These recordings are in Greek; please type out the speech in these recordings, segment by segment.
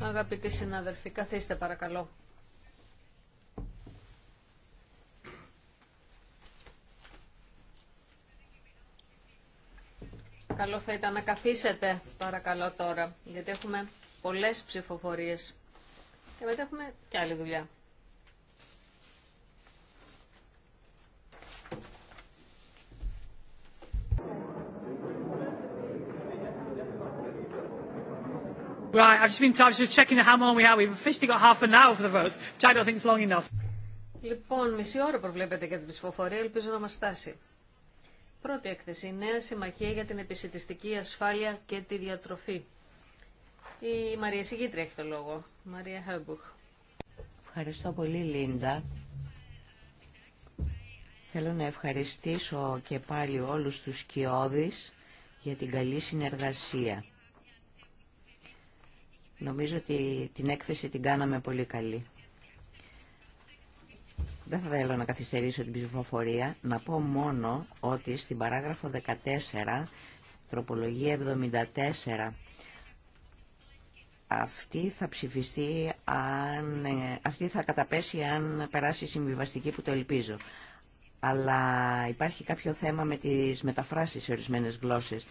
Αγαπητοί συναδελφοί, καθίστε παρακαλώ. Καλό θα ήταν να καθίσετε παρακαλώ τώρα, γιατί έχουμε πολλές ψηφοφορίες και μετά έχουμε και άλλη δουλειά. Right, I've just been just checking how long we have. We've officially got half an hour for the votes, which I don't think is long enough. Λοιπόν, μισή ώρα προβλέπετε για την ψηφοφορία, ελπίζω να μας στάσει. Πρώτη έκθεση, νέα συμμαχία για την επισητιστική ασφάλεια και τη διατροφή. Η Μαρία Σιγήτρη έχει το λόγο. Μαρία Χαμπουχ. Ευχαριστώ πολύ, Λίντα. Θέλω να ευχαριστήσω και πάλι όλους τους κοιόδης για την καλή συνεργασία. Νομίζω ότι την έκθεση την κάναμε πολύ καλή. Δεν θα θέλω να καθυστερήσω την ψηφοφορία. Να πω μόνο ότι στην παράγραφο 14, τροπολογία 74, αυτή θα ψηφιστεί αν, αυτή θα καταπέσει αν περάσει η συμβιβαστική που το ελπίζω. Αλλά υπάρχει κάποιο θέμα με τις μεταφράσεις σε ορισμένες γλώσσες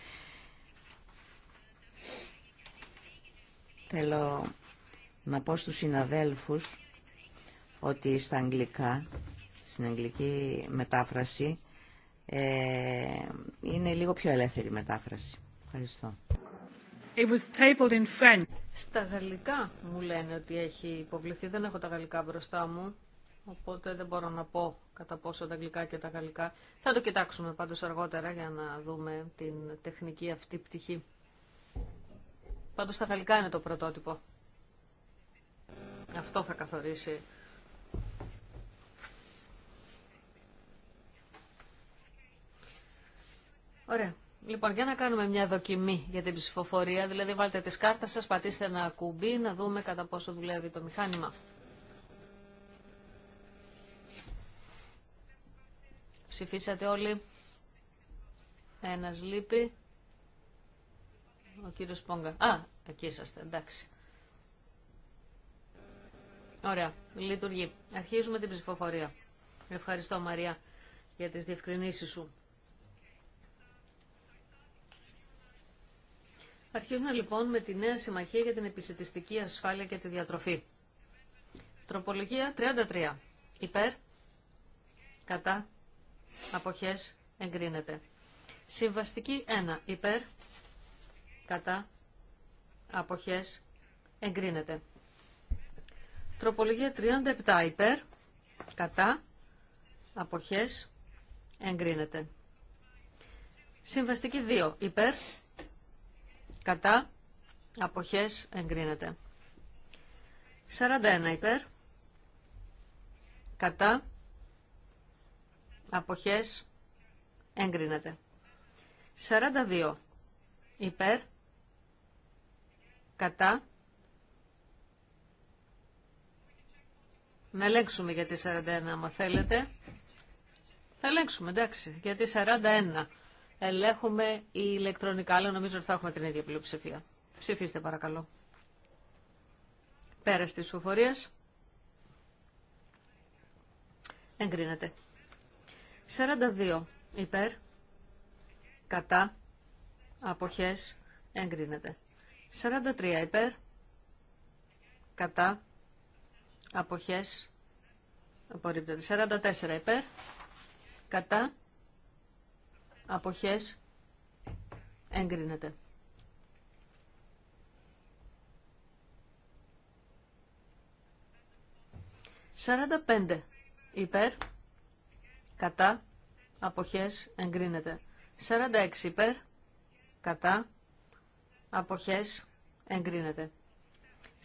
Θέλω να πω στους συναδέλφους ότι στα αγγλικά, στην αγγλική μετάφραση, ε, είναι λίγο πιο ελεύθερη μετάφραση. Ευχαριστώ. It was tabled in French. Στα γαλλικά μου λένε ότι έχει υποβληθεί. Δεν έχω τα γαλλικά μπροστά μου, οπότε δεν μπορώ να πω κατά πόσο τα αγγλικά και τα γαλλικά. Θα το κοιτάξουμε πάντως αργότερα για να δούμε την τεχνική αυτή πτυχή. Πάντως τα γαλλικά είναι το πρωτότυπο. Αυτό θα καθορίσει. Ωραία. Λοιπόν, για να κάνουμε μια δοκιμή για την ψηφοφορία, δηλαδή βάλτε τις κάρτες σας, πατήστε ένα κουμπί, να δούμε κατά πόσο δουλεύει το μηχάνημα. Ψηφίσατε όλοι. Ένας λείπει. Ο κύριος Πόγκα. Α, Εκεί είσαστε, εντάξει. Ωραία, λειτουργεί. Αρχίζουμε την ψηφοφορία. Ευχαριστώ Μαρία για τις διευκρινήσεις σου. Αρχίζουμε λοιπόν με τη νέα συμμαχία για την επισητιστική ασφάλεια και τη διατροφή. Τροπολογία 33. Υπέρ, κατά, αποχές, εγκρίνεται. Συμβαστική 1. Υπέρ, κατά, αποχές εγκρίνεται. Τροπολογία 37 υπέρ, κατά, αποχές εγκρίνεται. Συμβαστική 2 υπέρ, κατά, αποχές εγκρίνεται. 41 υπέρ, κατά, αποχές εγκρίνεται. 42 υπέρ, κατά. Να ελέγξουμε για τη 41, άμα θέλετε. Θα ελέγξουμε, εντάξει, για τη 41. Ελέγχουμε η ηλεκτρονικά, αλλά νομίζω ότι θα έχουμε την ίδια πλειοψηφία. Ψηφίστε παρακαλώ. Πέρα τη ψηφοφορία. Εγκρίνεται. 42 υπέρ, κατά, αποχές, εγκρίνεται. 43 υπέρ, κατά, αποχές, απορρίπτεται. 44 υπέρ, κατά, αποχές, εγκρίνεται. Σαράντα πέντε υπέρ, κατά, αποχές, εγκρίνεται. Σαράντα έξι υπέρ, κατά, αποχές, εγκρίνεται.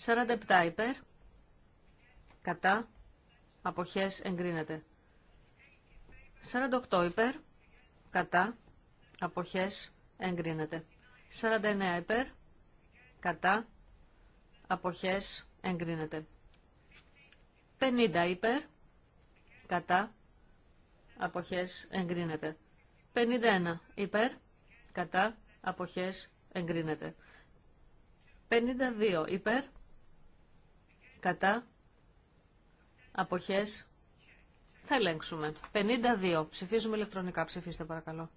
47 υπέρ, κατά, αποχές εγκρίνεται. 48 υπέρ, κατά, αποχές εγκρίνεται. 49 υπέρ, κατά, αποχές εγκρίνεται. 50 υπέρ, κατά, αποχές εγκρίνεται. 51 υπέρ, κατά, αποχές εγκρίνεται. 52 υπέρ, κατά, αποχές, θα ελέγξουμε. 52. Ψηφίζουμε ηλεκτρονικά. Ψηφίστε παρακαλώ.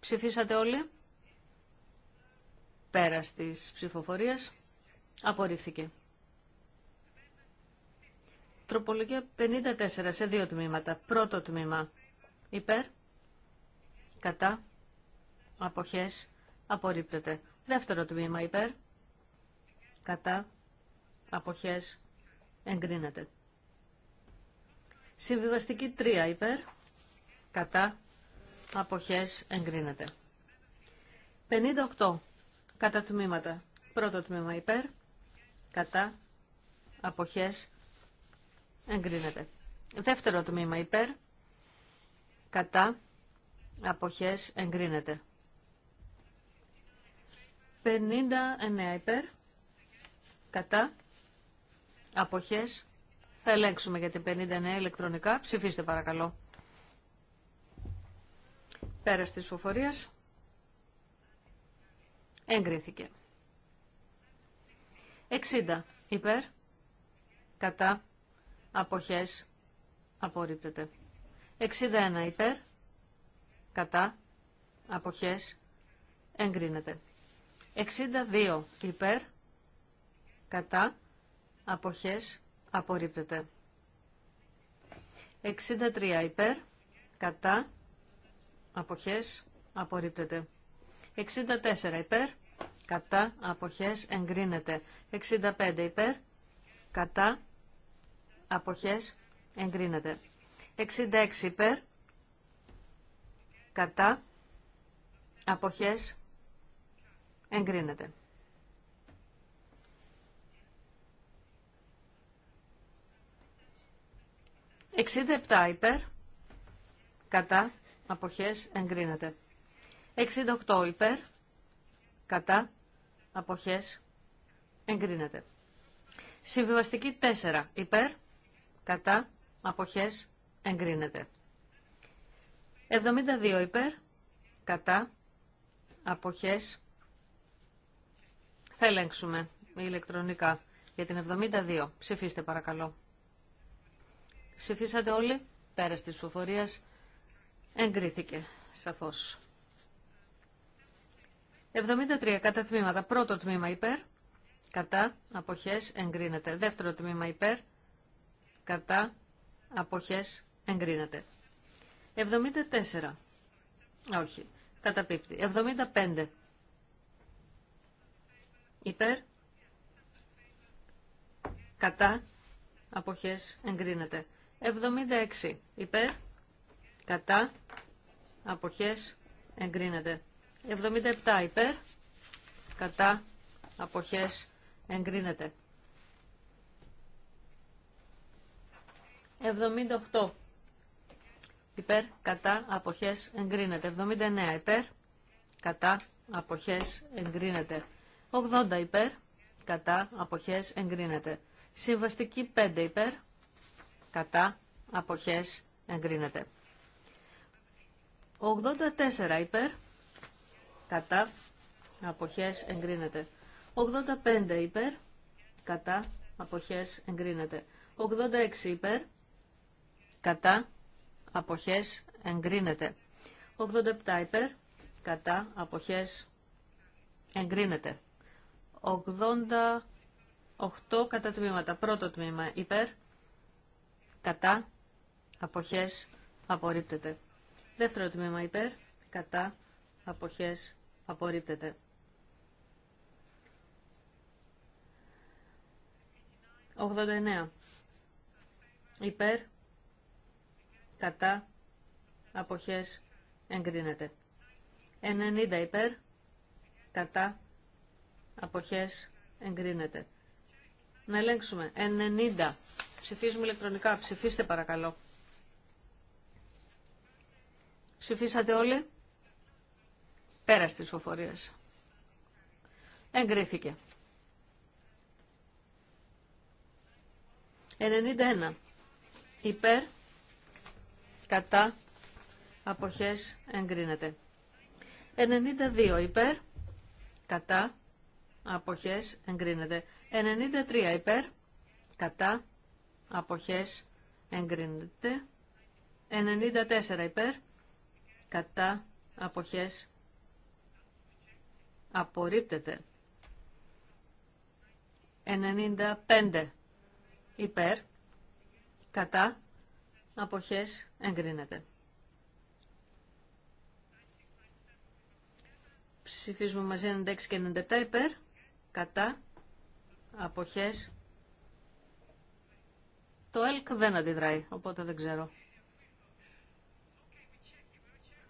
Ψηφίσατε όλοι. Πέρα στις ψηφοφορίες. Απορρίφθηκε. Τροπολογία 54 σε δύο τμήματα. Πρώτο τμήμα. Υπέρ. Κατά. Αποχές. Απορρίπτεται. Δεύτερο τμήμα υπέρ. Κατά. Αποχές. Εγκρίνεται. Συμβιβαστική 3 υπέρ. Κατά. Αποχές. Εγκρίνεται. 58. Κατά τμήματα. Πρώτο τμήμα υπέρ. Κατά. Αποχές. Εγκρίνεται. Δεύτερο τμήμα υπέρ. Κατά. Αποχές. Εγκρίνεται. 59 υπέρ, κατά, αποχές. Θα ελέγξουμε για την 59 ηλεκτρονικά. Ψηφίστε παρακαλώ. Πέρα της φοφορίας. Εγκρίθηκε. 60 υπέρ, κατά, αποχές, απορρίπτεται. 61 υπέρ, κατά, αποχές, εγκρίνεται. 62 υπέρ, κατά, αποχές, απορρίπτεται. 63 υπέρ, κατά, αποχές, απορρίπτεται. 64 υπέρ, κατά, αποχές, εγκρίνεται. 65 υπέρ, κατά, αποχές, εγκρίνεται. 66 υπέρ, κατά, αποχές, Εγκρίνεται. Εξήντα υπέρ. Κατά. Αποχές. Εγκρίνεται. 68 υπέρ. Κατά. Αποχές. Εγκρίνεται. Συμβιβαστική 4. Υπέρ, κατά, αποχές, εγκρίνεται. 72. Υπέρ, κατά, αποχές, θα ελέγξουμε ηλεκτρονικά για την 72. Ψηφίστε παρακαλώ. Ψηφίσατε όλοι. Πέρα της ψηφοφορίας εγκρίθηκε σαφώς. 73 κατά τμήματα. Πρώτο τμήμα υπέρ. Κατά αποχές εγκρίνεται. Δεύτερο τμήμα υπέρ. Κατά αποχές εγκρίνεται. 74. Όχι. Καταπίπτει. 75 Υπέρ. Κατά. Αποχές εγκρίνεται. 76. Υπέρ. Κατά. Αποχές εγκρίνεται. 77. Υπέρ. Κατά. Αποχές εγκρίνεται. 78. Υπέρ, κατά, αποχές, εγκρίνεται. 79. Υπέρ, κατά, αποχές, εγκρίνεται. 80 υπέρ, κατά, αποχές, εγκρίνεται. Συμβαστική 5 υπέρ, κατά, αποχές, εγκρίνεται. 84 υπέρ, κατά, αποχές, εγκρίνεται. 85 υπέρ, κατά, αποχές, εγκρίνεται. 86 υπέρ, κατά, αποχές, εγκρίνεται. 87 υπέρ, κατά, αποχές, εγκρίνεται. 88 κατά τμήματα. Πρώτο τμήμα υπέρ, κατά, αποχές, απορρίπτεται. Δεύτερο τμήμα υπέρ, κατά, αποχές, απορρίπτεται. 89. Υπέρ, κατά, αποχές, εγκρίνεται. 90 υπέρ, κατά, Αποχές εγκρίνεται. Να ελέγξουμε. 90. Ψηφίζουμε ηλεκτρονικά. Ψηφίστε παρακαλώ. Ψηφίσατε όλοι. Πέρα στις φοφορίες. Εγκρίθηκε. 91. Υπέρ. Κατά. Αποχές εγκρίνεται. 92. Υπέρ. Κατά αποχές εγκρίνεται. 93 υπέρ, κατά, αποχές εγκρίνεται. 94 υπέρ, κατά, αποχές απορρίπτεται. 95 υπέρ, κατά, αποχές εγκρίνεται. Ψηφίζουμε μαζί 96 και 97 υπέρ, κατά, αποχές. Το ΕΛΚ δεν αντιδράει, οπότε δεν ξέρω.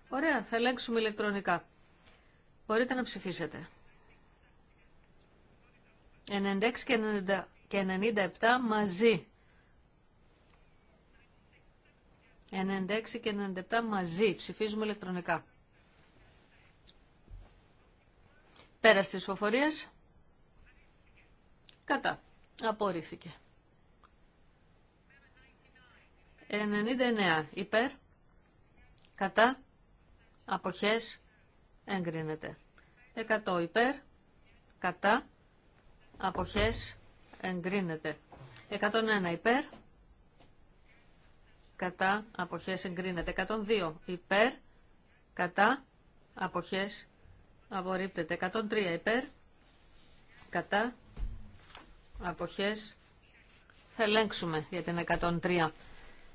Ωραία, θα ελέγξουμε ηλεκτρονικά. Μπορείτε να ψηφίσετε. 96 και 97 μαζί. 96 και 97 μαζί. Ψηφίζουμε ηλεκτρονικά. Πέρα στις φοφορίες. Κατά. Απορρίφθηκε. 99 υπέρ. Κατά. Αποχές. Εγκρίνεται. 100 υπέρ. Κατά. Αποχές. Εγκρίνεται. 101 υπέρ. Κατά. Αποχές. Εγκρίνεται. 102 υπέρ. Κατά. Αποχές. Απορρίπτεται. 103 υπέρ. Κατά αποχές θα ελέγξουμε για την 103.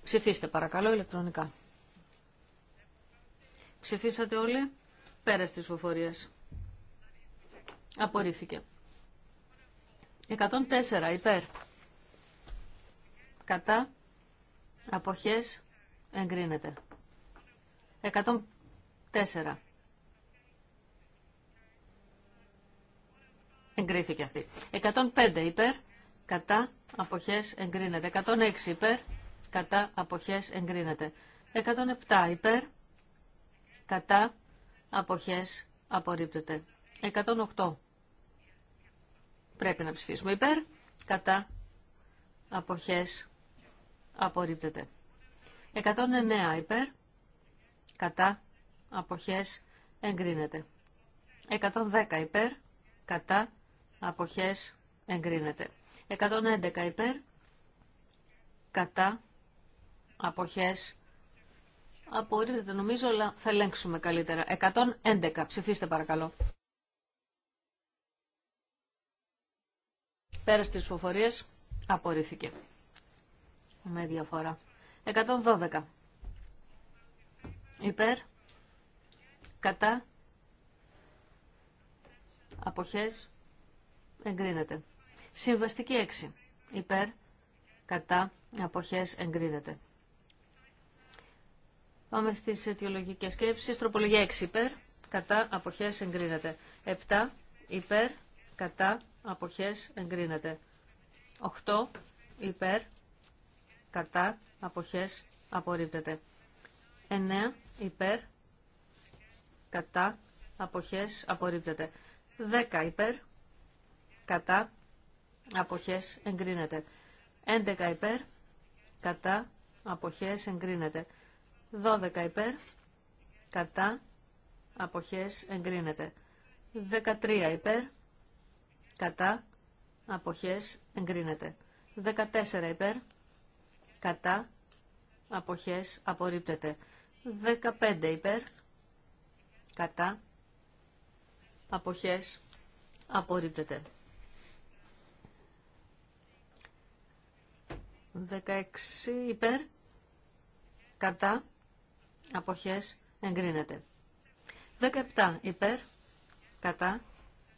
Ψηφίστε παρακαλώ ηλεκτρονικά. Ψηφίσατε όλοι πέρα στις ψηφοφορίες. Απορρίφθηκε. 104 υπέρ. Κατά. Αποχές εγκρίνεται. 104 Εγκρίθηκε αυτή. 105 υπέρ, κατά αποχές εγκρίνεται. 106 υπέρ, κατά αποχές εγκρίνεται. 107 υπέρ, κατά αποχές απορρίπτεται. 108 πρέπει να ψηφίσουμε υπέρ, κατά αποχές απορρίπτεται. 109 υπέρ, κατά αποχές εγκρίνεται. 110 υπέρ, κατά αποχές εγκρίνεται. 111 υπέρ, κατά, αποχές απορρίπτεται νομίζω, αλλά θα ελέγξουμε καλύτερα. 111, ψηφίστε παρακαλώ. Πέρα στις ψηφοφορίες, απορρίφθηκε. Με διαφορά. 112. Υπέρ, κατά, αποχές, εγκρίνεται. Συμβαστική 6 υπέρ, κατά, αποχές εγκρίνεται. Πάμε στι αιτιολογικέ σκέψεις. Τροπολογία 6 υπέρ, κατά, αποχές εγκρίνεται. 7 υπέρ, κατά, απόχέ, εγκρίνεται. 8 υπέρ, κατά, απόχέ, απορρίπτεται. 9 υπέρ, κατά, αποχέ, απορρίπτεται. 10 υπέρ, κατά, αποχές εγκρίνεται. 11 υπέρ, κατά, αποχές εγκρίνεται. 12 υπέρ, κατά, αποχές εγκρίνεται. 13 υπέρ, κατά, αποχές εγκρίνεται. 14 υπέρ, κατά, αποχές απορρίπτεται. 15 υπέρ, κατά, αποχές απορρίπτεται. 16 υπέρ, κατά, αποχές, εγκρίνεται. 17 υπέρ, κατά,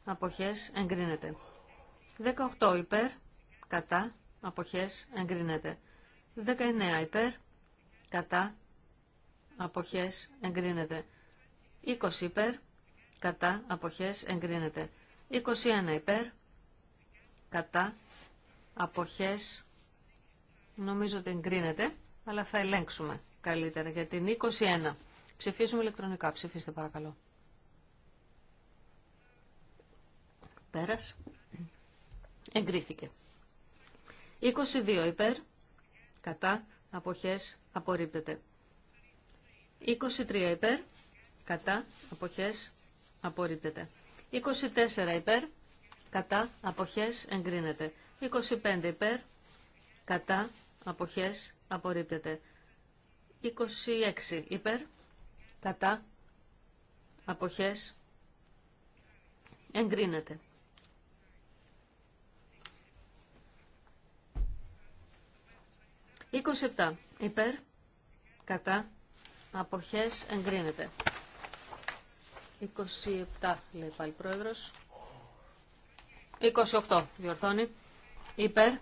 αποχές, εγκρίνεται. 18 υπέρ, κατά, αποχές, εγκρίνεται. 19 υπέρ, κατά, αποχές, εγκρίνεται. 20 υπέρ, κατά, αποχές, εγκρίνεται. 21 υπέρ, κατά, αποχές, Νομίζω ότι εγκρίνεται, αλλά θα ελέγξουμε καλύτερα για την 21. Ψηφίσουμε ηλεκτρονικά. Ψηφίστε παρακαλώ. Πέρας. Εγκρίθηκε. 22 υπέρ, κατά, αποχές, απορρίπτεται. 23 υπέρ, κατά, αποχές, απορρίπτεται. 24 υπέρ, κατά, αποχές, εγκρίνεται. 25 υπέρ, κατά, αποχές απορρίπτεται. 26 υπέρ, κατά, αποχές εγκρίνεται. 27. Υπέρ, κατά, αποχές εγκρίνεται. 27 λέει πάλι πρόεδρος. 28 διορθώνει. Υπέρ,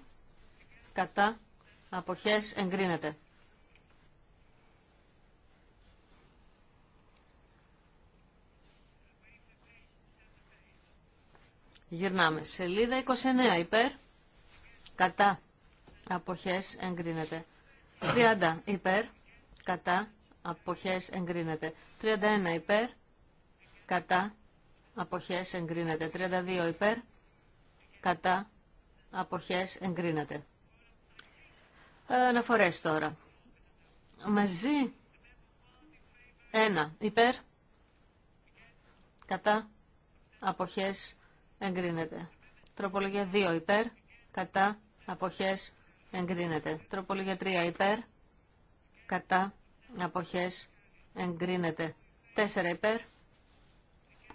κατά, Αποχές εγκρίνεται. Γυρνάμε. Σελίδα 29 υπέρ. Κατά. Αποχές εγκρίνεται. 30 υπέρ. Κατά. Αποχές εγκρίνεται. 31 υπέρ. Κατά. Αποχές εγκρίνεται. 32 υπέρ. Κατά. Αποχές εγκρίνεται αναφορές τώρα. Μαζί. Ένα. Υπέρ. Κατά. Αποχές. Εγκρίνεται. Τροπολογία 2. Υπέρ. Κατά. Αποχές. Εγκρίνεται. Τροπολογία 3. Υπέρ. Κατά. Αποχές. Εγκρίνεται. 4. Υπέρ.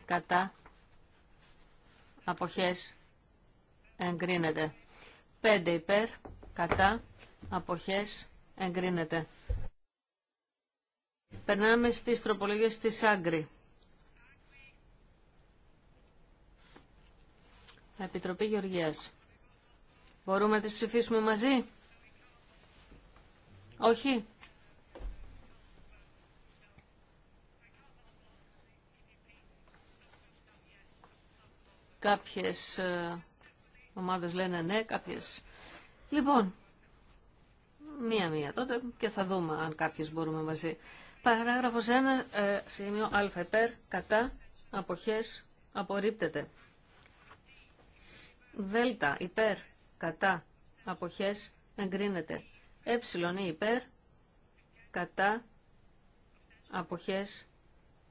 Κατά. Αποχές. Εγκρίνεται. 5. Υπέρ. Κατά αποχές εγκρίνεται. Περνάμε στις τροπολογίες της Άγκρη. Επιτροπή Γεωργίας. Μπορούμε να τις ψηφίσουμε μαζί. Όχι. Κάποιες ε, ομάδες λένε ναι, κάποιες... Λοιπόν, μία-μία τότε και θα δούμε αν κάποιες μπορούμε μαζί. Παράγραφος 1, ε, σημείο α, υπέρ, κατά, αποχές, απορρίπτεται. Δέλτα, υπέρ, κατά, αποχές, εγκρίνεται. Ε, ε, υπέρ, κατά, αποχές,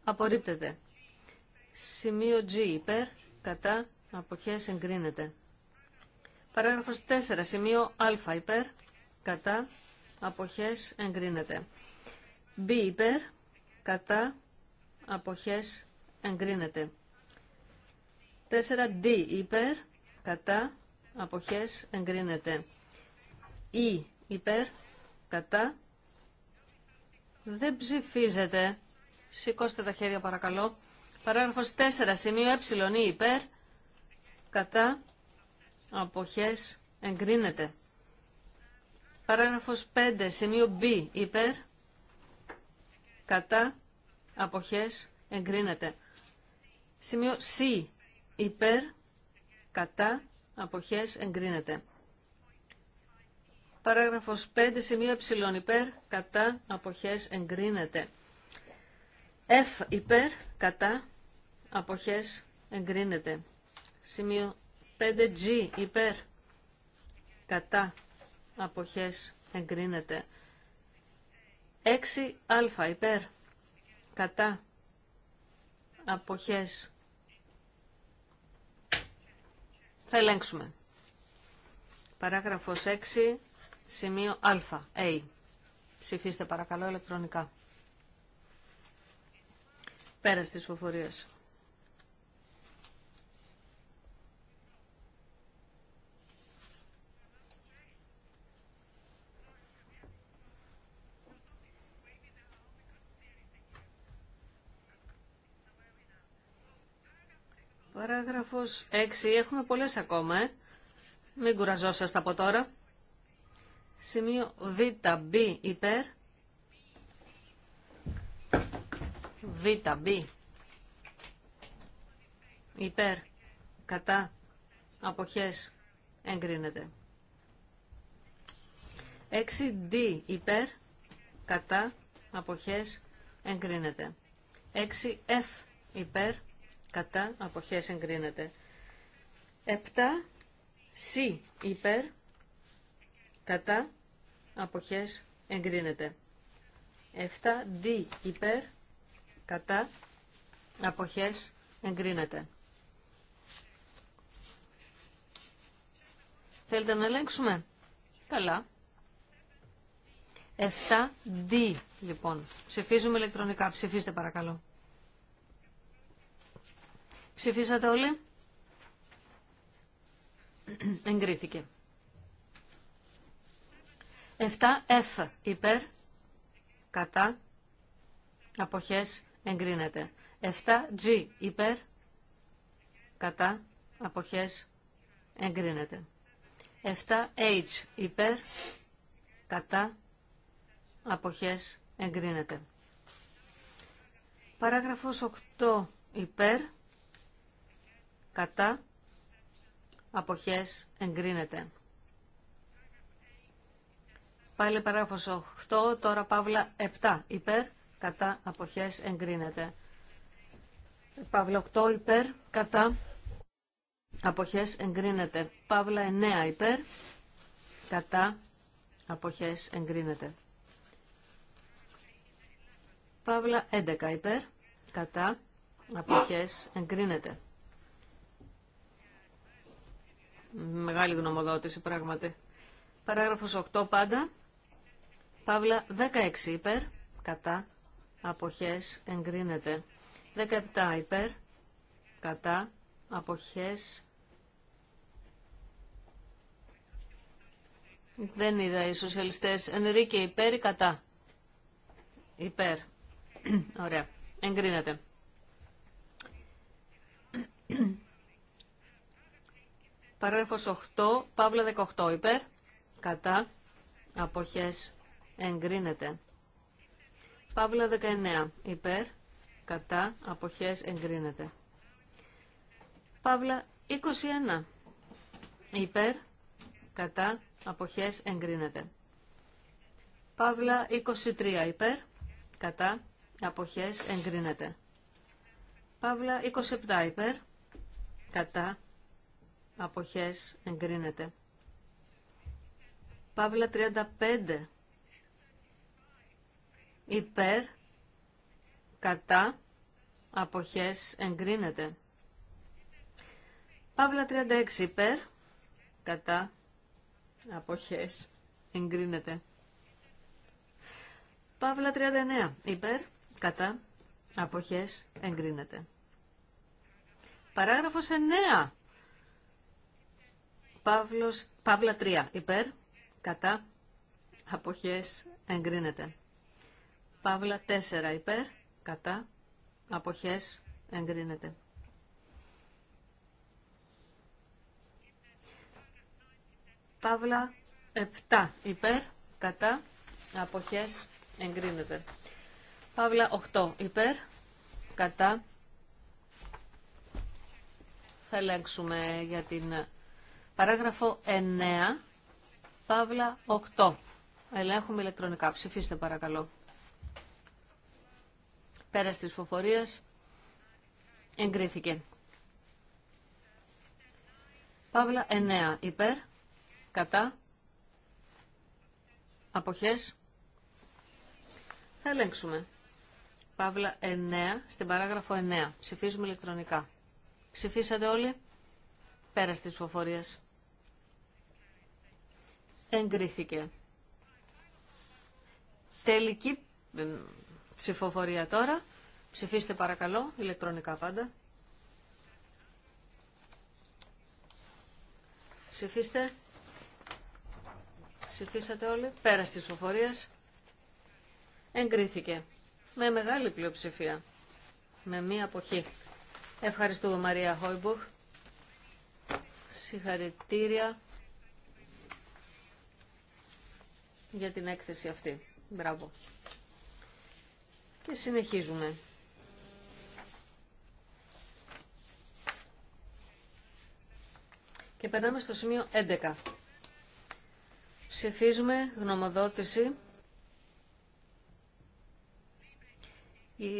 απορρίπτεται. Σημείο G, υπέρ, κατά, αποχές, εγκρίνεται. Παράγραφος 4, σημείο α, υπέρ, κατά, αποχές εγκρίνεται. B υπέρ, κατά, αποχές εγκρίνεται. 4D υπέρ, κατά, αποχές εγκρίνεται. Ή e, υπέρ, κατά, δεν ψηφίζεται. Σηκώστε τα χέρια παρακαλώ. Παράγραφος 4, d υπερ κατα αποχες εγκρινεται e υπερ κατα δεν ψηφιζεται σηκωστε τα χερια παρακαλω παραγραφος 4 σημειο ε, υπέρ, κατά, αποχές εγκρίνεται. Παράγραφος 5, σημείο B, υπέρ, κατά, αποχές, εγκρίνεται. Σημείο C, υπέρ, κατά, αποχές, εγκρίνεται. Παράγραφος 5, σημείο ε, υπέρ, κατά, αποχές, εγκρίνεται. F, υπέρ, κατά, αποχές, εγκρίνεται. Σημείο 5G, υπέρ, κατά, αποχές εγκρίνεται. 6α υπέρ κατά αποχές θα ελέγξουμε. Παράγραφος 6 σημείο α, A. Ε. Ψηφίστε παρακαλώ ηλεκτρονικά. Πέρας της φοφορίας. Παράγραφος 6. Έχουμε πολλές ακόμα, ε. Μην κουραζόσαστε από τώρα. Σημείο Β, Β υπέρ. Β, Β. Υπέρ. Κατά. Αποχές. Εγκρίνεται. 6D υπέρ. Κατά. Αποχές. Εγκρίνεται. 6F υπέρ κατά αποχές εγκρίνεται. 7 C υπέρ κατά αποχές εγκρίνεται. 7 D υπέρ κατά αποχές εγκρίνεται. Θέλετε να ελέγξουμε. Καλά. 7D λοιπόν. Ψηφίζουμε ηλεκτρονικά. Ψηφίστε παρακαλώ. Ψηφίσατε όλοι. Εγκρίθηκε. 7F υπέρ, κατά, αποχές, εγκρίνεται. 7G υπέρ, κατά, αποχές, εγκρίνεται. 7H υπέρ, κατά, αποχές, εγκρίνεται. Παράγραφος 8 υπέρ, κατά, αποχές, εγκρίνεται. Πάλι παράγραφος 8, τώρα παύλα 7, υπέρ, κατά, αποχές, εγκρίνεται. Παύλα 8, υπέρ, κατά, αποχές, εγκρίνεται. Παύλα 9, υπέρ, κατά, αποχές, εγκρίνεται. Παύλα 11, υπέρ, κατά, αποχές, εγκρίνεται. Μεγάλη γνωμοδότηση πράγματι. Παράγραφος 8 πάντα. Παύλα 16 υπέρ. Κατά. Αποχές εγκρίνεται. 17 υπέρ. Κατά. Αποχές Δεν είδα οι σοσιαλιστές. Ενρίκε υπέρ ή κατά. Υπέρ. Ωραία. Εγκρίνεται. Παράγραφος 8, Παύλα 18 υπέρ, κατά, αποχές εγκρίνεται. Παύλα 19 υπέρ, κατά, αποχές εγκρίνεται. Παύλα 21 υπέρ, κατά, αποχές εγκρίνεται. Παύλα 23 υπέρ, κατά, αποχές εγκρίνεται. Παύλα 27 υπέρ, κατά, αποχές εγκρίνεται. Παύλα 35 υπέρ, κατά, αποχές εγκρίνεται. Παύλα 36 υπέρ, κατά, αποχές εγκρίνεται. Παύλα 39 υπέρ, κατά, αποχές εγκρίνεται. Παράγραφος 9 Παύλος, Παύλα 3. Υπέρ, κατά, αποχές, εγκρίνεται. Παύλα 4. Υπέρ, κατά, αποχές, εγκρίνεται. Παύλα 7. Υπέρ, κατά, αποχές, εγκρίνεται. Παύλα 8. Υπέρ, κατά, θα ελέγξουμε για την Παράγραφο 9, παύλα 8. Ελέγχουμε ηλεκτρονικά. Ψηφίστε παρακαλώ. Πέρας της φοφορίας εγκρίθηκε. Παύλα 9. Υπέρ, κατά, αποχές. Θα ελέγξουμε. Παύλα 9, στην παράγραφο 9. Ψηφίζουμε ηλεκτρονικά. Ψηφίσατε όλοι. Πέρας της φοφορίας εγκρίθηκε. Τελική ε, ψηφοφορία τώρα. Ψηφίστε παρακαλώ, ηλεκτρονικά πάντα. Ψηφίστε. Ψηφίσατε όλοι. Πέρα της ψηφοφορίας. Εγκρίθηκε. Με μεγάλη πλειοψηφία. Με μία αποχή. Ευχαριστούμε Μαρία Χόιμπουχ. Συγχαρητήρια για την έκθεση αυτή. Μπράβο. Και συνεχίζουμε. Και περνάμε στο σημείο 11. Ψηφίζουμε γνωμοδότηση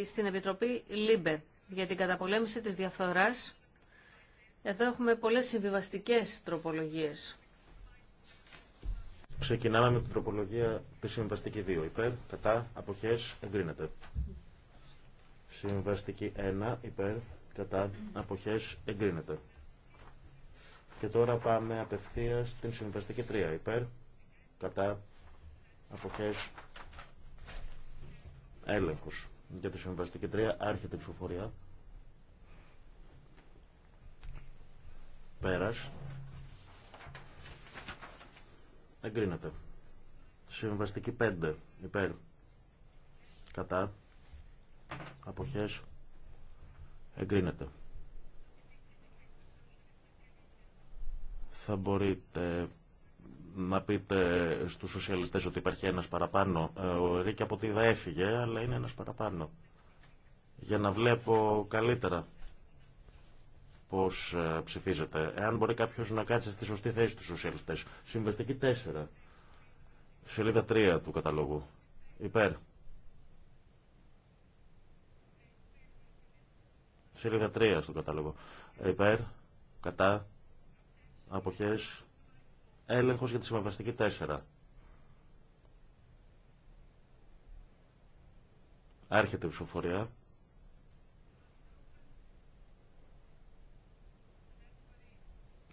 στην Επιτροπή ΛΥΜΠΕ για την καταπολέμηση της διαφθοράς. Εδώ έχουμε πολλές συμβιβαστικές τροπολογίες. Ξεκινάμε με την τροπολογία τη συμβαστική 2. Υπέρ, κατά, αποχέ, εγκρίνεται. Συμβαστική 1. Υπέρ, κατά, αποχέ, εγκρίνεται. Και τώρα πάμε απευθεία στην συμβαστική 3. Υπέρ, κατά, αποχέ, έλεγχο. Για τη συμβαστική 3 άρχεται η ψηφοφορία. Πέρας. Εγκρίνεται. Συμβαστική 5. Υπέρ. Κατά. Αποχές. Εγκρίνεται. Θα μπορείτε να πείτε στους σοσιαλιστές ότι υπάρχει ένας παραπάνω. Ε, ο Ρίκη από τη έφυγε, αλλά είναι ένας παραπάνω. Για να βλέπω καλύτερα πώς ε, ψηφίζεται. Εάν μπορεί κάποιος να κάτσει στη σωστή θέση του σοσιαλιστές. Συμβαστική 4. Σελίδα 3 του καταλόγου. Υπέρ. Σελίδα 3 στον κατάλογο. Υπέρ, κατά, αποχές, έλεγχος για τη συμβαστική 4. Άρχεται η ψηφοφορία.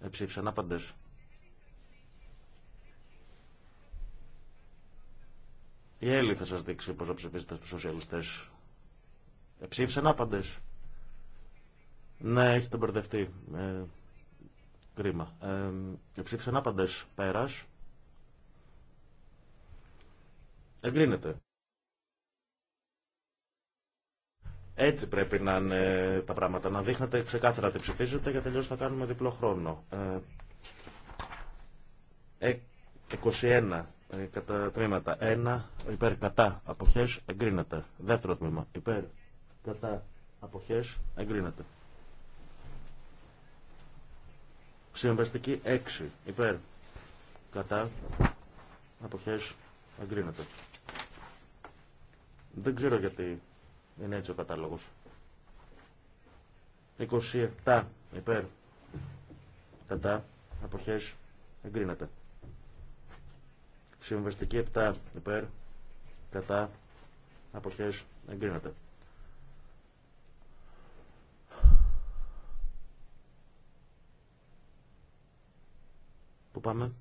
Εψήφισαν άπαντες. Η Έλλη θα σας δείξει πώς ψηφίσετε στους σοσιαλιστές. Εψήφισαν άπαντες. Ναι, έχετε μπερδευτεί. Ε, κρίμα. Ε, εψήφισαν άπαντες πέρας. Εγκρίνεται. Έτσι πρέπει να είναι τα πράγματα. Να δείχνετε ξεκάθαρα τι ψηφίζετε γιατί τελειώς θα κάνουμε διπλό χρόνο. Ε, 21 ε, κατά τμήματα. 1 υπέρ κατά αποχές εγκρίνεται. Δεύτερο τμήμα υπέρ κατά αποχές εγκρίνεται. Συμβαστική 6 υπέρ κατά αποχές εγκρίνεται. Δεν ξέρω γιατί είναι έτσι ο κατάλογος. 27 υπέρ. Κατά. Αποχές. Εγκρίνεται. Συμβαστική 7 υπέρ. Κατά. Αποχές. Εγκρίνεται. Πού πάμε.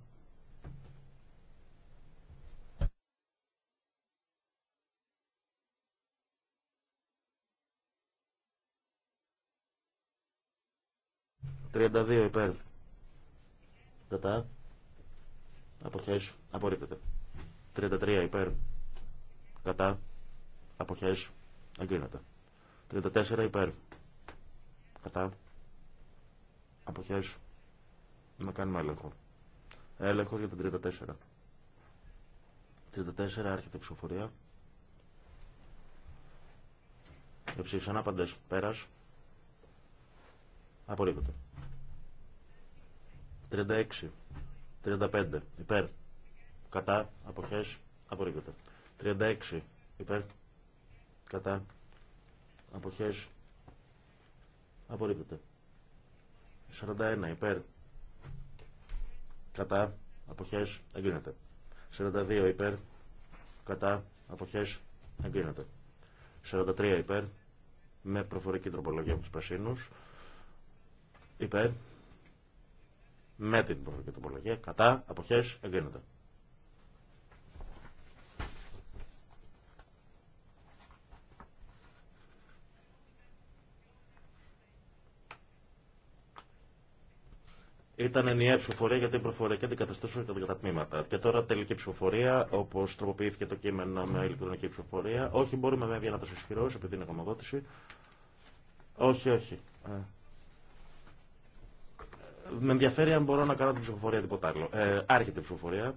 32 υπέρ. Κατά. Αποχές. Απορρίπτεται. 33 υπέρ. Κατά. Αποχές. Εγκρίνεται. 34 υπέρ. Κατά. Αποχές. Να κάνουμε έλεγχο. Έλεγχο για το 34. 34 άρχεται η ψηφοφορία. Ευσύ ανάπαντες Πέρας. Απορρίπτεται. 36, 35 υπέρ, κατά, αποχές, απορρίπτεται. 36 υπέρ, κατά, αποχές, απορρίπτεται. 41 υπέρ, κατά, αποχές, εγκρίνεται. 42 υπέρ, κατά, αποχές, εγκρίνεται. 43 υπέρ, με προφορική τροπολογία από τους πρασίνους, υπέρ, με την προφορική τροπολογία. Κατά αποχές εγκρίνεται. Ήταν ενιαία ψηφοφορία για την προφορία και και τα τμήματα. Και τώρα τελική ψηφοφορία, όπω τροποποιήθηκε το κείμενο με ηλεκτρονική ψηφοφορία. Όχι, μπορούμε βέβαια να το συσχυρώσουμε επειδή είναι κομμαδότηση. Όχι, όχι. Με ενδιαφέρει αν μπορώ να κάνω την ψηφοφορία τίποτα άλλο. Ε, άρχεται η ψηφοφορία.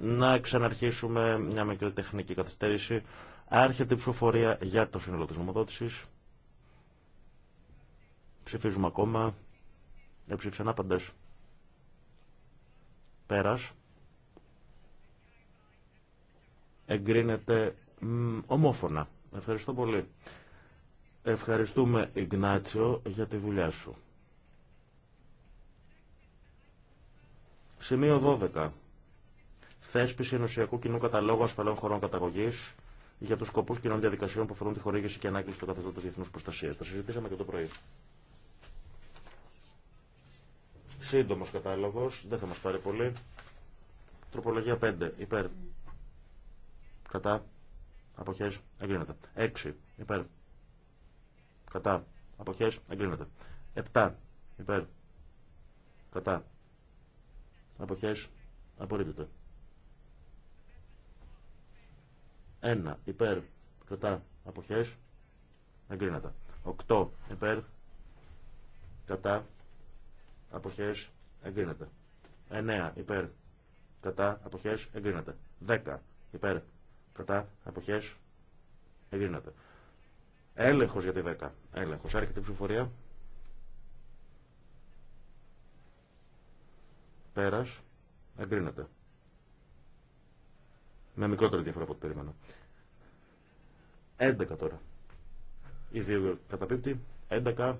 Να ξαναρχίσουμε μια μικρή τεχνική καθυστέρηση. Άρχεται η ψηφοφορία για το σύνολο της νομοδότησης. Ψηφίζουμε ακόμα. Εψήφισαν άπαντες. Πέρας. Εγκρίνεται ομόφωνα. Ευχαριστώ πολύ. Ευχαριστούμε, Ιγνάτσιο, για τη δουλειά σου. Σημείο 12. Θέσπιση ενωσιακού κοινού καταλόγου ασφαλών χωρών καταγωγή για του σκοπού κοινών διαδικασιών που αφορούν τη χορήγηση και ανάκληση του καθεστώτο διεθνού προστασία. Τα συζητήσαμε και το πρωί. Σύντομο κατάλογο, δεν θα μα πάρει πολύ. Τροπολογία 5. Υπέρ. Κατά. Αποχέ. Εγκρίνεται. 6. Υπέρ. Κατά. αποχέ Εγκρίνεται. 7. Υπέρ. Κατά. Αποχέ. Απορρίπτεται. 1. Υπέρ. Κατά. αποχέ, Εγκρίνεται. 8. Υπέρ. Κατά. Αποχέ. Εγκρίνεται. 9. Υπέρ. Κατά. αποχέ Εγκρίνεται. 10. Υπέρ. Κατά. αποχέ, Εγκρίνεται. Έλεγχο για τη 10. έλεγχο. Άρχεται η ψηφοφορία. Πέρας. Εγκρίνεται. Με μικρότερη διαφορά από ό,τι περίμενα. 11 τώρα. Η δύο καταπίπτει. 11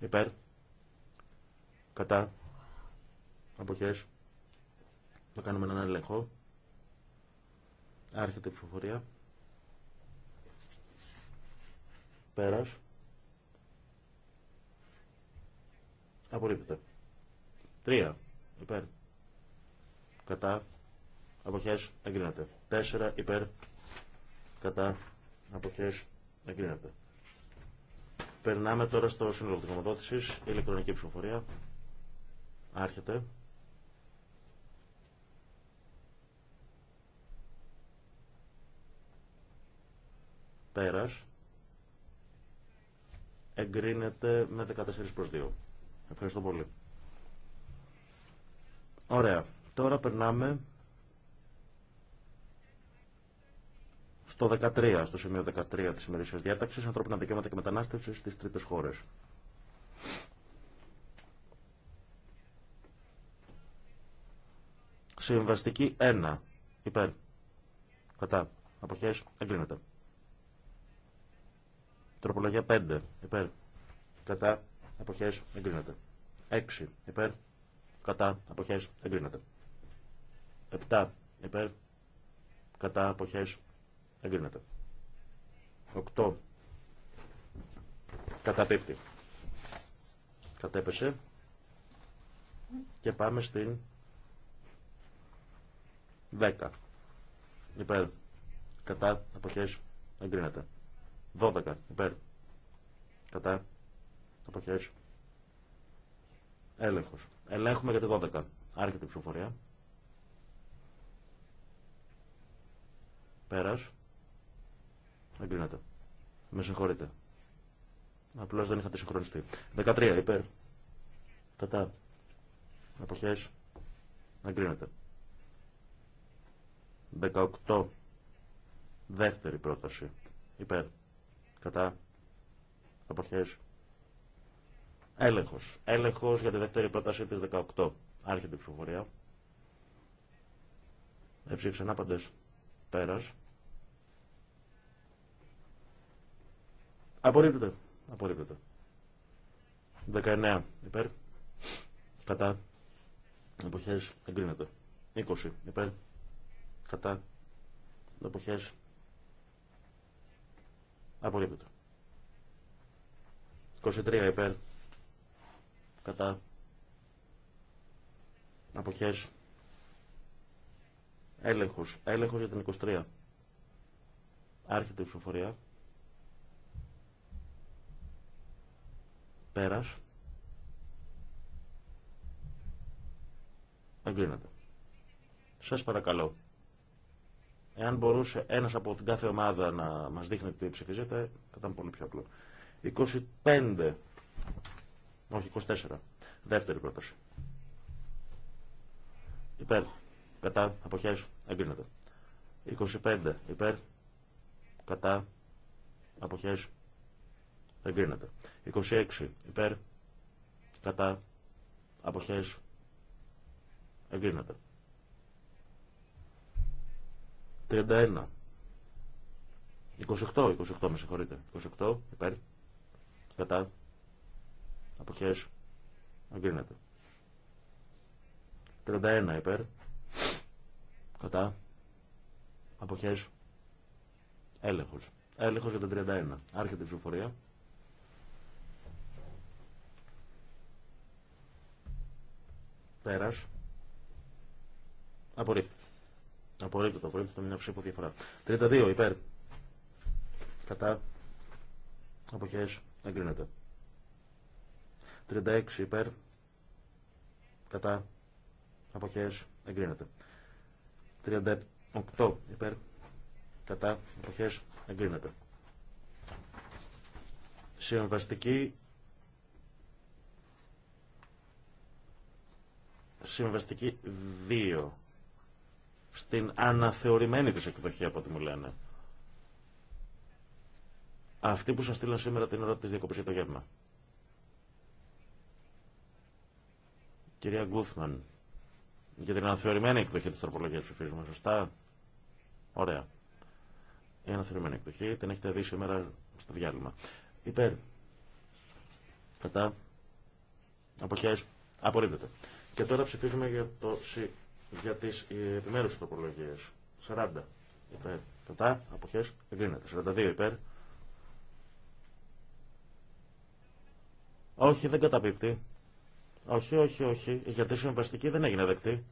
υπέρ. Κατά. Αποχέ. Θα κάνουμε έναν έλεγχο. Άρχεται η ψηφοφορία. Πέρας. Απορρίπτεται. Τρία υπέρ. Κατά. Αποχές εγκρίνεται. Τέσσερα υπέρ. Κατά. Αποχές εγκρίνεται. Περνάμε τώρα στο σύνολο της γνωμοδότησης, ηλεκτρονική ψηφοφορία. Άρχεται. Πέρας εγκρίνεται με 14 προς 2. Ευχαριστώ πολύ. Ωραία. Τώρα περνάμε στο 13, στο σημείο 13 της ημερήσιας διάταξης, ανθρώπινα δικαιώματα και μετανάστευση στις τρίτες χώρες. Συμβαστική 1. Υπέρ. Κατά. Αποχές. Εγκρίνεται. Τροπολογία 5. Υπέρ. Κατά. Αποχέ. Εγκρίνεται. 6. Υπέρ. Κατά. Αποχέ. Εγκρίνεται. 7. Υπέρ. Κατά. Αποχέ. Εγκρίνεται. 8. Καταπίπτει. Κατέπεσε. Και πάμε στην 10. Υπέρ. Κατά. Αποχέ. Εγκρίνεται. 12 υπέρ. Κατά. αποχέ. Έλεγχο Ελέγχουμε για τη 12. Άρχεται η ψηφοφορία. Πέρας. Εγκρίνεται. Με συγχωρείτε. απλώ δεν είχατε συγχρονιστεί. 13 υπέρ. Κατά. Αποχές. Εγκρίνεται. 18. Δεύτερη πρόταση. Υπέρ. Κατά. εποχέ Έλεγχος. Έλεγχος για τη δεύτερη πρόταση τη 18. Άρχεται η ψηφοφορία. Εψήφισαν άπαντε πέρα Απορρίπτεται. Απορρίπτεται. 19 υπέρ. Κατά. Εποχές εγκρίνεται. 20 υπέρ. Κατά. Εποχές Απολύπητο. 23 υπέρ. Κατά. Αποχές. Έλεγχος. Έλεγχος για την 23. Άρχεται η ψηφοφορία. Πέρας. Εγκρίνεται. Σας παρακαλώ. Εάν μπορούσε ένας από την κάθε ομάδα να μας δείχνει τι ψηφίζεται, θα ήταν πολύ πιο απλό. 25, όχι 24, δεύτερη πρόταση. Υπέρ, κατά, αποχές, εγκρίνεται. 25, υπέρ, κατά, αποχές, εγκρίνεται. 26, υπέρ, κατά, αποχές, εγκρίνεται. 28, 28 με συγχωρείτε. 28 υπέρ. Κατά. αποχέ, Αγκρίνεται. 31 υπέρ. Κατά. αποχέ. Έλεγχος. Έλεγχος για το 31. Άρχεται η ψηφοφορία. Πέρα Απορρίφθηκε. Απορρίπτω το. Απορρίπτω το μια ψήφο διαφορά. 32 υπέρ. Κατά. Αποχές. Εγκρίνεται. 36 υπέρ. Κατά. Αποχές. Εγκρίνεται. 38 υπέρ. Κατά. Αποχές. Εγκρίνεται. Συμβαστική συμβαστική 2 στην αναθεωρημένη της εκδοχή από ό,τι μου λένε. Αυτή που σας στείλαν σήμερα την ώρα της διακοπής για το γεύμα. Κυρία Γκούθμαν, για την αναθεωρημένη εκδοχή της τροπολογίας ψηφίζουμε, σωστά. Ωραία. Η αναθεωρημένη εκδοχή την έχετε δει σήμερα στο διάλειμμα. Υπέρ. Κατά. Αποχές. Απορρίπτεται. Και τώρα ψηφίζουμε για το για τι ε, επιμέρου τροπολογίε. 40 υπέρ. Κατά, αποχέ. εγκρίνεται. 42 υπέρ. Όχι, δεν καταπίπτει. Όχι, όχι, όχι, γιατί η συμβαστική δεν έγινε δεκτή.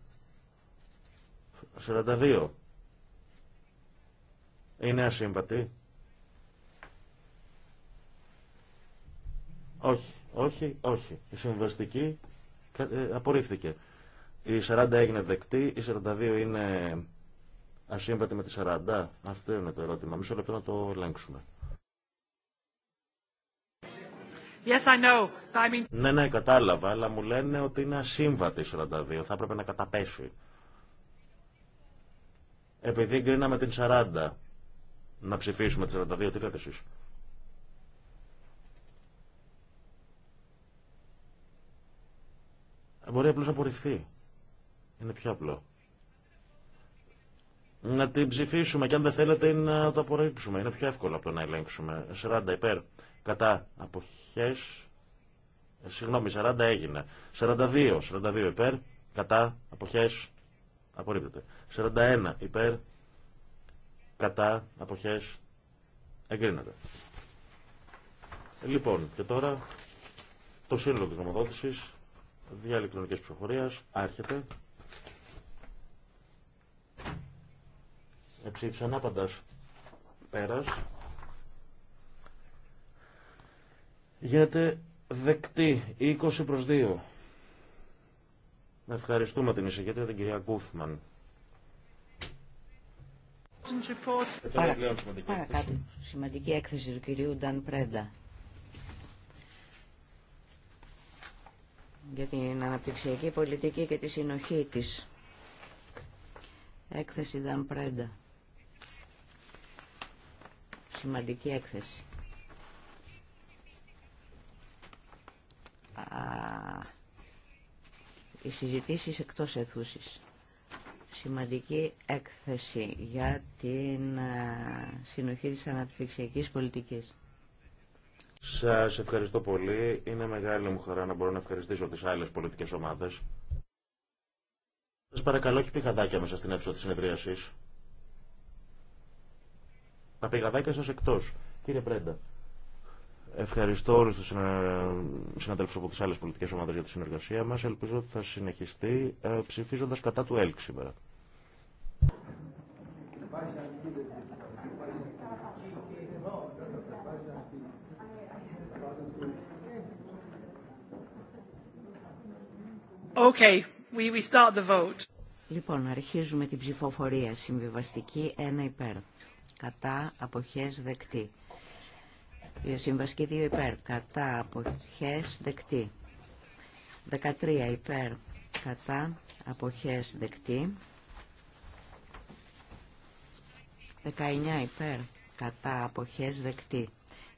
42. Είναι ασύμβατη. Όχι, όχι, όχι. Η συμβαστική ε, απορρίφθηκε. Η 40 έγινε δεκτή, η 42 είναι ασύμβατη με τη 40. Αυτό είναι το ερώτημα. Μισό λεπτό να το ελέγξουμε. Yes, I I mean... Ναι, ναι, κατάλαβα, αλλά μου λένε ότι είναι ασύμβατη η 42. Θα έπρεπε να καταπέσει. Επειδή γκρίναμε την 40, να ψηφίσουμε τη 42, τι λέτε εσείς. Ε, μπορεί απλώς να απορριφθεί. Είναι πιο απλό. Να την ψηφίσουμε και αν δεν θέλετε να το απορρίψουμε. Είναι πιο εύκολο από το να ελέγξουμε. 40 υπέρ. Κατά. Αποχές. Ε, συγγνώμη, 40 έγινε. 42. 42 υπέρ. Κατά. Αποχές. Απορρίπτεται. 41 υπέρ. Κατά. Αποχές. Εγκρίνεται. Λοιπόν, και τώρα το σύνολο της νομοδότησης διαλεκτρονικής ψηφοφορίας άρχεται. Εψήφισαν άπαντας. Πέρας. Γίνεται δεκτή 20 προς 2. Ευχαριστούμε την εισηγήτρια την κυρία Κούφμαν. Σημαντική έκθεση του κυρίου Νταν Πρέντα για την αναπτυξιακή πολιτική και τη συνοχή της. Έκθεση Νταν Πρέντα σημαντική έκθεση. οι συζητήσεις εκτός αιθούσης. Σημαντική έκθεση για την συνοχή της αναπτυξιακής πολιτικής. Σας ευχαριστώ πολύ. Είναι μεγάλη μου χαρά να μπορώ να ευχαριστήσω τις άλλες πολιτικές ομάδες. Σας παρακαλώ, έχει πηγαδάκια μέσα στην αίθουσα της συνεδρίασης τα πηγαδάκια σας εκτός. Κύριε Πρέντα, ευχαριστώ όλους τους συναδέλφου από τι άλλες πολιτικές ομάδες για τη συνεργασία μας. Ελπίζω ότι θα συνεχιστεί ε, ψηφίζοντας κατά του ΕΛΚ σήμερα. Okay, we, we start the vote. Λοιπόν, αρχίζουμε την ψηφοφορία. Συμβιβαστική 1 υπέρ κατά αποχές δεκτή. Η συμβαστική 2 υπέρ κατά αποχές δεκτή. 13 υπέρ κατά αποχές δεκτή. 19 υπέρ κατά αποχές δεκτή.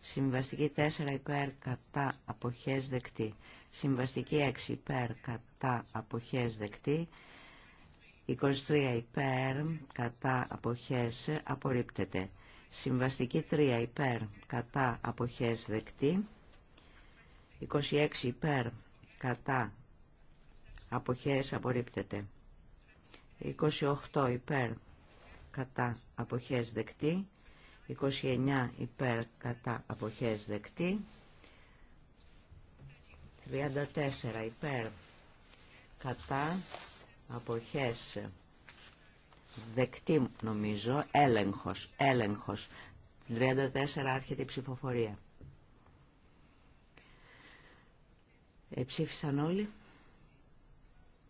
Συμβαστική 4 υπέρ κατά αποχές δεκτή. Συμβαστική 6 υπέρ κατά αποχές δεκτή. 23 υπέρ, κατά αποχές απορρίπτεται. Συμβαστική 3 υπέρ, κατά αποχές δεκτή. 26 υπέρ, κατά αποχές απορρίπτεται. 28 υπέρ, κατά αποχές δεκτή. 29 υπέρ, κατά αποχές δεκτή. 34 υπέρ, κατά αποχές δεκτή νομίζω έλεγχος έλεγχος 34 άρχεται η ψηφοφορία ε, ψήφισαν όλοι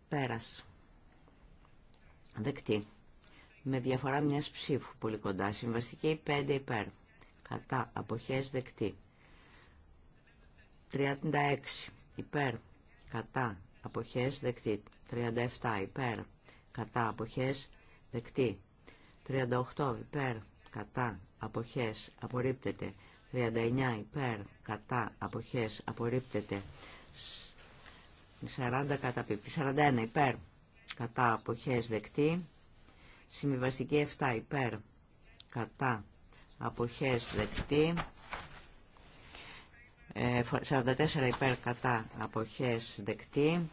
πέρας δεκτή με διαφορά μιας ψήφου πολύ κοντά συμβαστική 5 υπέρ κατά αποχές δεκτή 36 υπέρ κατά αποχές δεκτή 37 υπέρ κατά αποχές δεκτή 38 υπέρ κατά αποχές απορρίπτεται 39 υπέρ κατά αποχές απορρίπτεται 40 κατά 41 υπέρ κατά αποχές δεκτή συμβιβαστική 7 υπέρ κατά αποχές δεκτή 44 ε, υπέρ κατά αποχές δεκτή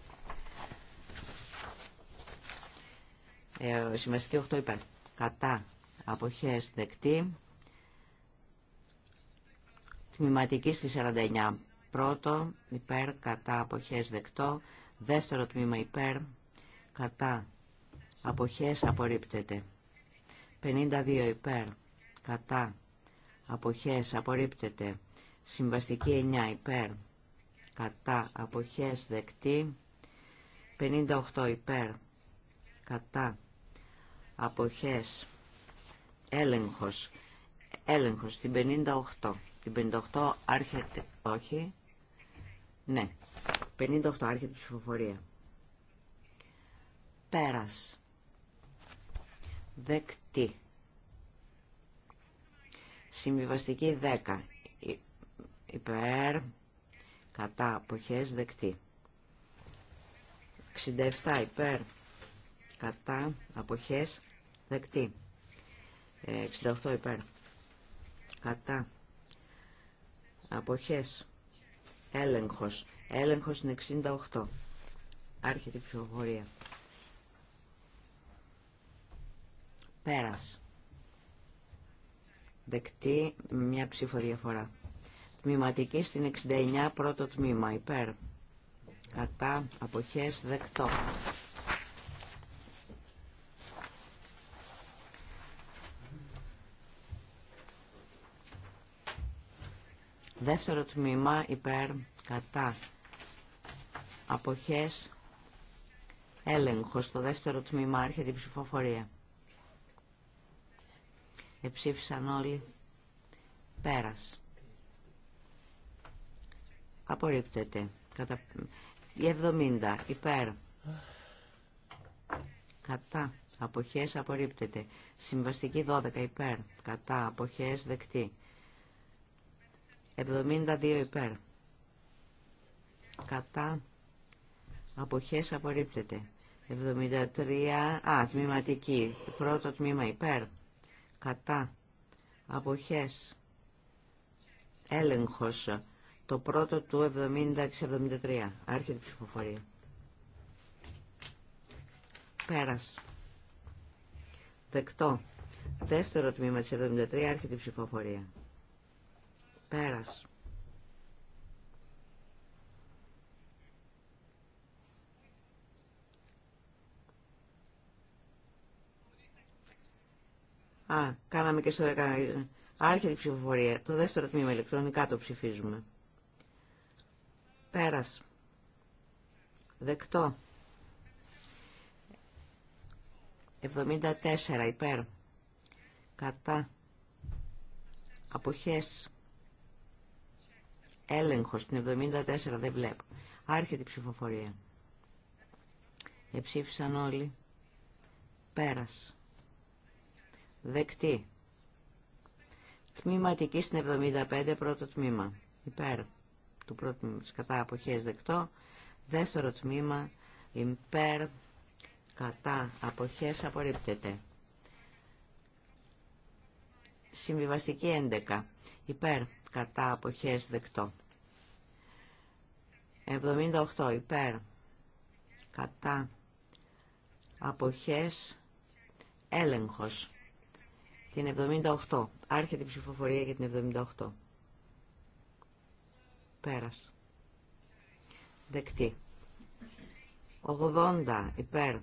Ε, συμβαστική 8 υπέρ. Κατά. Αποχές δεκτή. Τμηματική στη 49. Πρώτο υπέρ. Κατά. Αποχές δεκτό. Δεύτερο τμήμα υπέρ. Κατά. Αποχές απορρίπτεται. 52 υπέρ. Κατά. Αποχές απορρίπτεται. Συμβαστική 9 υπέρ. Κατά. Αποχές δεκτή. 58 υπέρ κατά αποχές έλεγχος έλεγχος την 58 την 58 άρχεται όχι ναι 58 άρχεται ψηφοφορία πέρας δεκτή συμβιβαστική 10 υπέρ κατά αποχές δεκτή 67 υπέρ κατά αποχές δεκτή 68 ε, υπέρ κατά αποχές έλεγχος έλεγχος είναι 68 άρχεται η ψηφοφορία πέρας δεκτή μια ψήφο διαφορά τμηματική στην 69 πρώτο τμήμα υπέρ κατά αποχές δεκτό Δεύτερο τμήμα υπέρ κατά αποχές έλεγχος. Το δεύτερο τμήμα άρχεται η ψηφοφορία. Εψήφισαν όλοι. Πέρας. Απορρίπτεται. Κατα... Η 70 υπέρ. Κατά. Αποχές απορρίπτεται. Συμβαστική 12 υπέρ. Κατά. Αποχές δεκτή. 72 υπέρ. Κατά αποχές απορρίπτεται. 73, α, τμήματική. Πρώτο τμήμα υπέρ. Κατά αποχές. Έλεγχος. Το πρώτο του 70 73. Άρχεται η ψηφοφορία. Πέρας. Δεκτό. Δεύτερο τμήμα της 73. Άρχεται η ψηφοφορία. Πέρας. Α, κάναμε και στο 10. Άρχεται η ψηφοφορία. Το δεύτερο τμήμα ηλεκτρονικά το ψηφίζουμε. Πέρας. Δεκτό. 74 υπέρ. Κατά. Αποχές. Έλεγχο στην 74 δεν βλέπω. Άρχεται η ψηφοφορία. Εψήφισαν όλοι. Πέρας. Δεκτή. Τμήματική στην 75 πρώτο τμήμα. Υπέρ του πρώτου τμήματος κατά αποχές δεκτό. Δεύτερο τμήμα υπέρ κατά αποχές απορρίπτεται. Συμβιβαστική 11. Υπέρ κατά αποχές δεκτό. 78 υπέρ κατά αποχές έλεγχος. Την 78. Άρχεται η ψηφοφορία για την 78. Πέρας. Δεκτή. 80 υπέρ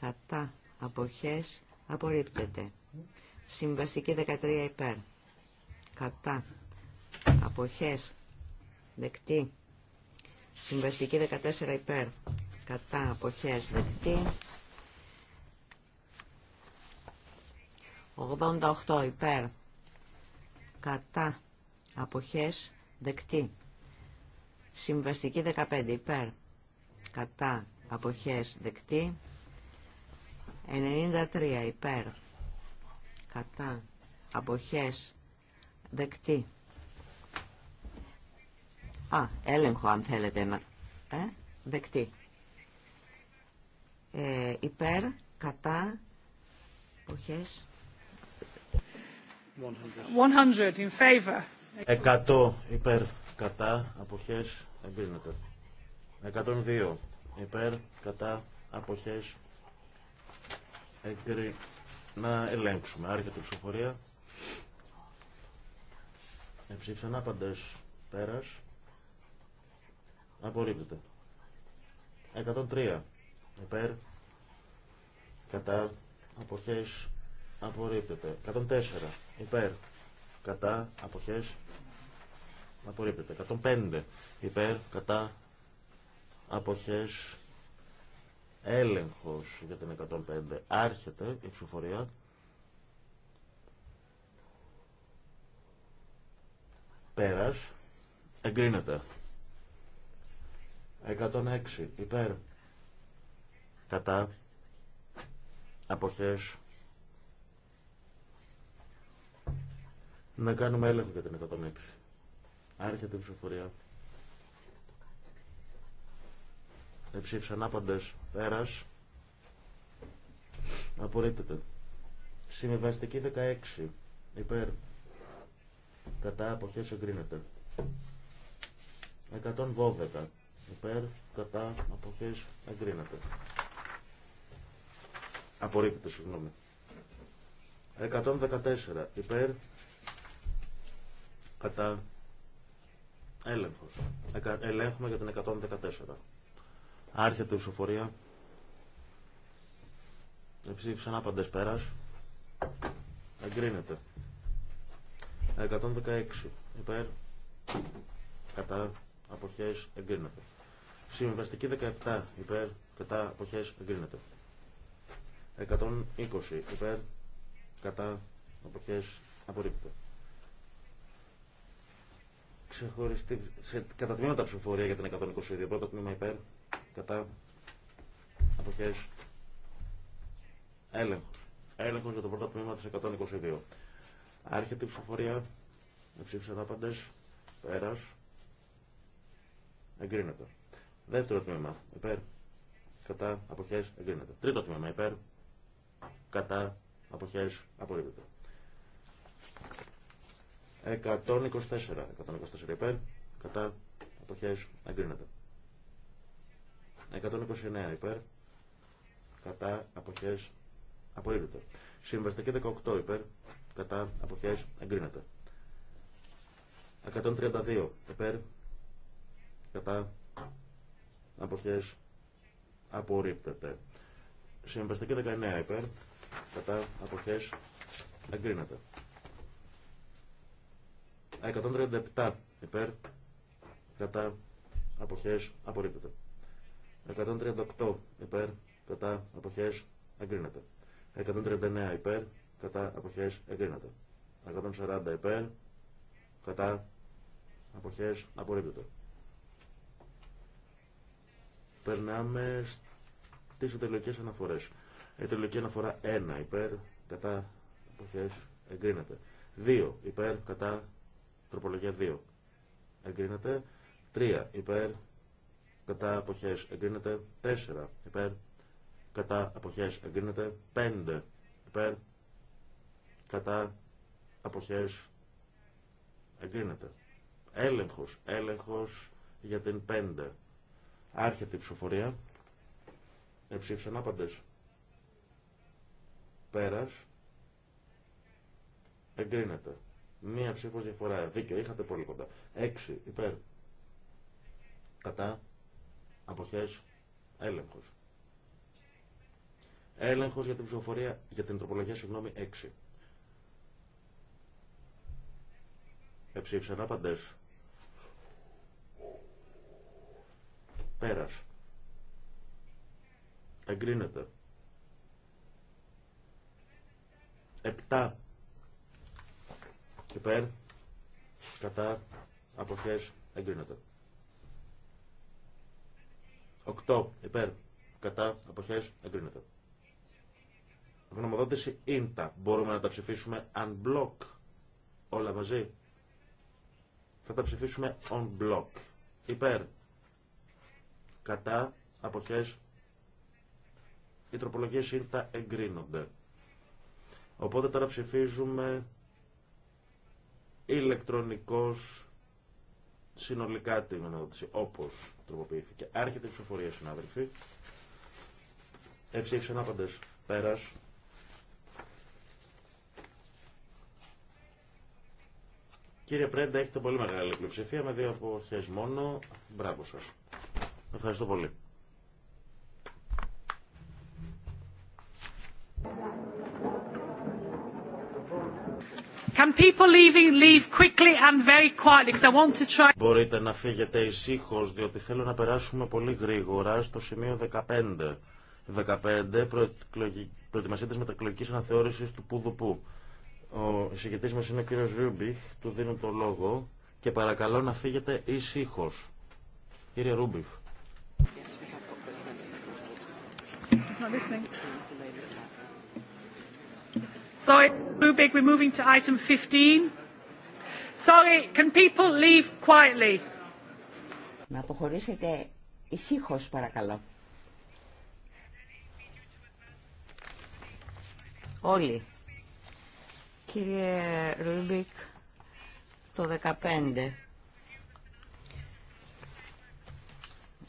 κατά αποχές απορρίπτεται. Συμβαστική 13 υπέρ κατά αποχές δεκτή συμβαστική 14 υπέρ κατά αποχές δεκτή 88 υπέρ κατά αποχές δεκτή συμβαστική 15 υπέρ κατά αποχές δεκτή 93 υπέρ κατά αποχές δεκτή. Α, έλεγχο αν θέλετε να... Ε, δεκτή. Ε, υπέρ, κατά, εποχές. 100 in favor. 100 υπέρ, κατά, αποχές, εγκρίνεται. 102 υπέρ, κατά, αποχές, εγκρι... Να ελέγξουμε. Άρχεται η ψηφοφορία. Εψήφισαν άπαντες πέρας. Απορρίπτεται. 103. Υπέρ. Κατά. Αποχές. Απορρίπτεται. 104. Υπέρ. Κατά. Αποχές. Απορρίπτεται. 105. Υπέρ. Κατά. Αποχές. Έλεγχος για την 105. Άρχεται η ψηφοφορία. Πέρας. Εγκρίνεται. 106. Υπέρ. Κατά. Αποχές. Να κάνουμε έλεγχο για την 106. Άρχεται η ψηφοφορία. Εψήφισαν άπαντες. Πέρας. Απορρίπτεται. Συμβεβαστική 16. Υπέρ κατά αποχές εγκρίνεται. 112 υπέρ κατά αποχές εγκρίνεται. Απορρίπτεται, συγγνώμη. 114 υπέρ κατά έλεγχος. Ελέγχουμε για την 114. Άρχεται η ψηφοφορία. Εψήφισαν άπαντες πέρας. Εγκρίνεται. 116 υπέρ κατά αποχές εγκρίνεται. Συμβαστική 17 υπέρ κατά αποχές εγκρίνεται. 120 υπέρ κατά αποχές απορρίπτεται. Ξεχωριστή, σε, κατά ψηφοφορία για την 122. Πρώτο τμήμα υπέρ κατά αποχές έλεγχος. Έλεγχος για το πρώτο τμήμα της 122. Άρχεται η ψηφοφορία. Με ψήφισαν άπαντε. Πέρα. Εγκρίνεται. Δεύτερο τμήμα. Υπέρ. Κατά. Αποχέ. Εγκρίνεται. Τρίτο τμήμα. Υπέρ. Κατά. Αποχέ. Απορρίπτεται. 124. 124 υπέρ. Κατά. Αποχέ. Εγκρίνεται. 129 υπέρ. Κατά. Αποχέ. Απορρίπτεται. Συμβαστική 18 υπέρ κατά αποχές εγκρίνεται. 132 υπέρ κατά αποχές απορρίπτεται. Συμβαστική 19 υπέρ κατά αποχές εγκρίνεται. 137 υπέρ κατά αποχές απορρίπτεται. 138 υπέρ κατά αποχές εγκρίνεται. 139 υπέρ κατά αποχές εγκρίνεται. 140 υπέρ κατά αποχές απορρίπτεται. Περνάμε στις αναφορέ. αναφορές. Ετελογική αναφορά 1 υπέρ κατά αποχές εγκρίνεται. 2 υπέρ κατά τροπολογία 2 εγκρίνεται. 3 υπέρ κατά αποχές εγκρίνεται. 4 υπέρ κατά αποχές εγκρίνεται. 5 υπέρ κατά αποχές εγκρίνεται. Έλεγχος, έλεγχος για την 5. Άρχεται η ψηφοφορία. Εψήφισαν άπαντες. Πέρας. Εγκρίνεται. Μία ψήφος διαφορά. Δίκαιο. Είχατε πολύ κοντά. 6 υπέρ. Κατά. Αποχές. Έλεγχος. Έλεγχος για την ψηφοφορία, για την τροπολογία, συγγνώμη, 6. Εψήφισαν άπαντες. Πέρας. Εγκρίνεται. Επτά. Υπέρ. Κατά. Αποχές. Εγκρίνεται. Οκτώ. Υπέρ. Κατά. Αποχές. Εγκρίνεται. Γνωμοδότηση ίντα. Μπορούμε να τα ψηφίσουμε unblock όλα μαζί. Θα τα ψηφίσουμε on block. Υπέρ. Κατά. Αποχές. Οι τροπολογίες ήρθα εγκρίνονται. Οπότε τώρα ψηφίζουμε ηλεκτρονικός συνολικά την γνωμοδότηση όπως τροποποιήθηκε. Άρχεται η ψηφοφορία συνάδελφοι. Εψήφισαν άπαντες πέρας. Κύριε Πρέντα, έχετε πολύ μεγάλη πλειοψηφία με δύο αποχέ μόνο. Μπράβο σας. Ευχαριστώ πολύ. Μπορείτε να φύγετε ησύχω διότι θέλω να περάσουμε πολύ γρήγορα στο σημείο 15. 15 προετοιμασία τη μετακλογική αναθεώρησης του ΠΟΥΔΟΠΟΥ. Ο συγκεκριτής μας είναι ο κύριος Ρούμπιχ, του δίνω το λόγο και παρακαλώ να φύγετε ήσυχο. Κύριε Ρούμπιχ. Sorry, Rubik, we're moving to item 15. Sorry, can people leave quietly? Να αποχωρήσετε ησύχω, παρακαλώ. Όλοι. Κύριε Ρούμπικ, το 15.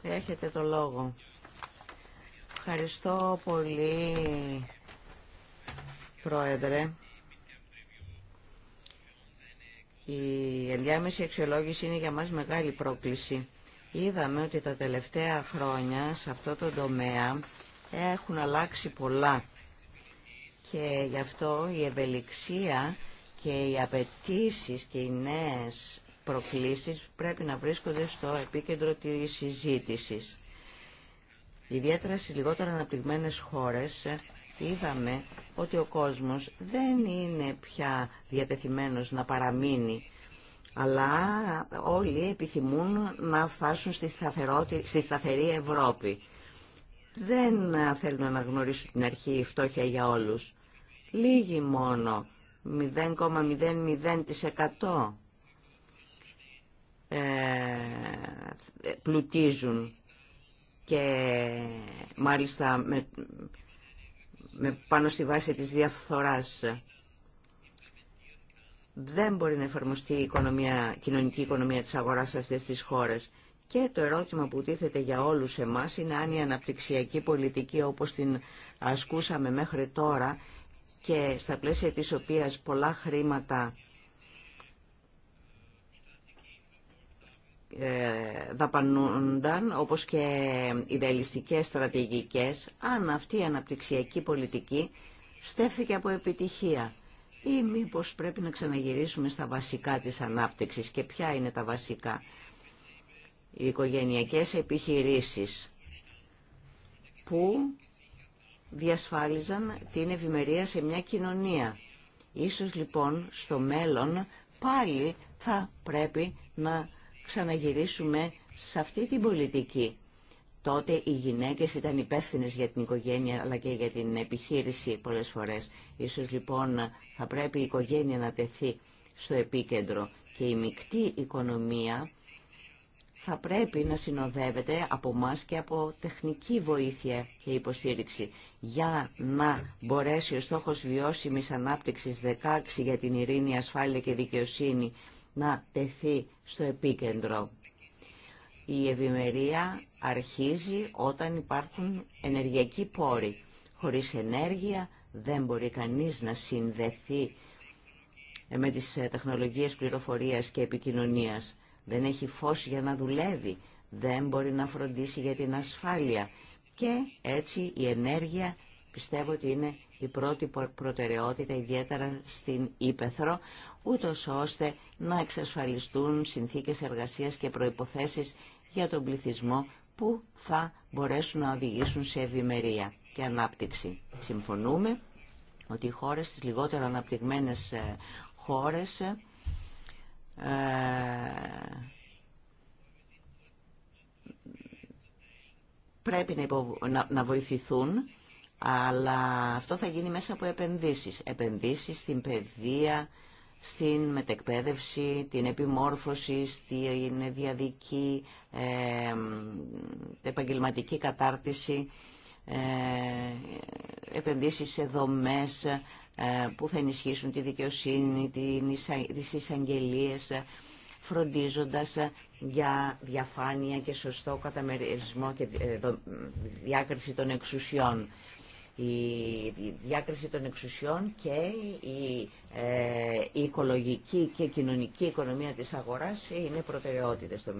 Έχετε το λόγο. Ευχαριστώ πολύ, Πρόεδρε. Η ενδιάμεση αξιολόγηση είναι για μας μεγάλη πρόκληση. Είδαμε ότι τα τελευταία χρόνια σε αυτό το τομέα έχουν αλλάξει πολλά και γι' αυτό η ευελιξία και οι απαιτήσει και οι νέε προκλήσεις πρέπει να βρίσκονται στο επίκεντρο της συζήτησης. Ιδιαίτερα στις λιγότερο αναπτυγμένες χώρες είδαμε ότι ο κόσμος δεν είναι πια διατεθειμένος να παραμείνει αλλά όλοι επιθυμούν να φτάσουν στη, στη σταθερή Ευρώπη. Δεν θέλουμε να γνωρίσουν την αρχή η φτώχεια για όλους λίγοι μόνο, 0,00% ε, πλουτίζουν και μάλιστα με, με πάνω στη βάση της διαφθοράς δεν μπορεί να εφαρμοστεί η κοινωνική οικονομία της αγοράς σε αυτές τις χώρες. Και το ερώτημα που τίθεται για όλους εμάς είναι αν η αναπτυξιακή πολιτική όπως την ασκούσαμε μέχρι τώρα και στα πλαίσια της οποίας πολλά χρήματα ε, δαπανούνταν, όπως και ιδεαλιστικές στρατηγικές, αν αυτή η αναπτυξιακή πολιτική στέφθηκε από επιτυχία ή μήπως πρέπει να ξαναγυρίσουμε στα βασικά της ανάπτυξης και ποια είναι τα βασικά. Οι οικογενειακές επιχειρήσεις που διασφάλιζαν την ευημερία σε μια κοινωνία. Ίσως λοιπόν στο μέλλον πάλι θα πρέπει να ξαναγυρίσουμε σε αυτή την πολιτική. Τότε οι γυναίκες ήταν υπεύθυνε για την οικογένεια αλλά και για την επιχείρηση πολλές φορές. Ίσως λοιπόν θα πρέπει η οικογένεια να τεθεί στο επίκεντρο και η μεικτή οικονομία θα πρέπει να συνοδεύεται από εμά και από τεχνική βοήθεια και υποστήριξη για να μπορέσει ο στόχος βιώσιμης ανάπτυξης 16 για την ειρήνη, ασφάλεια και δικαιοσύνη να τεθεί στο επίκεντρο. Η ευημερία αρχίζει όταν υπάρχουν ενεργειακοί πόροι. Χωρίς ενέργεια δεν μπορεί κανείς να συνδεθεί με τις τεχνολογίες πληροφορίας και επικοινωνίας δεν έχει φως για να δουλεύει, δεν μπορεί να φροντίσει για την ασφάλεια. Και έτσι η ενέργεια πιστεύω ότι είναι η πρώτη προτεραιότητα ιδιαίτερα στην Ήπεθρο, ούτω ώστε να εξασφαλιστούν συνθήκες εργασίας και προϋποθέσεις για τον πληθυσμό που θα μπορέσουν να οδηγήσουν σε ευημερία και ανάπτυξη. Συμφωνούμε ότι οι χώρες, τις λιγότερο αναπτυγμένες ε, χώρες, ε, πρέπει να βοηθηθούν αλλά αυτό θα γίνει μέσα από επενδύσεις. Επενδύσεις στην παιδεία, στην μετεκπαίδευση, την επιμόρφωση, στην διαδική ε, επαγγελματική κατάρτιση, ε, επενδύσεις σε δομές, ε, που θα ενισχύσουν τη δικαιοσύνη, τις εισαγγελίες, ε, φροντίζοντας ε, για διαφάνεια και σωστό καταμερισμό και διάκριση των εξουσιών. Η διάκριση των εξουσιών και η οικολογική και κοινωνική οικονομία της αγοράς είναι προτεραιότητες. Το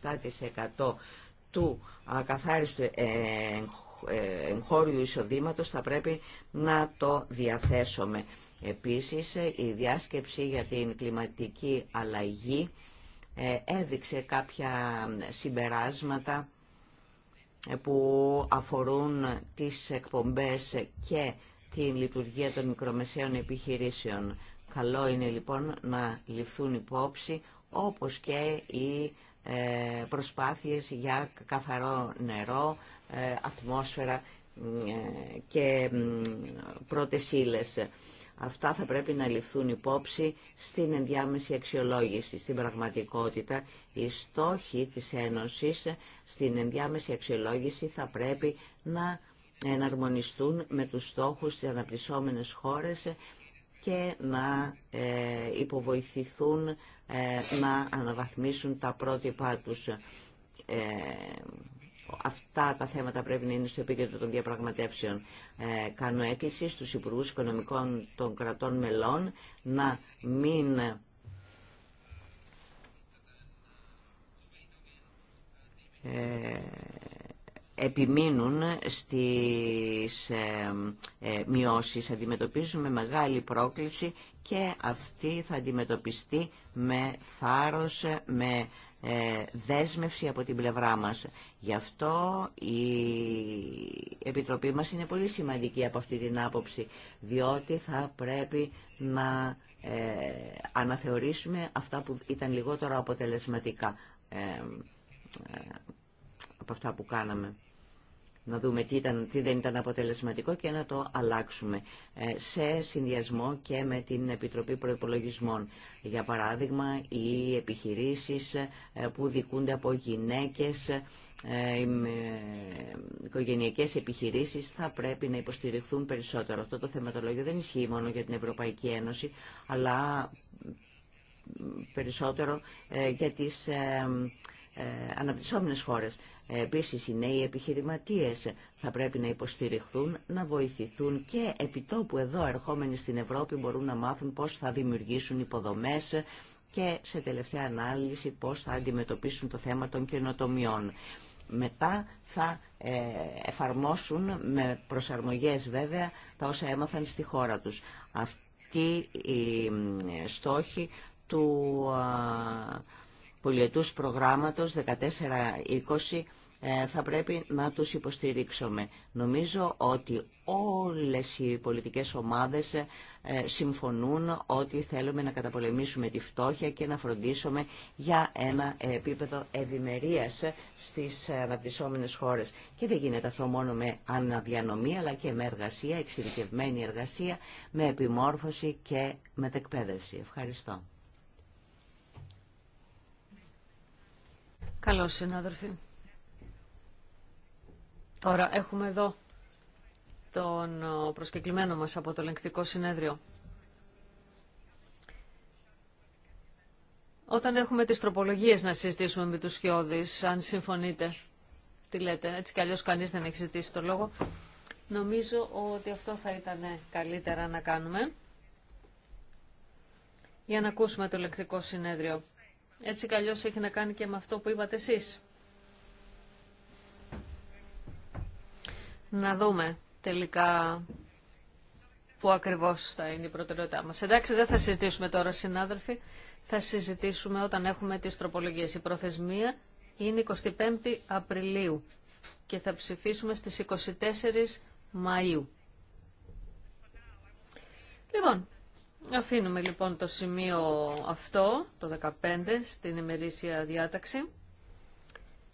0,7% του ακαθάριστου εγχώριου εισοδήματος θα πρέπει να το διαθέσουμε. Επίσης, η διάσκεψη για την κλιματική αλλαγή ε, έδειξε κάποια συμπεράσματα ε, που αφορούν τις εκπομπές και την λειτουργία των μικρομεσαίων επιχειρήσεων. Καλό είναι λοιπόν να ληφθούν υπόψη όπως και οι ε, προσπάθειες για καθαρό νερό, ε, ατμόσφαιρα ε, και πρώτες ύλες. Αυτά θα πρέπει να ληφθούν υπόψη στην ενδιάμεση αξιολόγηση. Στην πραγματικότητα, οι στόχοι της Ένωσης στην ενδιάμεση αξιολόγηση θα πρέπει να εναρμονιστούν με τους στόχους της αναπτυσσόμενες χώρες και να ε, υποβοηθηθούν να αναβαθμίσουν τα πρότυπά τους. Αυτά τα θέματα πρέπει να είναι στο επίκεντρο των διαπραγματεύσεων. Ε, κάνω έκκληση στους Υπουργούς Οικονομικών των κρατών μελών να μην ε, επιμείνουν στις ε, ε μειώσεις. Αντιμετωπίζουμε μεγάλη πρόκληση και αυτή θα αντιμετωπιστεί με θάρρος, με ε, δέσμευση από την πλευρά μας. Γι' αυτό η Επιτροπή μας είναι πολύ σημαντική από αυτή την άποψη, διότι θα πρέπει να ε, αναθεωρήσουμε αυτά που ήταν λιγότερο αποτελεσματικά ε, από αυτά που κάναμε να δούμε τι, ήταν, τι δεν ήταν αποτελεσματικό και να το αλλάξουμε ε, σε συνδυασμό και με την Επιτροπή Προϋπολογισμών. Για παράδειγμα, οι επιχειρήσεις ε, που δικούνται από γυναίκες, οι ε, οικογενειακές επιχειρήσεις θα πρέπει να υποστηριχθούν περισσότερο. Αυτό το θεματολόγιο δεν ισχύει μόνο για την Ευρωπαϊκή Ένωση, αλλά περισσότερο για τις αναπτυσσόμενες χώρες. Επίσης οι νέοι επιχειρηματίες θα πρέπει να υποστηριχθούν, να βοηθηθούν και επιτόπου εδώ ερχόμενοι στην Ευρώπη μπορούν να μάθουν πώς θα δημιουργήσουν υποδομές και σε τελευταία ανάλυση πώς θα αντιμετωπίσουν το θέμα των καινοτομιών. Μετά θα ε, εφαρμόσουν με προσαρμογές βέβαια τα όσα έμαθαν στη χώρα τους. Αυτή η ε, στόχη του πολιετούς προγράμματος 14-20 ε, θα πρέπει να τους υποστηρίξουμε. Νομίζω ότι όλες οι πολιτικές ομάδες ε, συμφωνούν ότι θέλουμε να καταπολεμήσουμε τη φτώχεια και να φροντίσουμε για ένα επίπεδο ευημερίας στις αναπτυσσόμενες χώρες. Και δεν γίνεται αυτό μόνο με αναδιανομή, αλλά και με εργασία, εξειδικευμένη εργασία, με επιμόρφωση και μετεκπαίδευση. Ευχαριστώ. Καλώ συνάδελφοι. Τώρα έχουμε εδώ τον προσκεκλημένο μας από το λεκτικό συνέδριο. Όταν έχουμε τις τροπολογίες να συζητήσουμε με τους χιώδεις, αν συμφωνείτε, τι λέτε, έτσι κι αλλιώς κανείς δεν έχει ζητήσει το λόγο, νομίζω ότι αυτό θα ήταν καλύτερα να κάνουμε για να ακούσουμε το λεκτικό συνέδριο. Έτσι καλώς έχει να κάνει και με αυτό που είπατε εσείς. Να δούμε τελικά που ακριβώς θα είναι η προτεραιότητά μας. Εντάξει, δεν θα συζητήσουμε τώρα, συνάδελφοι. Θα συζητήσουμε όταν έχουμε τις τροπολογίες. Η προθεσμία είναι Απριλίου και θα ψηφίσουμε στις 24 Μαΐου. Λοιπόν, Αφήνουμε λοιπόν το σημείο αυτό, το 15, στην ημερήσια διάταξη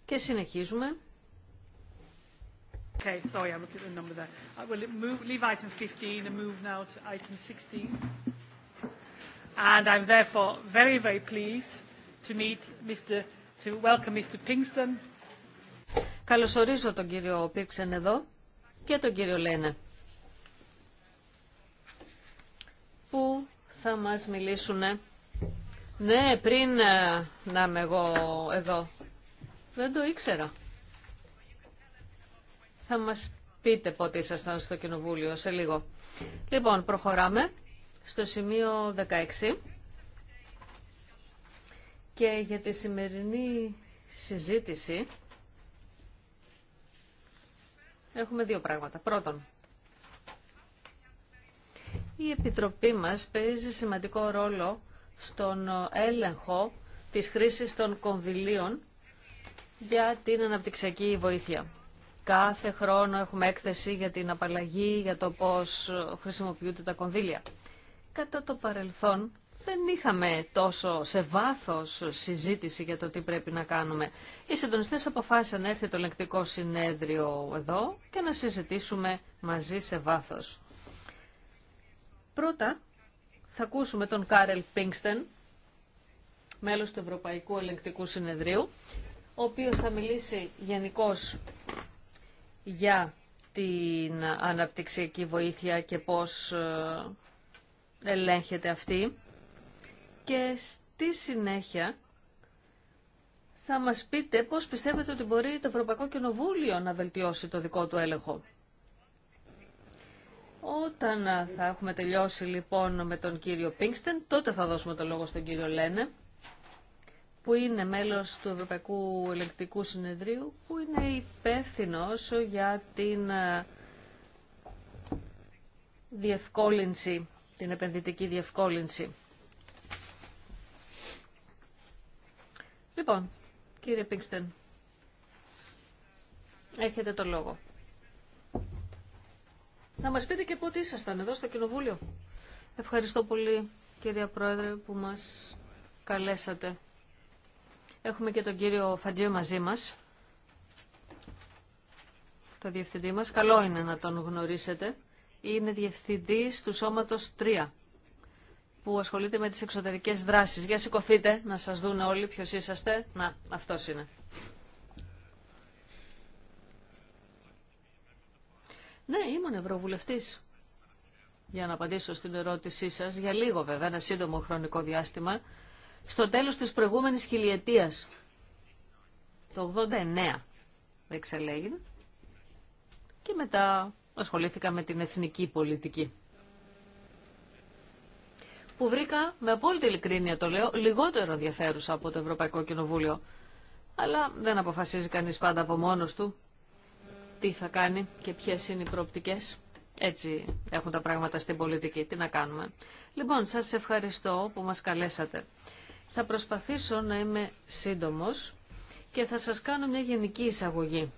και συνεχίζουμε. Okay, sorry, I'm looking at the number there. I will move, leave item 15 and move now to item 16. And I'm therefore very, very pleased to meet Mr. to welcome Mr. Pinkston. Καλωσορίζω τον κύριο Πίξεν εδώ και τον κύριο Λένε. που θα μας μιλήσουν. Ναι, πριν ε, να είμαι εγώ εδώ. Δεν το ήξερα. Θα μας πείτε πότε ήσασταν στο Κοινοβούλιο σε λίγο. Λοιπόν, προχωράμε στο σημείο 16 και για τη σημερινή συζήτηση έχουμε δύο πράγματα. Πρώτον, η Επιτροπή μας παίζει σημαντικό ρόλο στον έλεγχο της χρήσης των κονδυλίων για την αναπτυξιακή βοήθεια. Κάθε χρόνο έχουμε έκθεση για την απαλλαγή, για το πώς χρησιμοποιούνται τα κονδύλια. Κατά το παρελθόν δεν είχαμε τόσο σε βάθος συζήτηση για το τι πρέπει να κάνουμε. Οι συντονιστές αποφάσισαν να έρθει το ελεγκτικό συνέδριο εδώ και να συζητήσουμε μαζί σε βάθος. Πρώτα θα ακούσουμε τον Κάρελ Πίνγκστεν, μέλος του Ευρωπαϊκού Ελεγκτικού Συνεδρίου, ο οποίος θα μιλήσει γενικώ για την αναπτυξιακή βοήθεια και πώς ε, ελέγχεται αυτή. Και στη συνέχεια θα μας πείτε πώς πιστεύετε ότι μπορεί το Ευρωπαϊκό Κοινοβούλιο να βελτιώσει το δικό του έλεγχο. Όταν θα έχουμε τελειώσει λοιπόν με τον κύριο Πίνξτεν, τότε θα δώσουμε το λόγο στον κύριο Λένε, που είναι μέλος του Ευρωπαϊκού Ελεκτικού Συνεδρίου, που είναι υπεύθυνο για την ε, διευκόλυνση, την επενδυτική διευκόλυνση. Λοιπόν, κύριε Πίνξτεν, έχετε το λόγο. Να μας πείτε και πότε ήσασταν εδώ στο Κοινοβούλιο. Ευχαριστώ πολύ κυρία Πρόεδρε που μας καλέσατε. Έχουμε και τον κύριο Φαντζίου μαζί μας, το διευθυντή μας. Καλό είναι να τον γνωρίσετε. Είναι διευθυντής του Σώματος 3 που ασχολείται με τις εξωτερικές δράσεις. Για σηκωθείτε να σας δουν όλοι ποιος είσαστε. Να, αυτός είναι. Ναι, ήμουν ευρωβουλευτή. Για να απαντήσω στην ερώτησή σας, για λίγο βέβαια, ένα σύντομο χρονικό διάστημα, στο τέλος της προηγούμενης χιλιετία, το 89 εξελέγει, και μετά ασχολήθηκα με την εθνική πολιτική που βρήκα, με απόλυτη ειλικρίνεια το λέω, λιγότερο ενδιαφέρουσα από το Ευρωπαϊκό Κοινοβούλιο. Αλλά δεν αποφασίζει κανείς πάντα από μόνος του τι θα κάνει και ποιες είναι οι προοπτικές. Έτσι έχουν τα πράγματα στην πολιτική. Τι να κάνουμε. Λοιπόν, σας ευχαριστώ που μας καλέσατε. Θα προσπαθήσω να είμαι σύντομος και θα σας κάνω μια γενική εισαγωγή.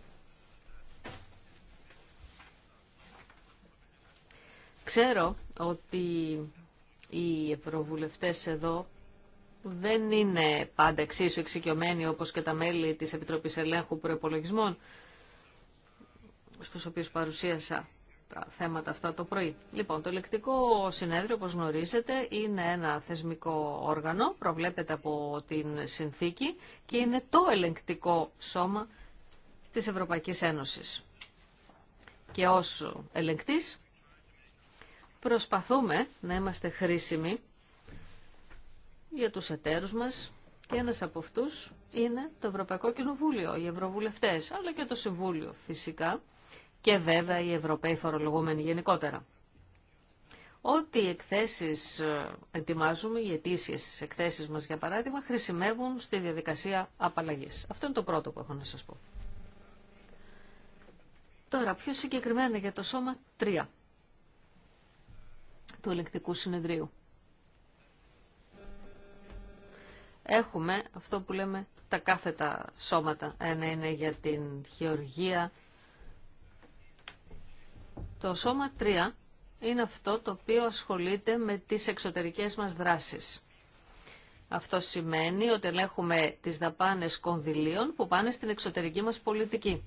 Ξέρω ότι οι ευρωβουλευτές εδώ δεν είναι πάντα εξίσου εξοικειωμένοι όπως και τα μέλη της Επιτροπής Ελέγχου Προϋπολογισμών στους οποίους παρουσίασα τα θέματα αυτά το πρωί. Λοιπόν, το ελεκτικό συνέδριο, όπως γνωρίζετε, είναι ένα θεσμικό όργανο, προβλέπεται από την συνθήκη και είναι το ελεγκτικό σώμα της Ευρωπαϊκής Ένωσης. Και ως ελεγκτής προσπαθούμε να είμαστε χρήσιμοι για τους εταίρους μας και ένας από αυτούς είναι το Ευρωπαϊκό Κοινοβούλιο, οι Ευρωβουλευτές, αλλά και το Συμβούλιο φυσικά, και βέβαια οι Ευρωπαίοι φορολογούμενοι γενικότερα. Ό,τι εκθέσεις ε, ετοιμάζουμε, οι αιτήσει εκθέσεις μας για παράδειγμα, χρησιμεύουν στη διαδικασία απαλλαγής. Αυτό είναι το πρώτο που έχω να σας πω. Τώρα, πιο συγκεκριμένα για το σώμα 3 του ελεκτικού συνεδρίου. Έχουμε αυτό που λέμε τα κάθετα σώματα. Ένα είναι για την γεωργία, το σώμα 3 είναι αυτό το οποίο ασχολείται με τις εξωτερικές μας δράσεις. Αυτό σημαίνει ότι ελέγχουμε τις δαπάνες κονδυλίων που πάνε στην εξωτερική μας πολιτική.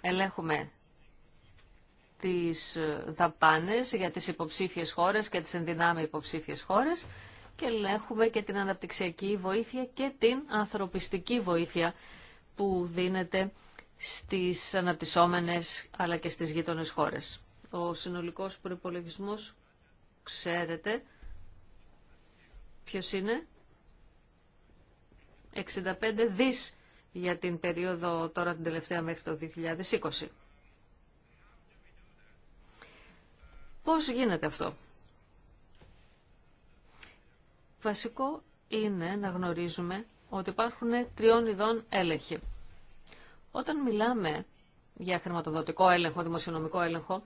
Ελέγχουμε τις δαπάνες για τις υποψήφιες χώρες και τις ενδυνάμει υποψήφιες χώρες και ελέγχουμε και την αναπτυξιακή βοήθεια και την ανθρωπιστική βοήθεια που δίνεται στις αναπτυσσόμενες αλλά και στις γείτονες χώρες. Ο συνολικός προϋπολογισμός, ξέρετε, ποιος είναι, 65 δις για την περίοδο τώρα την τελευταία μέχρι το 2020. Πώς γίνεται αυτό. Βασικό είναι να γνωρίζουμε ότι υπάρχουν τριών ειδών έλεγχοι. Όταν μιλάμε για χρηματοδοτικό έλεγχο, δημοσιονομικό έλεγχο,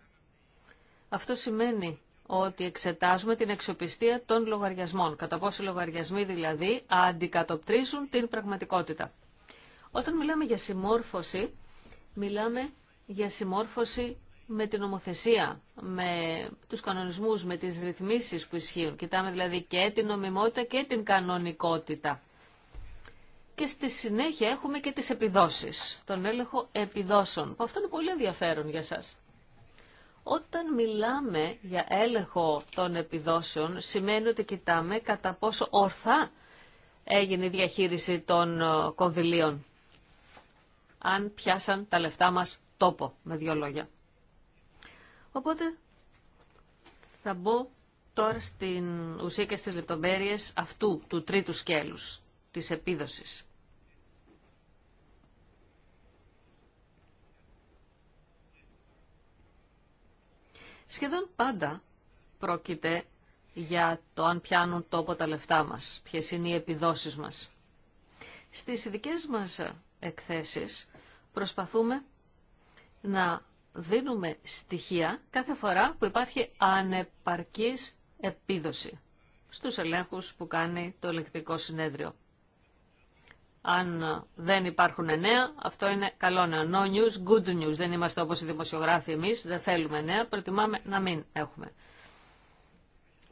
αυτό σημαίνει ότι εξετάζουμε την εξοπιστία των λογαριασμών, κατά πόσο οι λογαριασμοί δηλαδή αντικατοπτρίζουν την πραγματικότητα. Όταν μιλάμε για συμμόρφωση, μιλάμε για συμμόρφωση με την ομοθεσία, με τους κανονισμούς, με τις ρυθμίσεις που ισχύουν. Κοιτάμε δηλαδή και την νομιμότητα και την κανονικότητα και στη συνέχεια έχουμε και τις επιδόσεις, τον έλεγχο επιδόσεων, αυτό είναι πολύ ενδιαφέρον για σας. Όταν μιλάμε για έλεγχο των επιδόσεων, σημαίνει ότι κοιτάμε κατά πόσο ορθά έγινε η διαχείριση των ε, κονδυλίων. Αν πιάσαν τα λεφτά μας τόπο, με δύο λόγια. Οπότε θα μπω τώρα στην ουσία και στις λεπτομέρειες αυτού του τρίτου σκέλους, της επίδοσης. Σχεδόν πάντα πρόκειται για το αν πιάνουν τόπο τα λεφτά μας, ποιες είναι οι επιδόσεις μας. Στις ειδικέ μας εκθέσεις προσπαθούμε να δίνουμε στοιχεία κάθε φορά που υπάρχει ανεπαρκής επίδοση στους ελέγχους που κάνει το ηλεκτρικό συνέδριο αν δεν υπάρχουν νέα, αυτό είναι καλό νέα. No news, good news. Δεν είμαστε όπως οι δημοσιογράφοι εμείς, δεν θέλουμε νέα, προτιμάμε να μην έχουμε.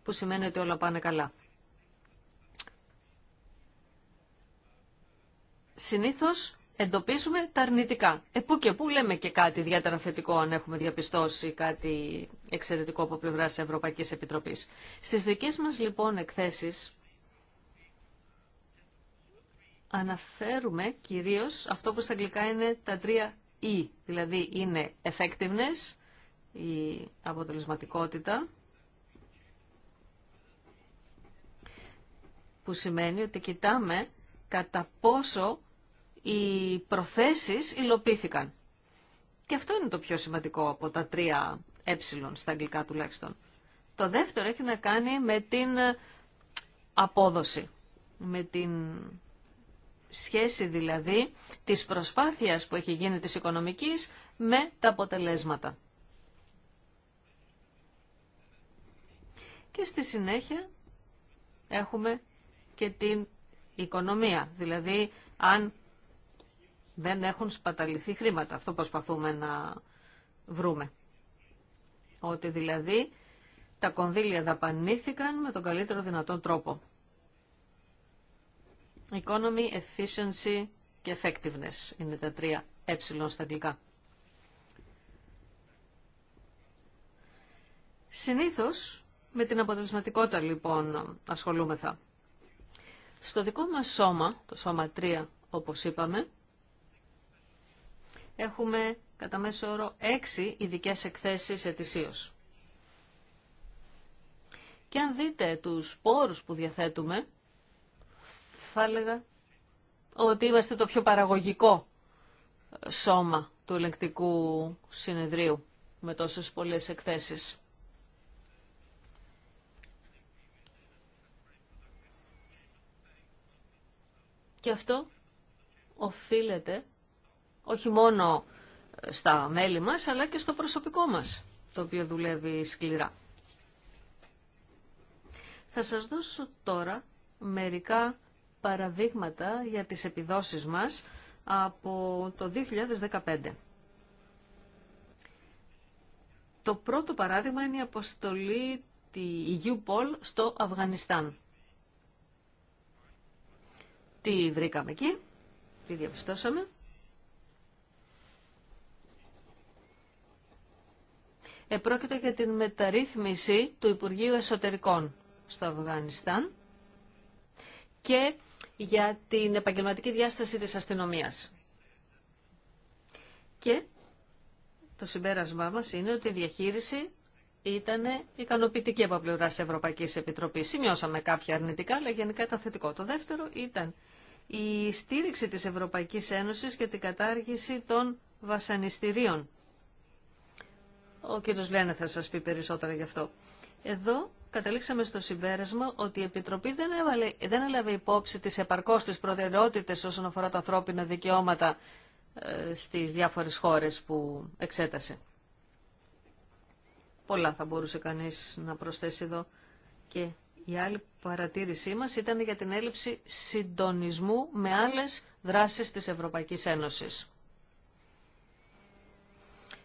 Που σημαίνει ότι όλα πάνε καλά. Συνήθως εντοπίζουμε τα αρνητικά. Επού και πού λέμε και κάτι ιδιαίτερα θετικό αν έχουμε διαπιστώσει κάτι εξαιρετικό από πλευρά τη Ευρωπαϊκής Επιτροπής. Στις δικές μας λοιπόν εκθέσεις αναφέρουμε κυρίως αυτό που στα αγγλικά είναι τα τρία E, δηλαδή είναι effectiveness, η αποτελεσματικότητα, που σημαίνει ότι κοιτάμε κατά πόσο οι προθέσεις υλοποιήθηκαν. Και αυτό είναι το πιο σημαντικό από τα τρία ε, στα αγγλικά τουλάχιστον. Το δεύτερο έχει να κάνει με την απόδοση, με την σχέση δηλαδή της προσπάθειας που έχει γίνει της οικονομικής με τα αποτελέσματα. Και στη συνέχεια έχουμε και την οικονομία, δηλαδή αν δεν έχουν σπαταληθεί χρήματα. Αυτό προσπαθούμε να βρούμε. Ότι δηλαδή τα κονδύλια δαπανήθηκαν με τον καλύτερο δυνατόν τρόπο. Economy, efficiency και effectiveness είναι τα τρία ε στα αγγλικά. Συνήθως με την αποτελεσματικότητα λοιπόν ασχολούμεθα. Στο δικό μας σώμα, το σώμα 3 όπως είπαμε, έχουμε κατά μέσο όρο 6 ειδικέ εκθέσεις ετησίως. Και αν δείτε τους πόρους που διαθέτουμε, θα έλεγα ότι είμαστε το πιο παραγωγικό σώμα του ελεγκτικού συνεδρίου με τόσες πολλές εκθέσεις. Και αυτό οφείλεται όχι μόνο στα μέλη μας, αλλά και στο προσωπικό μας, το οποίο δουλεύει σκληρά. Θα σας δώσω τώρα μερικά παραδείγματα για τις επιδόσεις μας από το 2015. Το πρώτο παράδειγμα είναι η αποστολή τη UPOL στο Αφγανιστάν. Τι βρήκαμε εκεί, τι διαπιστώσαμε. Επρόκειτο για την μεταρρύθμιση του Υπουργείου Εσωτερικών στο Αφγανιστάν και για την επαγγελματική διάσταση της αστυνομίας. Και το συμπέρασμά μας είναι ότι η διαχείριση ήταν ικανοποιητική από πλευρά τη Ευρωπαϊκή Επιτροπή. Σημειώσαμε κάποια αρνητικά, αλλά γενικά ήταν θετικό. Το δεύτερο ήταν η στήριξη της Ευρωπαϊκής Ένωσης και την κατάργηση των βασανιστήριων. Ο κύριος Λένε θα σας πει περισσότερα γι' αυτό. Εδώ καταλήξαμε στο συμπέρασμα ότι η Επιτροπή δεν, έβαλε, δεν έλαβε υπόψη τις επαρκώς τις προτεραιότητες όσον αφορά τα ανθρώπινα δικαιώματα ε, στις διάφορες χώρες που εξέτασε. Πολλά θα μπορούσε κανείς να προσθέσει εδώ. Και η άλλη παρατήρησή μας ήταν για την έλλειψη συντονισμού με άλλες δράσεις της Ευρωπαϊκής Ένωσης.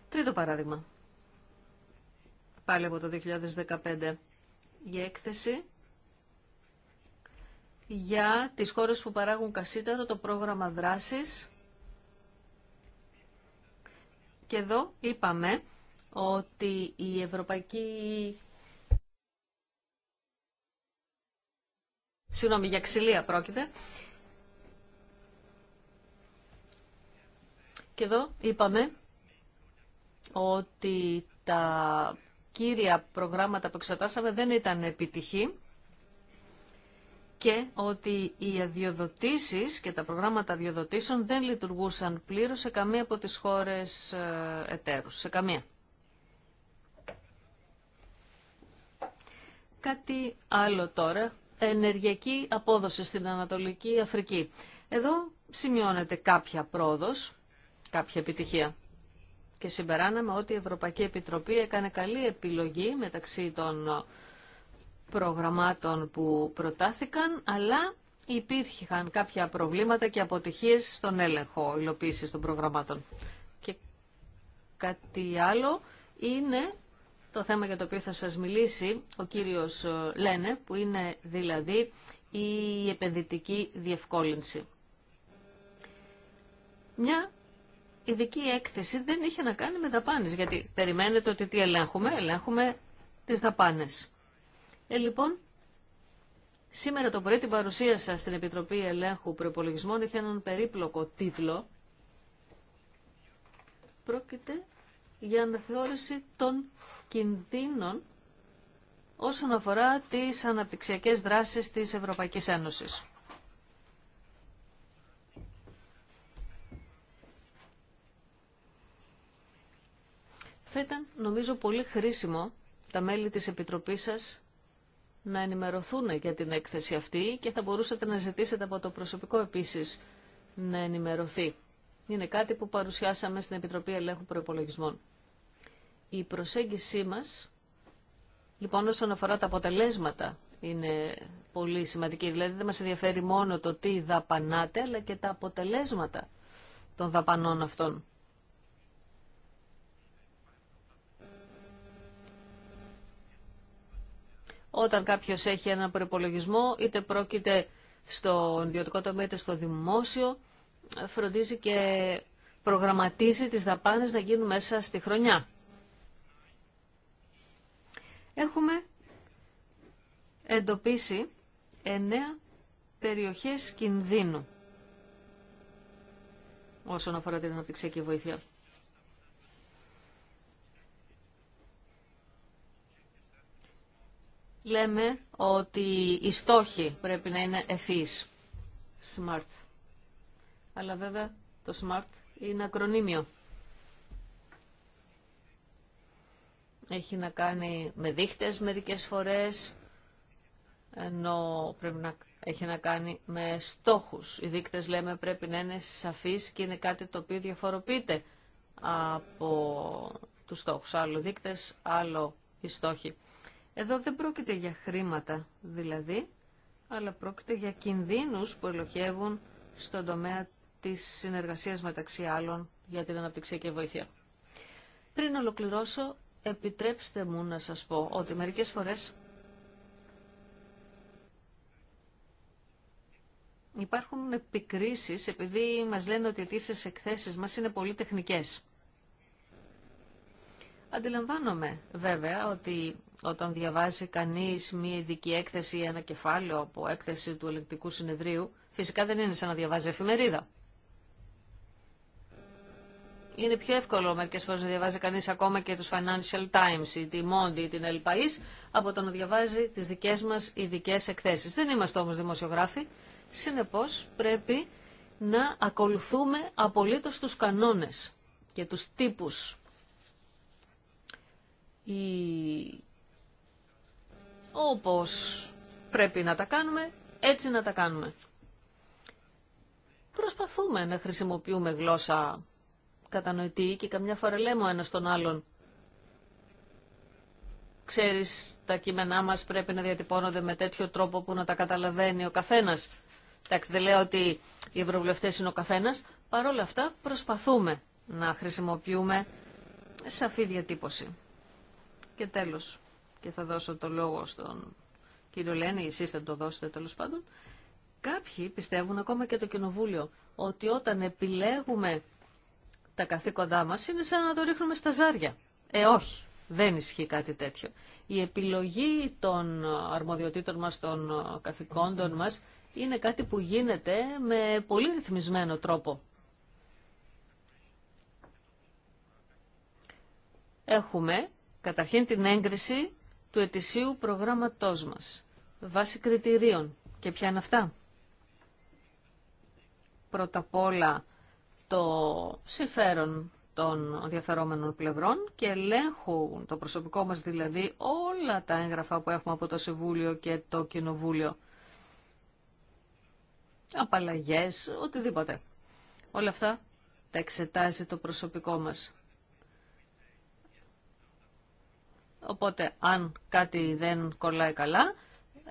Τρίτο παράδειγμα. Πάλι από το 2015 η έκθεση για τις χώρες που παράγουν κασίταρο, το πρόγραμμα δράσης. Και εδώ είπαμε ότι η Ευρωπαϊκή... Συγγνώμη, για ξυλία πρόκειται. Και εδώ είπαμε ότι τα κύρια προγράμματα που εξετάσαμε δεν ήταν επιτυχή και ότι οι αδειοδοτήσεις και τα προγράμματα αδειοδοτήσεων δεν λειτουργούσαν πλήρως σε καμία από τις χώρες ε, εταίρους. Σε καμία. Κάτι άλλο τώρα. Ενεργειακή απόδοση στην Ανατολική Αφρική. Εδώ σημειώνεται κάποια πρόοδος, κάποια επιτυχία και συμπεράναμε ότι η Ευρωπαϊκή Επιτροπή έκανε καλή επιλογή μεταξύ των προγραμμάτων που προτάθηκαν, αλλά υπήρχαν κάποια προβλήματα και αποτυχίες στον έλεγχο υλοποίηση των προγραμμάτων. Και κάτι άλλο είναι το θέμα για το οποίο θα σας μιλήσει ο κύριος Λένε, που είναι δηλαδή η επενδυτική διευκόλυνση. Μια δική έκθεση δεν είχε να κάνει με δαπάνες, γιατί περιμένετε ότι τι ελέγχουμε, ελέγχουμε τις δαπάνες. Ε, λοιπόν, σήμερα το πρωί την παρουσίασα στην Επιτροπή Ελέγχου Προπολογισμών είχε έναν περίπλοκο τίτλο. Πρόκειται για αναθεώρηση των κινδύνων όσον αφορά τις αναπτυξιακές δράσεις της Ευρωπαϊκής Ένωσης. Θα ήταν νομίζω πολύ χρήσιμο τα μέλη της Επιτροπής σας να ενημερωθούν για την έκθεση αυτή και θα μπορούσατε να ζητήσετε από το προσωπικό επίσης να ενημερωθεί. Είναι κάτι που παρουσιάσαμε στην Επιτροπή Ελέγχου Προπολογισμών. Η προσέγγισή μας, λοιπόν όσον αφορά τα αποτελέσματα, είναι πολύ σημαντική. Δηλαδή δεν μας ενδιαφέρει μόνο το τι δαπανάτε, αλλά και τα αποτελέσματα των δαπανών αυτών. όταν κάποιος έχει έναν προπολογισμό, είτε πρόκειται στο ιδιωτικό τομέα είτε στο δημόσιο, φροντίζει και προγραμματίζει τις δαπάνες να γίνουν μέσα στη χρονιά. Έχουμε εντοπίσει εννέα περιοχές κινδύνου όσον αφορά την αναπτυξιακή βοήθεια. λέμε ότι οι στόχοι πρέπει να είναι ευφύς. Smart. Αλλά βέβαια το smart είναι ακρονίμιο. Έχει να κάνει με δίχτες μερικές φορές, ενώ πρέπει να έχει να κάνει με στόχους. Οι δείκτες λέμε πρέπει να είναι σαφείς και είναι κάτι το οποίο διαφοροποιείται από τους στόχους. Άλλο δείκτες, άλλο οι στόχοι. Εδώ δεν πρόκειται για χρήματα δηλαδή, αλλά πρόκειται για κινδύνους που ελοχεύουν στον τομέα της συνεργασίας μεταξύ άλλων για την και βοήθεια. Πριν ολοκληρώσω, επιτρέψτε μου να σας πω ότι μερικές φορές υπάρχουν επικρίσεις επειδή μας λένε ότι οι αιτήσεις εκθέσεις μας είναι πολύ τεχνικές. Αντιλαμβάνομαι βέβαια ότι όταν διαβάζει κανείς μία ειδική έκθεση ή ένα κεφάλαιο από έκθεση του ελεκτικού συνεδρίου, φυσικά δεν είναι σαν να διαβάζει εφημερίδα. Είναι πιο εύκολο μερικές φορές να διαβάζει κανείς ακόμα και τους Financial Times ή τη Mondi ή την El País από το να διαβάζει τις δικές μας ειδικέ εκθέσεις. Δεν είμαστε όμως δημοσιογράφοι, συνεπώς πρέπει να ακολουθούμε απολύτως τους κανόνες και τους τύπους όπως πρέπει να τα κάνουμε, έτσι να τα κάνουμε. Προσπαθούμε να χρησιμοποιούμε γλώσσα κατανοητή και καμιά φορά λέμε ο ένας τον άλλον ξέρεις τα κείμενά μας πρέπει να διατυπώνονται με τέτοιο τρόπο που να τα καταλαβαίνει ο καθένας. Εντάξει, δεν λέω ότι οι ευρωβουλευτές είναι ο καθένας. Παρ' όλα αυτά προσπαθούμε να χρησιμοποιούμε σαφή διατύπωση. Και τέλος και θα δώσω το λόγο στον κύριο Λένη, εσείς θα το δώσετε τέλος πάντων, κάποιοι πιστεύουν ακόμα και το Κοινοβούλιο ότι όταν επιλέγουμε τα καθήκοντά μας είναι σαν να το ρίχνουμε στα ζάρια. Ε, όχι. Δεν ισχύει κάτι τέτοιο. Η επιλογή των αρμοδιοτήτων μας, των καθηκόντων μας, είναι κάτι που γίνεται με πολύ ρυθμισμένο τρόπο. Έχουμε καταρχήν την έγκριση του ετησίου προγράμματός μας. Βάσει κριτηρίων. Και ποια είναι αυτά. Πρώτα απ' όλα το συμφέρον των ενδιαφερόμενων πλευρών και ελέγχουν το προσωπικό μας δηλαδή όλα τα έγγραφα που έχουμε από το Συμβούλιο και το Κοινοβούλιο. Απαλλαγές, οτιδήποτε. Όλα αυτά τα εξετάζει το προσωπικό μας. Οπότε αν κάτι δεν κολλάει καλά,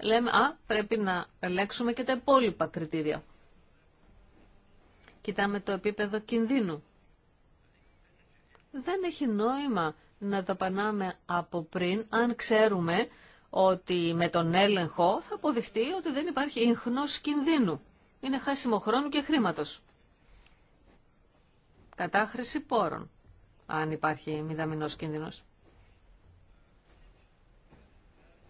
λέμε α, πρέπει να ελέγξουμε και τα υπόλοιπα κριτήρια. Κοιτάμε το επίπεδο κινδύνου. Δεν έχει νόημα να πανάμε από πριν αν ξέρουμε ότι με τον έλεγχο θα αποδειχτεί ότι δεν υπάρχει ίχνος κινδύνου. Είναι χάσιμο χρόνο και χρήματος. Κατάχρηση πόρων, αν υπάρχει μηδαμινός κίνδυνος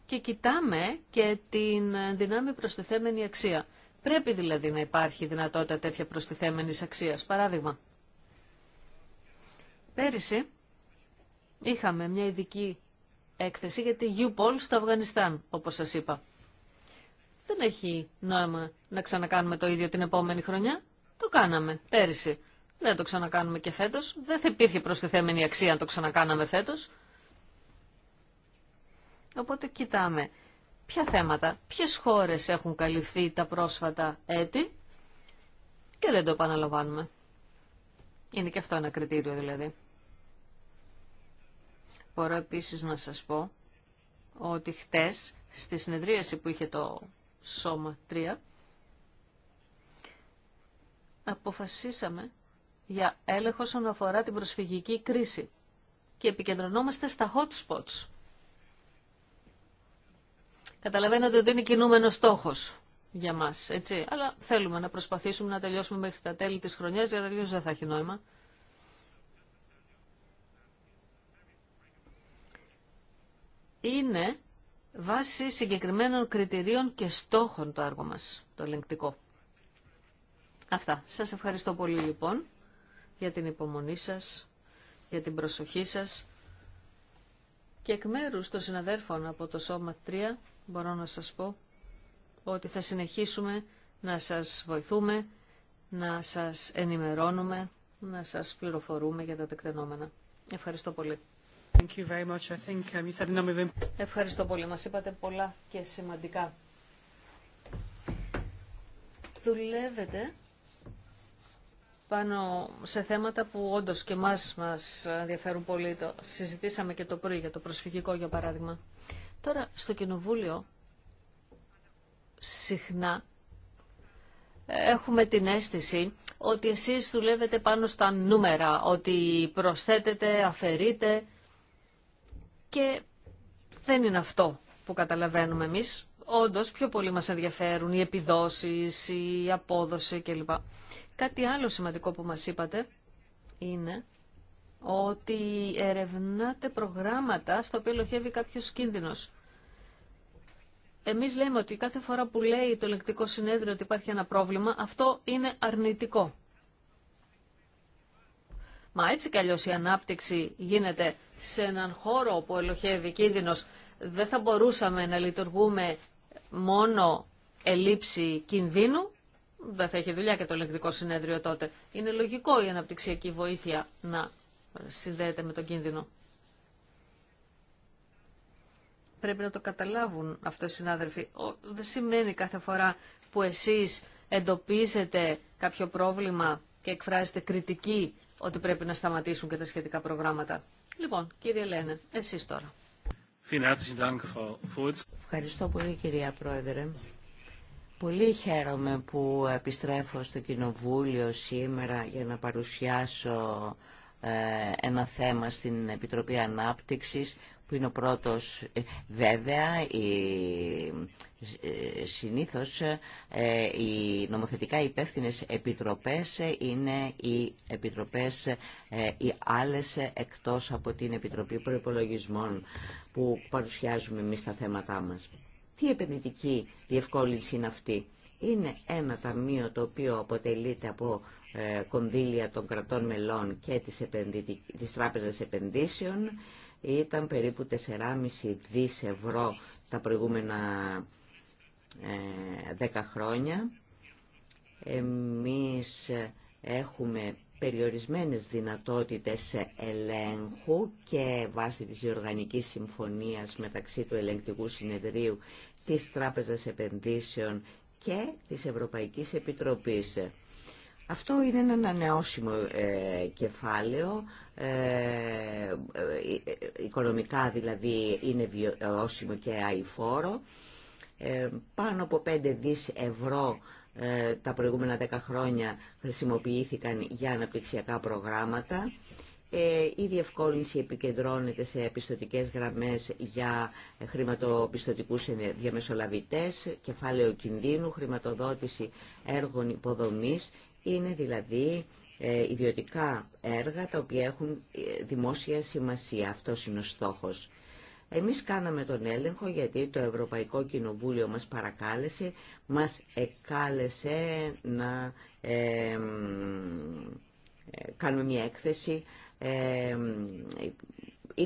και κοιτάμε και την δυνάμει προστιθέμενη αξία. Πρέπει δηλαδή να υπάρχει δυνατότητα τέτοια προστιθέμενης αξίας. Παράδειγμα, πέρυσι είχαμε μια ειδική έκθεση για τη u στο Αφγανιστάν, όπως σας είπα. Δεν έχει νόημα να ξανακάνουμε το ίδιο την επόμενη χρονιά. Το κάναμε πέρυσι. Δεν το ξανακάνουμε και φέτος. Δεν θα υπήρχε προστιθέμενη αξία αν το ξανακάναμε φέτος. Οπότε κοιτάμε ποια θέματα, ποιες χώρες έχουν καλυφθεί τα πρόσφατα έτη και δεν το επαναλαμβάνουμε. Είναι και αυτό ένα κριτήριο δηλαδή. Μπορώ επίσης να σας πω ότι χτες στη συνεδρίαση που είχε το Σώμα 3 αποφασίσαμε για έλεγχο όσον αφορά την προσφυγική κρίση και επικεντρωνόμαστε στα hot spots. Καταλαβαίνετε ότι είναι κινούμενο στόχος για μα. έτσι. Αλλά θέλουμε να προσπαθήσουμε να τελειώσουμε μέχρι τα τέλη της χρονιάς, γιατί αλλιώ δεν θα έχει νόημα. Είναι βάση συγκεκριμένων κριτηρίων και στόχων το άργο μας, το ελεγκτικό. Αυτά. Σας ευχαριστώ πολύ λοιπόν για την υπομονή σας, για την προσοχή σας και εκ μέρου των συναδέρφων από το Σώμα 3 μπορώ να σας πω ότι θα συνεχίσουμε να σας βοηθούμε, να σας ενημερώνουμε, να σας πληροφορούμε για τα τεκτενόμενα. Ευχαριστώ πολύ. Thank you very much. I think um, said Ευχαριστώ πολύ. Μας είπατε πολλά και σημαντικά. Δουλεύετε πάνω σε θέματα που όντως και μας μας ενδιαφέρουν πολύ. Το συζητήσαμε και το πρωί για το προσφυγικό, για παράδειγμα. Τώρα στο Κοινοβούλιο συχνά έχουμε την αίσθηση ότι εσείς δουλεύετε πάνω στα νούμερα, ότι προσθέτετε, αφαιρείτε και δεν είναι αυτό που καταλαβαίνουμε εμείς. Όντως πιο πολύ μας ενδιαφέρουν οι επιδόσεις, η απόδοση κλπ. Κάτι άλλο σημαντικό που μας είπατε είναι ότι ερευνάτε προγράμματα στο οποίο λοχεύει κάποιος κίνδυνος. Εμείς λέμε ότι κάθε φορά που λέει το Λεκτικό συνέδριο ότι υπάρχει ένα πρόβλημα, αυτό είναι αρνητικό. Μα έτσι κι αλλιώς η ανάπτυξη γίνεται σε έναν χώρο που ελοχεύει κίνδυνος. Δεν θα μπορούσαμε να λειτουργούμε μόνο ελήψη κινδύνου, δεν θα έχει δουλειά και το Λεκτικό συνέδριο τότε. Είναι λογικό η αναπτυξιακή βοήθεια να συνδέεται με τον κίνδυνο. Πρέπει να το καταλάβουν αυτό οι συνάδελφοι. Δεν σημαίνει κάθε φορά που εσείς εντοπίζετε κάποιο πρόβλημα και εκφράζετε κριτική ότι πρέπει να σταματήσουν και τα σχετικά προγράμματα. Λοιπόν, κύριε Λένε, εσείς τώρα. Ευχαριστώ πολύ κυρία Πρόεδρε. Πολύ χαίρομαι που επιστρέφω στο Κοινοβούλιο σήμερα για να παρουσιάσω ε, ένα θέμα στην Επιτροπή Ανάπτυξης που είναι ο πρώτος. Ε, βέβαια, η, ε, συνήθως ε, οι νομοθετικά υπεύθυνε επιτροπές είναι οι επιτροπές οι άλλες εκτός από την Επιτροπή Προϋπολογισμών που παρουσιάζουμε εμείς τα θέματά μας. Τι επενδυτική διευκόλυνση είναι αυτή. Είναι ένα ταμείο το οποίο αποτελείται από κονδύλια των κρατών μελών και της, της Τράπεζας Επενδύσεων ήταν περίπου 4,5 δις ευρώ τα προηγούμενα 10 ε, χρόνια. Εμείς έχουμε περιορισμένες δυνατότητες ελέγχου και βάσει της οργανικής Συμφωνίας μεταξύ του Ελεγκτικού Συνεδρίου της Τράπεζας Επενδύσεων και της Ευρωπαϊκής Επιτροπής. Αυτό είναι ένα ανανεώσιμο ε, κεφάλαιο, ε, ε, οικονομικά δηλαδή είναι βιώσιμο και αηφόρο. Ε, πάνω από 5 δις ευρώ τα προηγούμενα 10 χρόνια χρησιμοποιήθηκαν για αναπτυξιακά προγράμματα. Η διευκόλυνση επικεντρώνεται σε επιστοτικές γραμμές για χρηματοπιστωτικούς διαμεσολαβητές, κεφάλαιο κινδύνου, χρηματοδότηση έργων υποδομής είναι δηλαδή ε, ιδιωτικά έργα τα οποία έχουν ε, δημόσια σημασία. Αυτός είναι ο στόχος. Εμείς κάναμε τον έλεγχο γιατί το Ευρωπαϊκό Κοινοβούλιο μας παρακάλεσε, μας εκάλεσε να ε, κάνουμε μια έκθεση.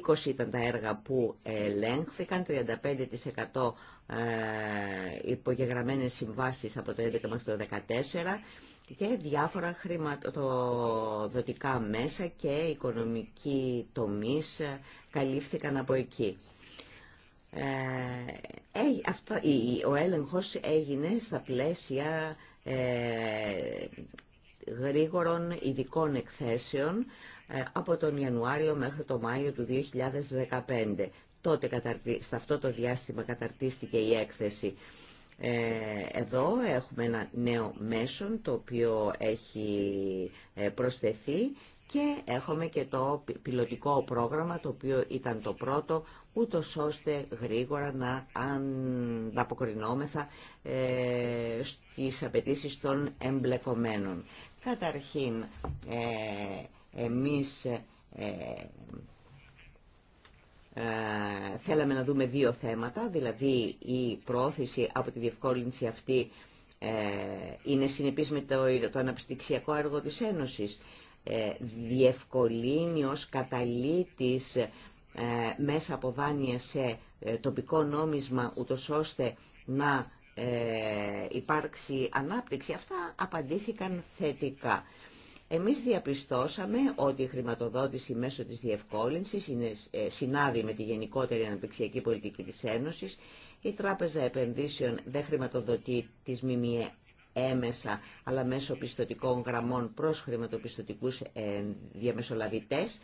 20 ήταν τα έργα που ελέγχθηκαν, 35% ε, υπογεγραμμένες συμβάσεις από το 2011 μέχρι το 2014 και διάφορα χρηματοδοτικά μέσα και οικονομικοί τομείς ε, καλύφθηκαν από εκεί. Ε, ε αυτά, ο έλεγχος έγινε στα πλαίσια ε, γρήγορων ειδικών εκθέσεων ε, από τον Ιανουάριο μέχρι τον Μάιο του 2015. Τότε, σε αυτό το διάστημα, καταρτίστηκε η έκθεση. Ε, εδώ έχουμε ένα νέο μέσον το οποίο έχει ε, προσθεθεί και έχουμε και το πιλωτικό πρόγραμμα το οποίο ήταν το πρώτο ούτω ώστε γρήγορα να ανταποκρινόμεθα ε, στις απαιτήσει των εμπλεκομένων. Καταρχήν, ε, εμείς ε, ε, θέλαμε να δούμε δύο θέματα, δηλαδή η προώθηση από τη διευκόλυνση αυτή ε, είναι συνεπής με το, αναπτυξιακό έργο της Ένωσης. Ε, διευκολύνει ως καταλήτης μέσα από δάνεια σε τοπικό νόμισμα ούτως ώστε να υπάρξει ανάπτυξη. Αυτά απαντήθηκαν θετικά. Εμείς διαπιστώσαμε ότι η χρηματοδότηση μέσω της διευκόλυνσης είναι ε, συνάδει με τη γενικότερη αναπτυξιακή πολιτική της Ένωσης. Η Τράπεζα Επενδύσεων δεν χρηματοδοτεί τις ΜΜΕ έμεσα, αλλά μέσω πιστοτικών γραμμών προς χρηματοπιστωτικούς ε, διαμεσολαβητές.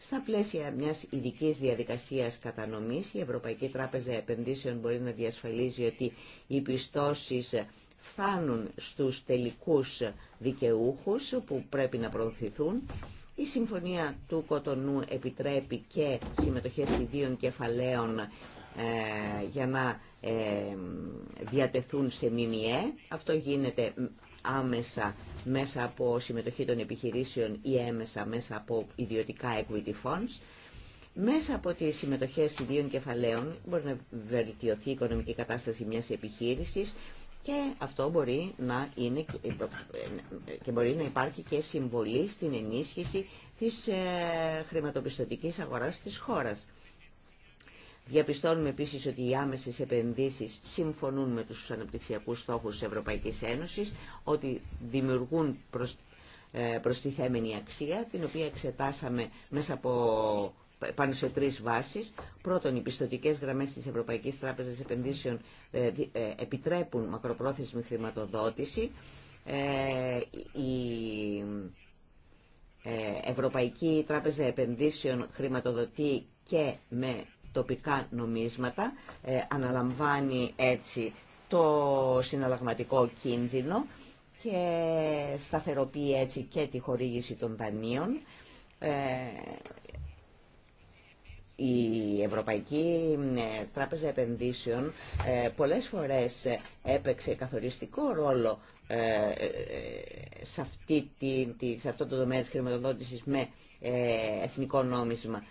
Στα πλαίσια μιας ειδική διαδικασίας κατανομής, η Ευρωπαϊκή Τράπεζα Επενδύσεων μπορεί να διασφαλίζει ότι οι πιστώσεις φάνουν στους τελικούς δικαιούχους που πρέπει να προωθηθούν. Η Συμφωνία του Κοτονού επιτρέπει και συμμετοχές ιδίων κεφαλαίων ε, για να ε, διατεθούν σε ΜΜΕ. Αυτό γίνεται άμεσα μέσα από συμμετοχή των επιχειρήσεων ή έμεσα μέσα από ιδιωτικά equity funds. Μέσα από τις συμμετοχές ιδίων κεφαλαίων μπορεί να βελτιωθεί η οικονομική κατάσταση μιας επιχείρησης, και αυτό μπορεί να είναι και μπορεί να υπάρχει και συμβολή στην ενίσχυση της ε, χρηματοπιστωτικής αγοράς της χώρας. Διαπιστώνουμε επίσης ότι οι άμεσες επενδύσεις συμφωνούν με τους αναπτυξιακούς στόχους της Ευρωπαϊκής Ένωσης, ότι δημιουργούν ε, προστιθέμενη αξία, την οποία εξετάσαμε μέσα από πάνω σε τρεις βάσεις. Πρώτον, οι πιστοτικές γραμμές της Ευρωπαϊκής Τράπεζας Επενδύσεων ε, ε, επιτρέπουν μακροπρόθεσμη χρηματοδότηση. Ε, η Ευρωπαϊκή Τράπεζα Επενδύσεων χρηματοδοτεί και με τοπικά νομίσματα, αναλαμβάνει έτσι το συναλλαγματικό κίνδυνο και σταθεροποιεί έτσι και τη χορήγηση των δανείων. Η Ευρωπαϊκή ε, Τράπεζα Επενδύσεων ε, πολλές φορές ε, έπαιξε καθοριστικό ρόλο σε, αυτή τη, αυτό το τομέα της χρηματοδότησης με εθνικό νόμισμα.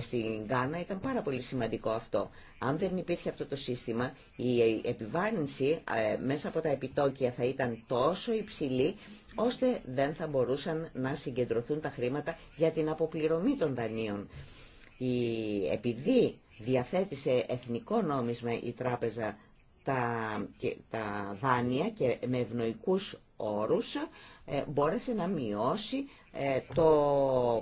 Στην Γκάνα ήταν πάρα πολύ σημαντικό αυτό. Αν δεν υπήρχε αυτό το σύστημα, η επιβάρυνση μέσα από τα επιτόκια θα ήταν τόσο υψηλή, ώστε δεν θα μπορούσαν να συγκεντρωθούν τα χρήματα για την αποπληρωμή των δανείων η, επειδή διαθέτησε εθνικό νόμισμα η τράπεζα τα, τα δάνεια και με ευνοϊκούς όρους ε, μπόρεσε να μειώσει ε, το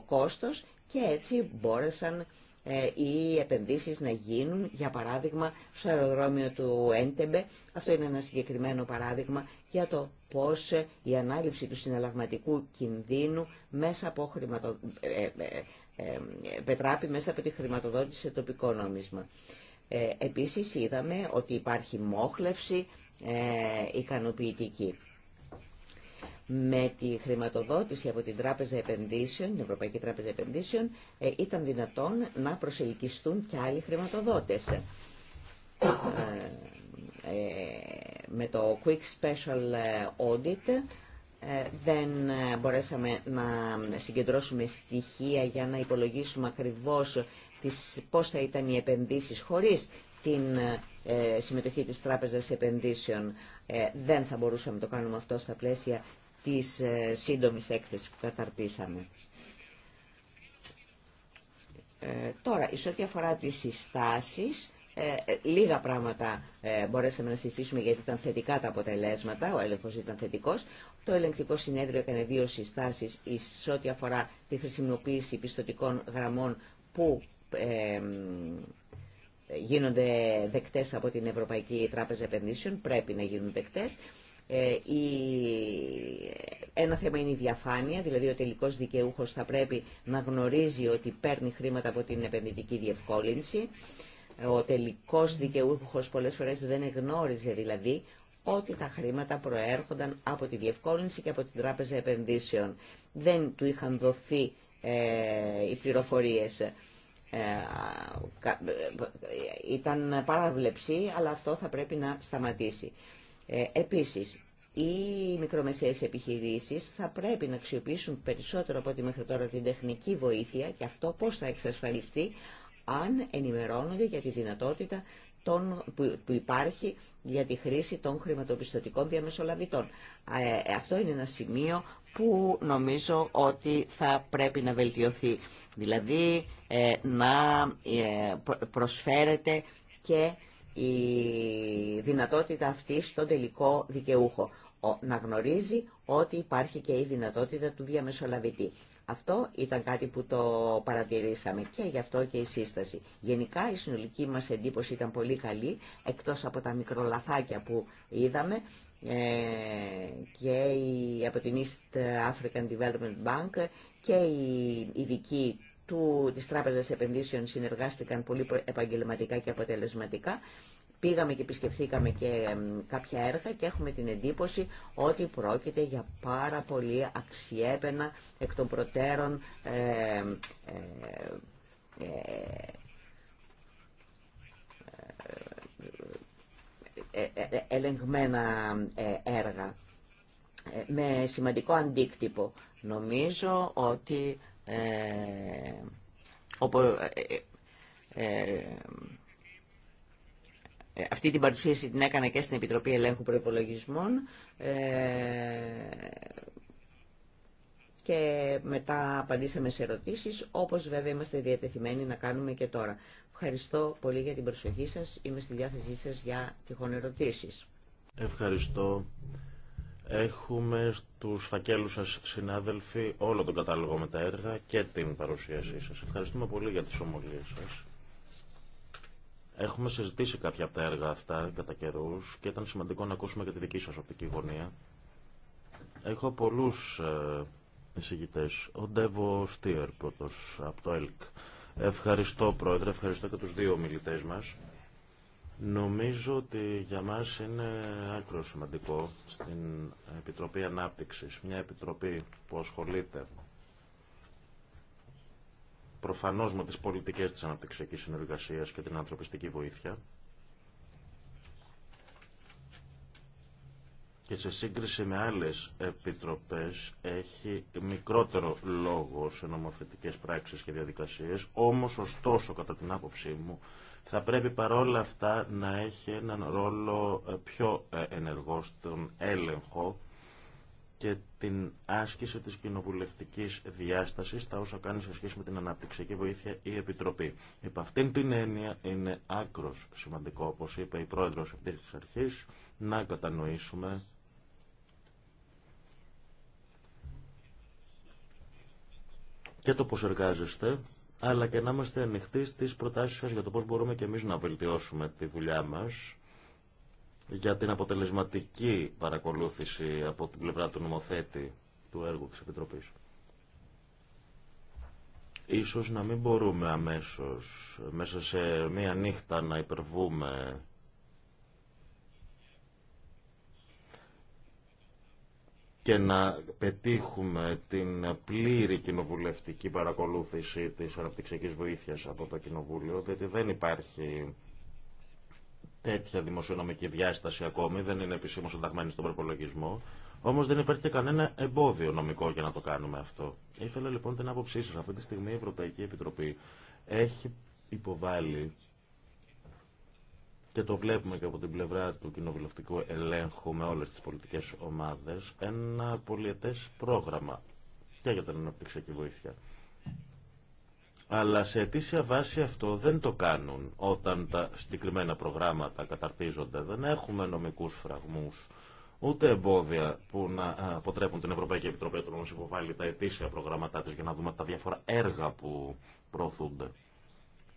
κόστος και έτσι μπόρεσαν ε, οι επενδύσεις να γίνουν, για παράδειγμα, στο αεροδρόμιο του Έντεμπε. Αυτό είναι ένα συγκεκριμένο παράδειγμα για το πώς ε, η ανάληψη του συναλλαγματικού κινδύνου μέσα από χρηματο πετράπη ε, μέσα από τη χρηματοδότηση σε τοπικό νόμισμα. Ε, επίσης είδαμε ότι υπάρχει μόχλευση ε, ικανοποιητική. Με τη χρηματοδότηση από την Τράπεζα Επενδύσεων, την Ευρωπαϊκή Τράπεζα Επενδύσεων, ε, ήταν δυνατόν να προσελκυστούν και άλλοι χρηματοδότες. Ε, με το Quick Special Audit ε, δεν ε, μπορέσαμε να συγκεντρώσουμε στοιχεία για να υπολογίσουμε ακριβώς τις, πώς θα ήταν οι επενδύσεις χωρίς την ε, συμμετοχή της Τράπεζας Επενδύσεων. δεν θα μπορούσαμε να το κάνουμε αυτό στα πλαίσια της ε, σύντομης έκθεσης που καταρτήσαμε. τώρα, σε ό,τι αφορά τις συστάσεις, ε, ε, λίγα πράγματα ε, μπορέσαμε να συστήσουμε γιατί ήταν θετικά τα αποτελέσματα, ο έλεγχος ήταν θετικός. Το ελεγκτικό συνέδριο έκανε δύο συστάσεις σε ό,τι αφορά τη χρησιμοποίηση πιστοτικών γραμμών που γίνονται δεκτές από την Ευρωπαϊκή Τράπεζα Επενδύσεων, πρέπει να γίνουν δεκτές. Ένα θέμα είναι η διαφάνεια, δηλαδή ο τελικός δικαιούχος θα πρέπει να γνωρίζει ότι παίρνει χρήματα από την επενδυτική διευκόλυνση. Ο τελικός δικαιούχος πολλές φορές δεν εγνώριζε δηλαδή ότι τα χρήματα προέρχονταν από τη διευκόλυνση και από την Τράπεζα Επενδύσεων. Δεν του είχαν δοθεί ε, οι πληροφορίες. Ε, ε, ήταν παραβλεψή, αλλά αυτό θα πρέπει να σταματήσει. Ε, επίσης, οι μικρομεσαίες επιχειρήσεις θα πρέπει να αξιοποιήσουν περισσότερο από ό,τι μέχρι τώρα την τεχνική βοήθεια και αυτό πώς θα εξασφαλιστεί αν ενημερώνονται για τη δυνατότητα που, υπάρχει για τη χρήση των χρηματοπιστωτικών διαμεσολαβητών. Ε, αυτό είναι ένα σημείο που νομίζω ότι θα πρέπει να βελτιωθεί. Δηλαδή ε, να ε, προσφέρεται και η δυνατότητα αυτή στον τελικό δικαιούχο. να γνωρίζει ότι υπάρχει και η δυνατότητα του διαμεσολαβητή. Αυτό ήταν κάτι που το παρατηρήσαμε και γι' αυτό και η σύσταση. Γενικά η συνολική μας εντύπωση ήταν πολύ καλή, εκτός από τα μικρολαθάκια που είδαμε ε, και από την East African Development Bank και οι ειδικοί του, της Τράπεζας Επενδύσεων συνεργάστηκαν πολύ επαγγελματικά και αποτελεσματικά Πήγαμε και επισκεφθήκαμε και κάποια έργα και έχουμε την εντύπωση ότι πρόκειται για πάρα πολύ αξιέπαινα εκ των προτέρων ε, ε, ε, ε ελεγμένα έργα με σημαντικό αντίκτυπο. Νομίζω ότι ε, αυτή την παρουσίαση την έκανα και στην Επιτροπή Ελέγχου Προϋπολογισμών ε, και μετά απαντήσαμε σε ερωτήσεις, όπως βέβαια είμαστε διατεθειμένοι να κάνουμε και τώρα. Ευχαριστώ πολύ για την προσοχή σας. Είμαι στη διάθεσή σας για τυχόν ερωτήσεις. Ευχαριστώ. Έχουμε στους φακέλους σας, συνάδελφοι, όλο τον κατάλογο με τα έργα και την παρουσίασή σας. Ευχαριστούμε πολύ για τις ομολίες σας. Έχουμε συζητήσει κάποια από τα έργα αυτά κατά καιρού και ήταν σημαντικό να ακούσουμε και τη δική σα οπτική γωνία. Έχω πολλούς ε, εισηγητέ. Ο Ντέβο Στίερ πρώτο από το ΕΛΚ. Ευχαριστώ πρόεδρε, ευχαριστώ και του δύο ομιλητέ μας. Νομίζω ότι για μας είναι άκρο σημαντικό στην Επιτροπή ανάπτυξη. μια επιτροπή που ασχολείται προφανώς με τις πολιτικές της αναπτυξιακής συνεργασίας και την ανθρωπιστική βοήθεια και σε σύγκριση με άλλες επιτροπές έχει μικρότερο λόγο σε νομοθετικές πράξεις και διαδικασίες, όμως ωστόσο κατά την άποψή μου θα πρέπει παρόλα αυτά να έχει έναν ρόλο πιο ενεργό στον έλεγχο και την άσκηση της κοινοβουλευτική διάστασης τα όσα κάνει σε σχέση με την αναπτυξιακή βοήθεια η Επιτροπή. υπ αυτήν την έννοια είναι άκρος σημαντικό, όπως είπε η Πρόεδρος αυτής της αρχής, να κατανοήσουμε και το πώς εργάζεστε, αλλά και να είμαστε ανοιχτοί στις προτάσεις σας για το πώς μπορούμε και εμείς να βελτιώσουμε τη δουλειά μας για την αποτελεσματική παρακολούθηση από την πλευρά του νομοθέτη του έργου της Επιτροπής. Ίσως να μην μπορούμε αμέσως, μέσα σε μία νύχτα, να υπερβούμε και να πετύχουμε την πλήρη κοινοβουλευτική παρακολούθηση της αναπτυξιακής βοήθειας από το Κοινοβούλιο, διότι δεν υπάρχει τέτοια δημοσιονομική διάσταση ακόμη, δεν είναι επισήμω ενταγμένη στον προπολογισμό. Όμω δεν υπάρχει κανένα εμπόδιο νομικό για να το κάνουμε αυτό. Ήθελα λοιπόν την άποψή σα. Αυτή τη στιγμή η Ευρωπαϊκή Επιτροπή έχει υποβάλει και το βλέπουμε και από την πλευρά του κοινοβουλευτικού ελέγχου με όλες τις πολιτικές ομάδες, ένα πολιετέ πρόγραμμα και για την αναπτυξιακή βοήθεια. Αλλά σε αιτήσια βάση αυτό δεν το κάνουν όταν τα συγκεκριμένα προγράμματα καταρτίζονται. Δεν έχουμε νομικούς φραγμούς, ούτε εμπόδια που να ε, αποτρέπουν την Ευρωπαϊκή Επιτροπή να μας υποβάλει τα αιτήσια προγράμματά της για να δούμε τα διάφορα έργα που προωθούνται.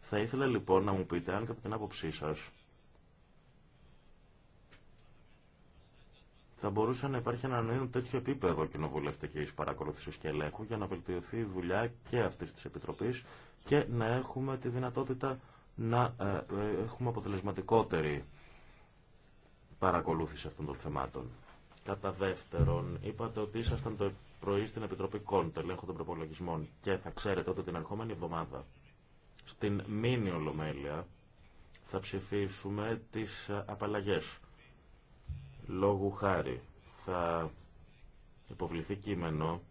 Θα ήθελα λοιπόν να μου πείτε αν κατά την άποψή σας θα μπορούσε να υπάρχει ένα νέο τέτοιο επίπεδο κοινοβουλευτική παρακολούθηση και ελέγχου για να βελτιωθεί η δουλειά και αυτή τη Επιτροπή και να έχουμε τη δυνατότητα να ε, ε, έχουμε αποτελεσματικότερη παρακολούθηση αυτών των θεμάτων. Κατά δεύτερον, είπατε ότι ήσασταν το πρωί στην Επιτροπή Κόντ, ελέγχου των προπολογισμών, και θα ξέρετε ότι την ερχόμενη εβδομάδα στην μήνυ Ολομέλεια θα ψηφίσουμε τις ε, απαλλαγές Λόγου χάρη θα υποβληθεί κείμενο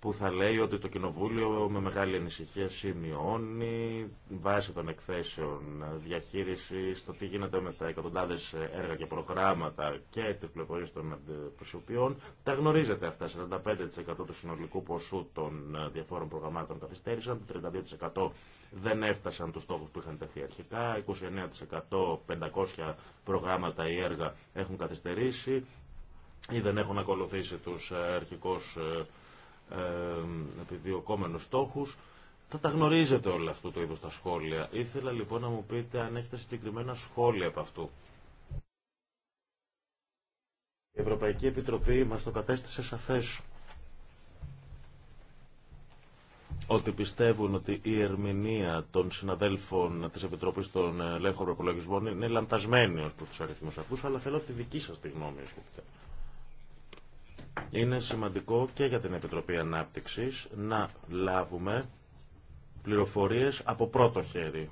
που θα λέει ότι το Κοινοβούλιο με μεγάλη ανησυχία σημειώνει βάσει των εκθέσεων διαχείριση το τι γίνεται με τα εκατοντάδε έργα και προγράμματα και τι πληροφορίε των αντιπροσωπιών. Τα γνωρίζετε αυτά. 45% του συνολικού ποσού των διαφόρων προγραμμάτων καθυστέρησαν, το 32% δεν έφτασαν του στόχου που είχαν τεθεί αρχικά, 29% 500 προγράμματα ή έργα έχουν καθυστερήσει ή δεν έχουν ακολουθήσει του αρχικού. Ε, επιδιωκόμενους στόχους. Θα τα γνωρίζετε όλα αυτού το είδος τα σχόλια. Ήθελα λοιπόν να μου πείτε αν έχετε συγκεκριμένα σχόλια από αυτού. Η Ευρωπαϊκή Επιτροπή μας το κατέστησε σαφές ότι πιστεύουν ότι η ερμηνεία των συναδέλφων της Επιτροπής των Ελέγχων Προπολογισμών είναι λαντασμένη ως προς τους αριθμούς αλλά θέλω τη δική σας τη γνώμη. Είναι σημαντικό και για την Επιτροπή Ανάπτυξης να λάβουμε πληροφορίες από πρώτο χέρι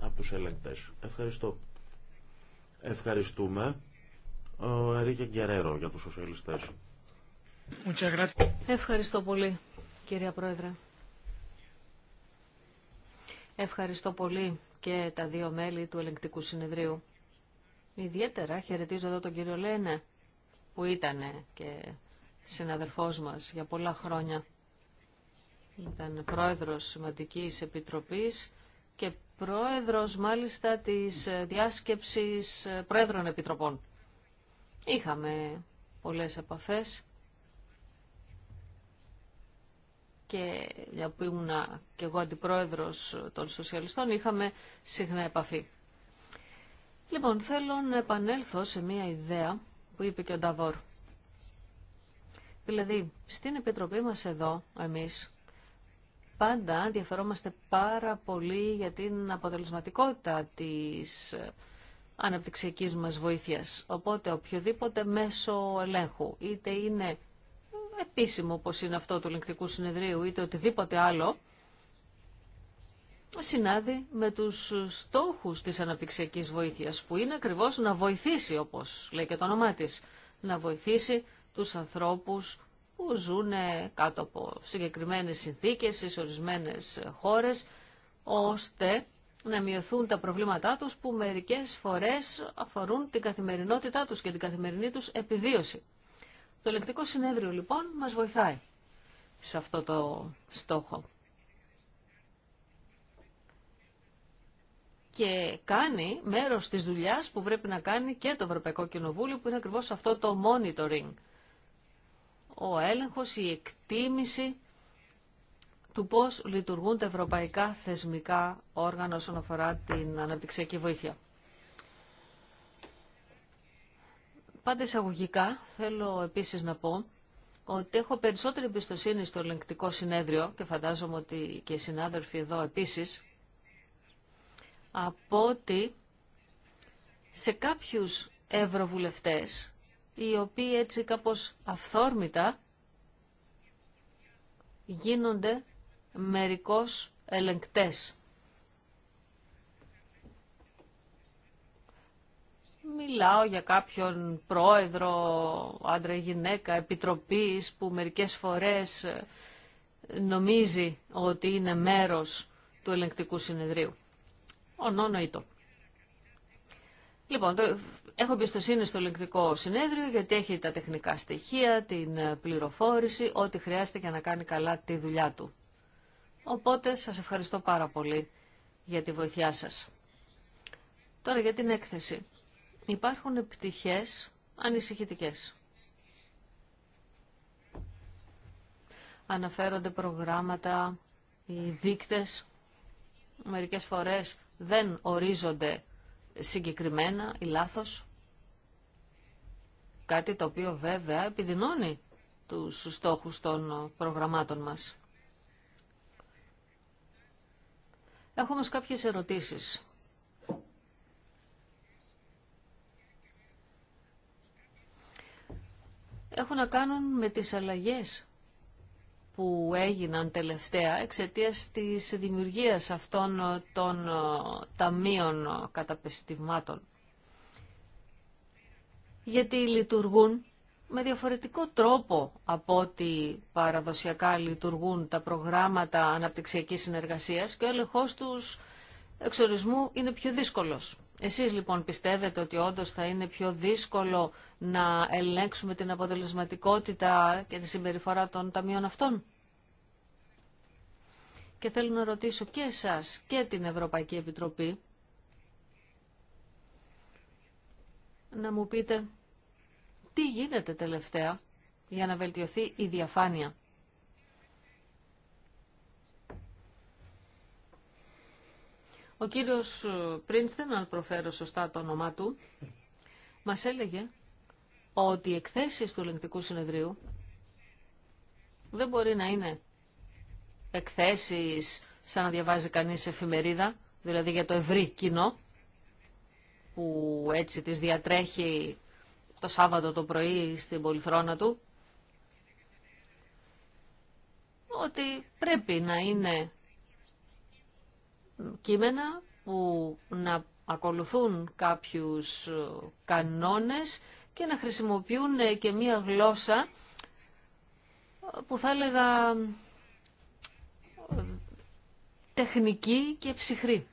από τους ελεγκτές. Ευχαριστώ. Ευχαριστούμε ο Ερίκε Γκερέρο για τους σοσιαλιστές. Ευχαριστώ πολύ, κυρία Πρόεδρε. Ευχαριστώ πολύ και τα δύο μέλη του ελεγκτικού συνεδρίου. Ιδιαίτερα χαιρετίζω εδώ τον κύριο Λένε που ήταν και συναδελφός μας για πολλά χρόνια. Ήταν πρόεδρος σημαντικής επιτροπής και πρόεδρος μάλιστα της διάσκεψης πρόεδρων επιτροπών. Είχαμε πολλές επαφές και για που ήμουν και εγώ αντιπρόεδρος των σοσιαλιστών είχαμε συχνά επαφή. Λοιπόν, θέλω να επανέλθω σε μία ιδέα που είπε και ο Νταβόρ. Δηλαδή, στην Επιτροπή μας εδώ, εμείς, πάντα διαφερόμαστε πάρα πολύ για την αποτελεσματικότητα της ε, αναπτυξιακής μας βοήθειας. Οπότε, οποιοδήποτε μέσο ελέγχου, είτε είναι επίσημο όπως είναι αυτό του ελεγκτικού συνεδρίου, είτε οτιδήποτε άλλο, συνάδει με τους στόχους της αναπτυξιακής βοήθειας που είναι ακριβώς να βοηθήσει όπως λέει και το όνομά της να βοηθήσει τους ανθρώπους που ζουν κάτω από συγκεκριμένες συνθήκες σε ορισμένες χώρες ώστε να μειωθούν τα προβλήματά τους που μερικές φορές αφορούν την καθημερινότητά τους και την καθημερινή τους επιβίωση. Το ελεκτικό συνέδριο λοιπόν μας βοηθάει σε αυτό το στόχο. και κάνει μέρος της δουλειάς που πρέπει να κάνει και το Ευρωπαϊκό Κοινοβούλιο που είναι ακριβώς αυτό το monitoring. Ο έλεγχος, η εκτίμηση του πώς λειτουργούν τα ευρωπαϊκά θεσμικά όργανα όσον αφορά την αναπτυξιακή βοήθεια. Πάντα εισαγωγικά θέλω επίσης να πω ότι έχω περισσότερη εμπιστοσύνη στο ελεγκτικό συνέδριο και φαντάζομαι ότι και οι συνάδελφοι εδώ επίσης από ότι σε κάποιους ευρωβουλευτές, οι οποίοι έτσι κάπως αυθόρμητα γίνονται μερικώς ελεγκτές. Μιλάω για κάποιον πρόεδρο, άντρα ή γυναίκα, επιτροπής που μερικές φορές ε, νομίζει ότι είναι μέρος του ελεγκτικού συνεδρίου. Ο Λοιπόν, έχω εμπιστοσύνη στο ελεγκτικό συνέδριο γιατί έχει τα τεχνικά στοιχεία, την ε, πληροφόρηση, ό,τι χρειάζεται για να κάνει καλά τη δουλειά του. Οπότε σας ευχαριστώ πάρα πολύ για τη βοηθειά σας. Τώρα για την έκθεση. Υπάρχουν πτυχές ανησυχητικές. Αναφέρονται προγράμματα, οι δείκτες, μερικές φορές δεν ορίζονται συγκεκριμένα ή λάθος. Κάτι το οποίο βέβαια επιδεινώνει τους στόχους των προγραμμάτων μας. Έχω όμως κάποιες ερωτήσεις. Έχουν να κάνουν με τις αλλαγές που έγιναν τελευταία εξαιτίας της δημιουργίας αυτών ε, των ε, ταμείων ε, καταπιστημάτων. Γιατί λειτουργούν με διαφορετικό τρόπο από ό,τι παραδοσιακά λειτουργούν τα προγράμματα αναπτυξιακής συνεργασίας και ο έλεγχος τους εξορισμού είναι πιο δύσκολος. Εσείς λοιπόν πιστεύετε ότι όντως θα είναι πιο δύσκολο να ελέγξουμε την αποτελεσματικότητα και τη συμπεριφορά των ταμείων αυτών. Και θέλω να ρωτήσω και εσάς και την Ευρωπαϊκή Επιτροπή να μου πείτε τι γίνεται τελευταία για να βελτιωθεί η διαφάνεια. Ο κύριος Πρίνστεν, αν προφέρω σωστά το όνομά του, μας έλεγε ότι οι εκθέσεις του ελεγκτικού συνεδρίου δεν μπορεί να είναι εκθέσεις σαν να διαβάζει κανείς εφημερίδα, δηλαδή για το ευρύ κοινό, που έτσι τις διατρέχει το Σάββατο το πρωί στην πολυθρόνα του, ότι πρέπει να είναι κείμενα που να ακολουθούν κάποιους ε, κανόνες και να χρησιμοποιούν ε, και μία γλώσσα ε, που θα έλεγα τεχνική και ψυχρή.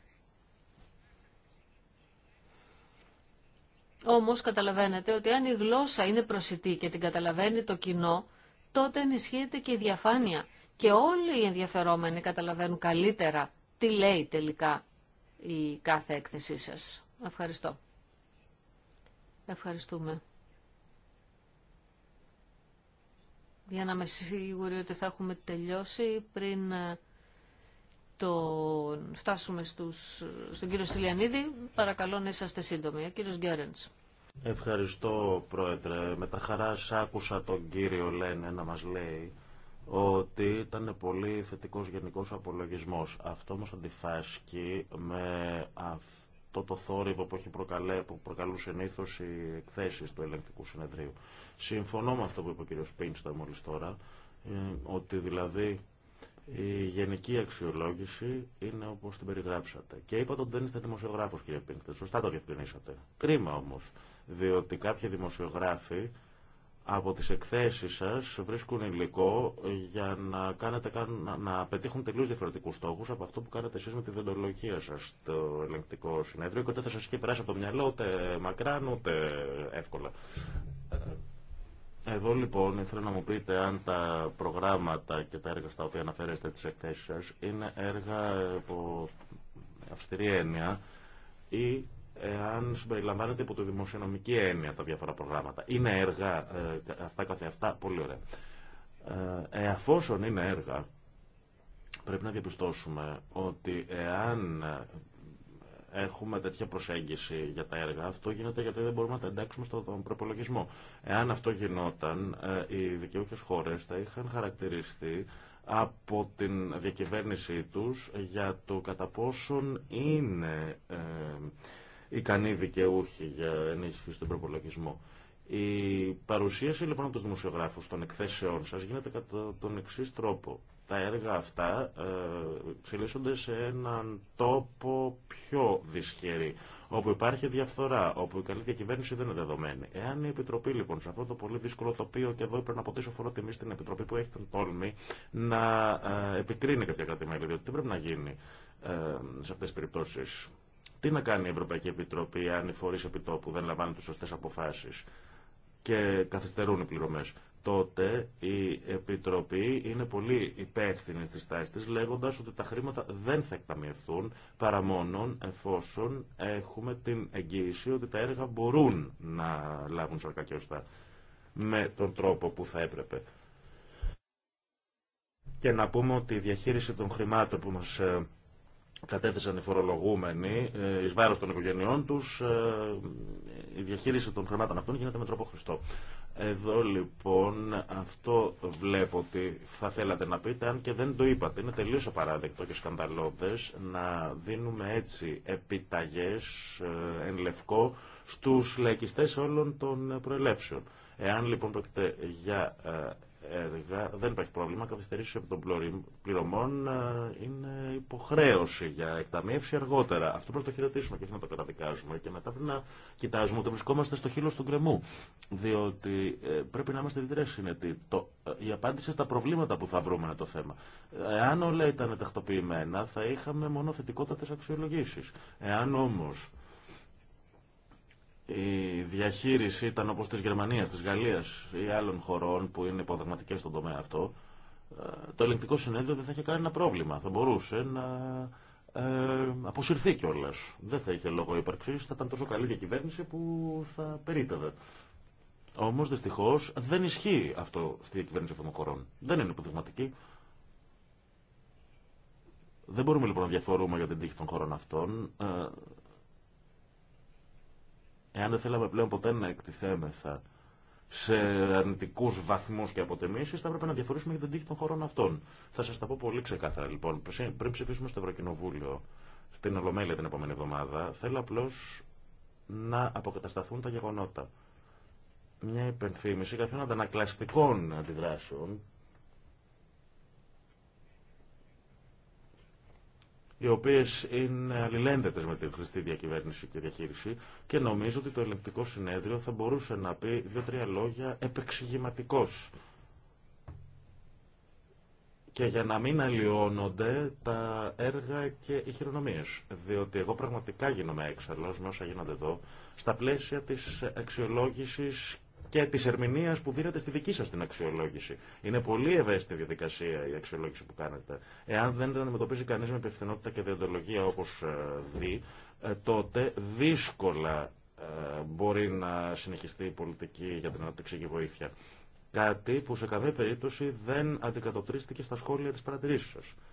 Όμως καταλαβαίνετε ότι αν η γλώσσα είναι προσιτή και την καταλαβαίνει το κοινό, τότε ενισχύεται και η διαφάνεια και όλοι οι ενδιαφερόμενοι καταλαβαίνουν καλύτερα τι λέει τελικά η κάθε έκθεσή σας. Ευχαριστώ. Ευχαριστούμε. Για να είμαι σίγουρη ότι θα έχουμε τελειώσει πριν ε, το... φτάσουμε στους... στον κύριο Στυλιανίδη, παρακαλώ να είσαστε σύντομοι. Ο κύριος Γκέρεντς. Ευχαριστώ, Πρόεδρε. Με τα χαράς άκουσα τον κύριο Λένε να μας λέει ότι ήταν πολύ θετικός γενικός απολογισμός. Αυτό όμως αντιφάσκει με αυτό το θόρυβο που, έχει προκαλέ, που προκαλούν συνήθω οι εκθέσει του ελεγκτικού συνεδρίου. Συμφωνώ με αυτό που είπε ο κ. Πίνστα μόλις τώρα, ε, ότι δηλαδή η γενική αξιολόγηση είναι όπως την περιγράψατε. Και είπατε ότι δεν είστε δημοσιογράφος κύριε Πίνστα, σωστά το διευκρινίσατε. Κρίμα όμως, διότι κάποιοι δημοσιογράφοι από τις εκθέσεις σας βρίσκουν υλικό για να, κάνετε, να πετύχουν τελείως διαφορετικούς στόχους από αυτό που κάνετε εσείς με τη δεντολογία σας στο ελεγκτικό συνέδριο και ούτε θα σας είχε περάσει από το μυαλό ούτε μακράν ούτε εύκολα. Εδώ λοιπόν ήθελα να μου πείτε αν τα προγράμματα και τα έργα στα οποία αναφέρεστε τις εκθέσεις σας είναι έργα από αυστηρή έννοια ή εάν συμπεριλαμβάνεται υπό τη δημοσιονομική έννοια τα διάφορα προγράμματα. Είναι έργα ε, αυτά καθεαυτά, πολύ ωραία. Ε, είναι έργα, πρέπει να διαπιστώσουμε ότι εάν ε, έχουμε τέτοια προσέγγιση για τα έργα, αυτό γίνεται γιατί δεν μπορούμε να τα εντάξουμε στον προπολογισμό. Εάν αυτό γινόταν, ε, οι δικαιούχε χώρε θα είχαν χαρακτηριστεί από την διακυβέρνησή τους για το κατά πόσον είναι ικανοί δικαιούχοι για ενίσχυση του προπολογισμό. Η παρουσίαση λοιπόν από του δημοσιογράφου των εκθέσεών σα γίνεται κατά τον εξή τρόπο. Τα έργα αυτά ε, σε έναν τόπο πιο δυσχερή, όπου υπάρχει διαφθορά, όπου η καλή διακυβέρνηση δεν είναι δεδομένη. Εάν η Επιτροπή λοιπόν σε αυτό το πολύ δύσκολο τοπίο, και εδώ πρέπει να αποτίσω φορό τιμή στην Επιτροπή που έχει τον τόλμη, να ε, επικρίνει κάποια κράτη-μέλη, διότι τι πρέπει να γίνει ε, σε αυτέ τι περιπτώσει. Τι να κάνει η Ευρωπαϊκή Επιτροπή αν οι φορεί επιτόπου δεν λαμβάνουν τι σωστέ αποφάσει και καθυστερούν οι πληρωμέ. Τότε η Επιτροπή είναι πολύ υπεύθυνη στη στάση τη, λέγοντα ότι τα χρήματα δεν θα εκταμιευθούν παρά μόνο εφόσον έχουμε την εγγύηση ότι τα έργα μπορούν να λάβουν σαρκά και ωστά με τον τρόπο που θα έπρεπε. Και να πούμε ότι η διαχείριση των χρημάτων που μας ε, κατέθεσαν οι φορολογούμενοι ε, εις βάρος των οικογενειών τους, ε, η διαχείριση των χρημάτων αυτών γίνεται με τρόπο χρηστό. Εδώ λοιπόν αυτό βλέπω ότι θα θέλατε να πείτε, αν και δεν το είπατε. Είναι τελείως απαράδεκτο και σκανδαλώδες να δίνουμε έτσι επιταγές ε, εν λευκό στους λαϊκιστές όλων των προελεύσεων. Εάν λοιπόν πρόκειται για έργα δεν υπάρχει πρόβλημα. Καθυστερήσει από τον πληρωμών ε, είναι υποχρέωση για εκταμείευση αργότερα. Αυτό πρέπει να το χαιρετήσουμε και να το καταδικάζουμε. Και μετά πρέπει να κοιτάζουμε ότι βρισκόμαστε στο χείλο του γκρεμού. Διότι ε, πρέπει να είμαστε διτρέ συνετοί. Ε, η απάντηση στα προβλήματα που θα βρούμε είναι το θέμα. Εάν όλα ήταν τακτοποιημένα, θα είχαμε μόνο θετικότατε αξιολογήσει. Εάν όμω η διαχείριση ήταν όπως της Γερμανίας, της Γαλλίας ή άλλων χωρών που είναι υποδεγματικές στον τομέα αυτό, ε, το ελεγκτικό συνέδριο δεν θα είχε κανένα πρόβλημα. Θα μπορούσε να ε, αποσυρθεί κιόλα. Δεν θα είχε λόγο ύπαρξη, θα ήταν τόσο καλή διακυβέρνηση που θα περίτευε. Όμω δυστυχώ δεν ισχύει αυτό στη διακυβέρνηση αυτών των χωρών. Δεν είναι υποδεγματική. Δεν μπορούμε λοιπόν να διαφορούμε για την τύχη των χωρών αυτών. Ε, Εάν δεν θέλαμε πλέον ποτέ να εκτιθέμεθα σε αρνητικού βαθμού και αποτεμήσει, θα έπρεπε να διαφορήσουμε για την τύχη των χωρών αυτών. Θα σα τα πω πολύ ξεκάθαρα λοιπόν. Πριν ψηφίσουμε στο Ευρωκοινοβούλιο, στην Ολομέλεια την επόμενη εβδομάδα, θέλω απλώ να αποκατασταθούν τα γεγονότα. Μια υπενθύμηση κάποιων αντανακλαστικών αντιδράσεων οι οποίε είναι αλληλένδετε με την χρηστή διακυβέρνηση και διαχείριση και νομίζω ότι το ελεγκτικό συνέδριο θα μπορούσε να πει δύο-τρία λόγια επεξηγηματικώ. Και για να μην αλλοιώνονται τα έργα και οι χειρονομίε. Διότι εγώ πραγματικά γίνομαι έξαλλο με όσα γίνονται εδώ στα πλαίσια τη αξιολόγηση και τη ερμηνεία που δίνετε στη δική σα την αξιολόγηση. Είναι πολύ ευαίσθητη διαδικασία η αξιολόγηση που κάνετε. Εάν δεν την αντιμετωπίζει κανεί με υπευθυνότητα και διοντολογία όπω ε, δει, ε, τότε δύσκολα ε, μπορεί να συνεχιστεί η πολιτική για την ανάπτυξη και βοήθεια. Κάτι που σε καμία περίπτωση δεν αντικατοπτρίστηκε στα σχόλια τη παρατηρήσης σα.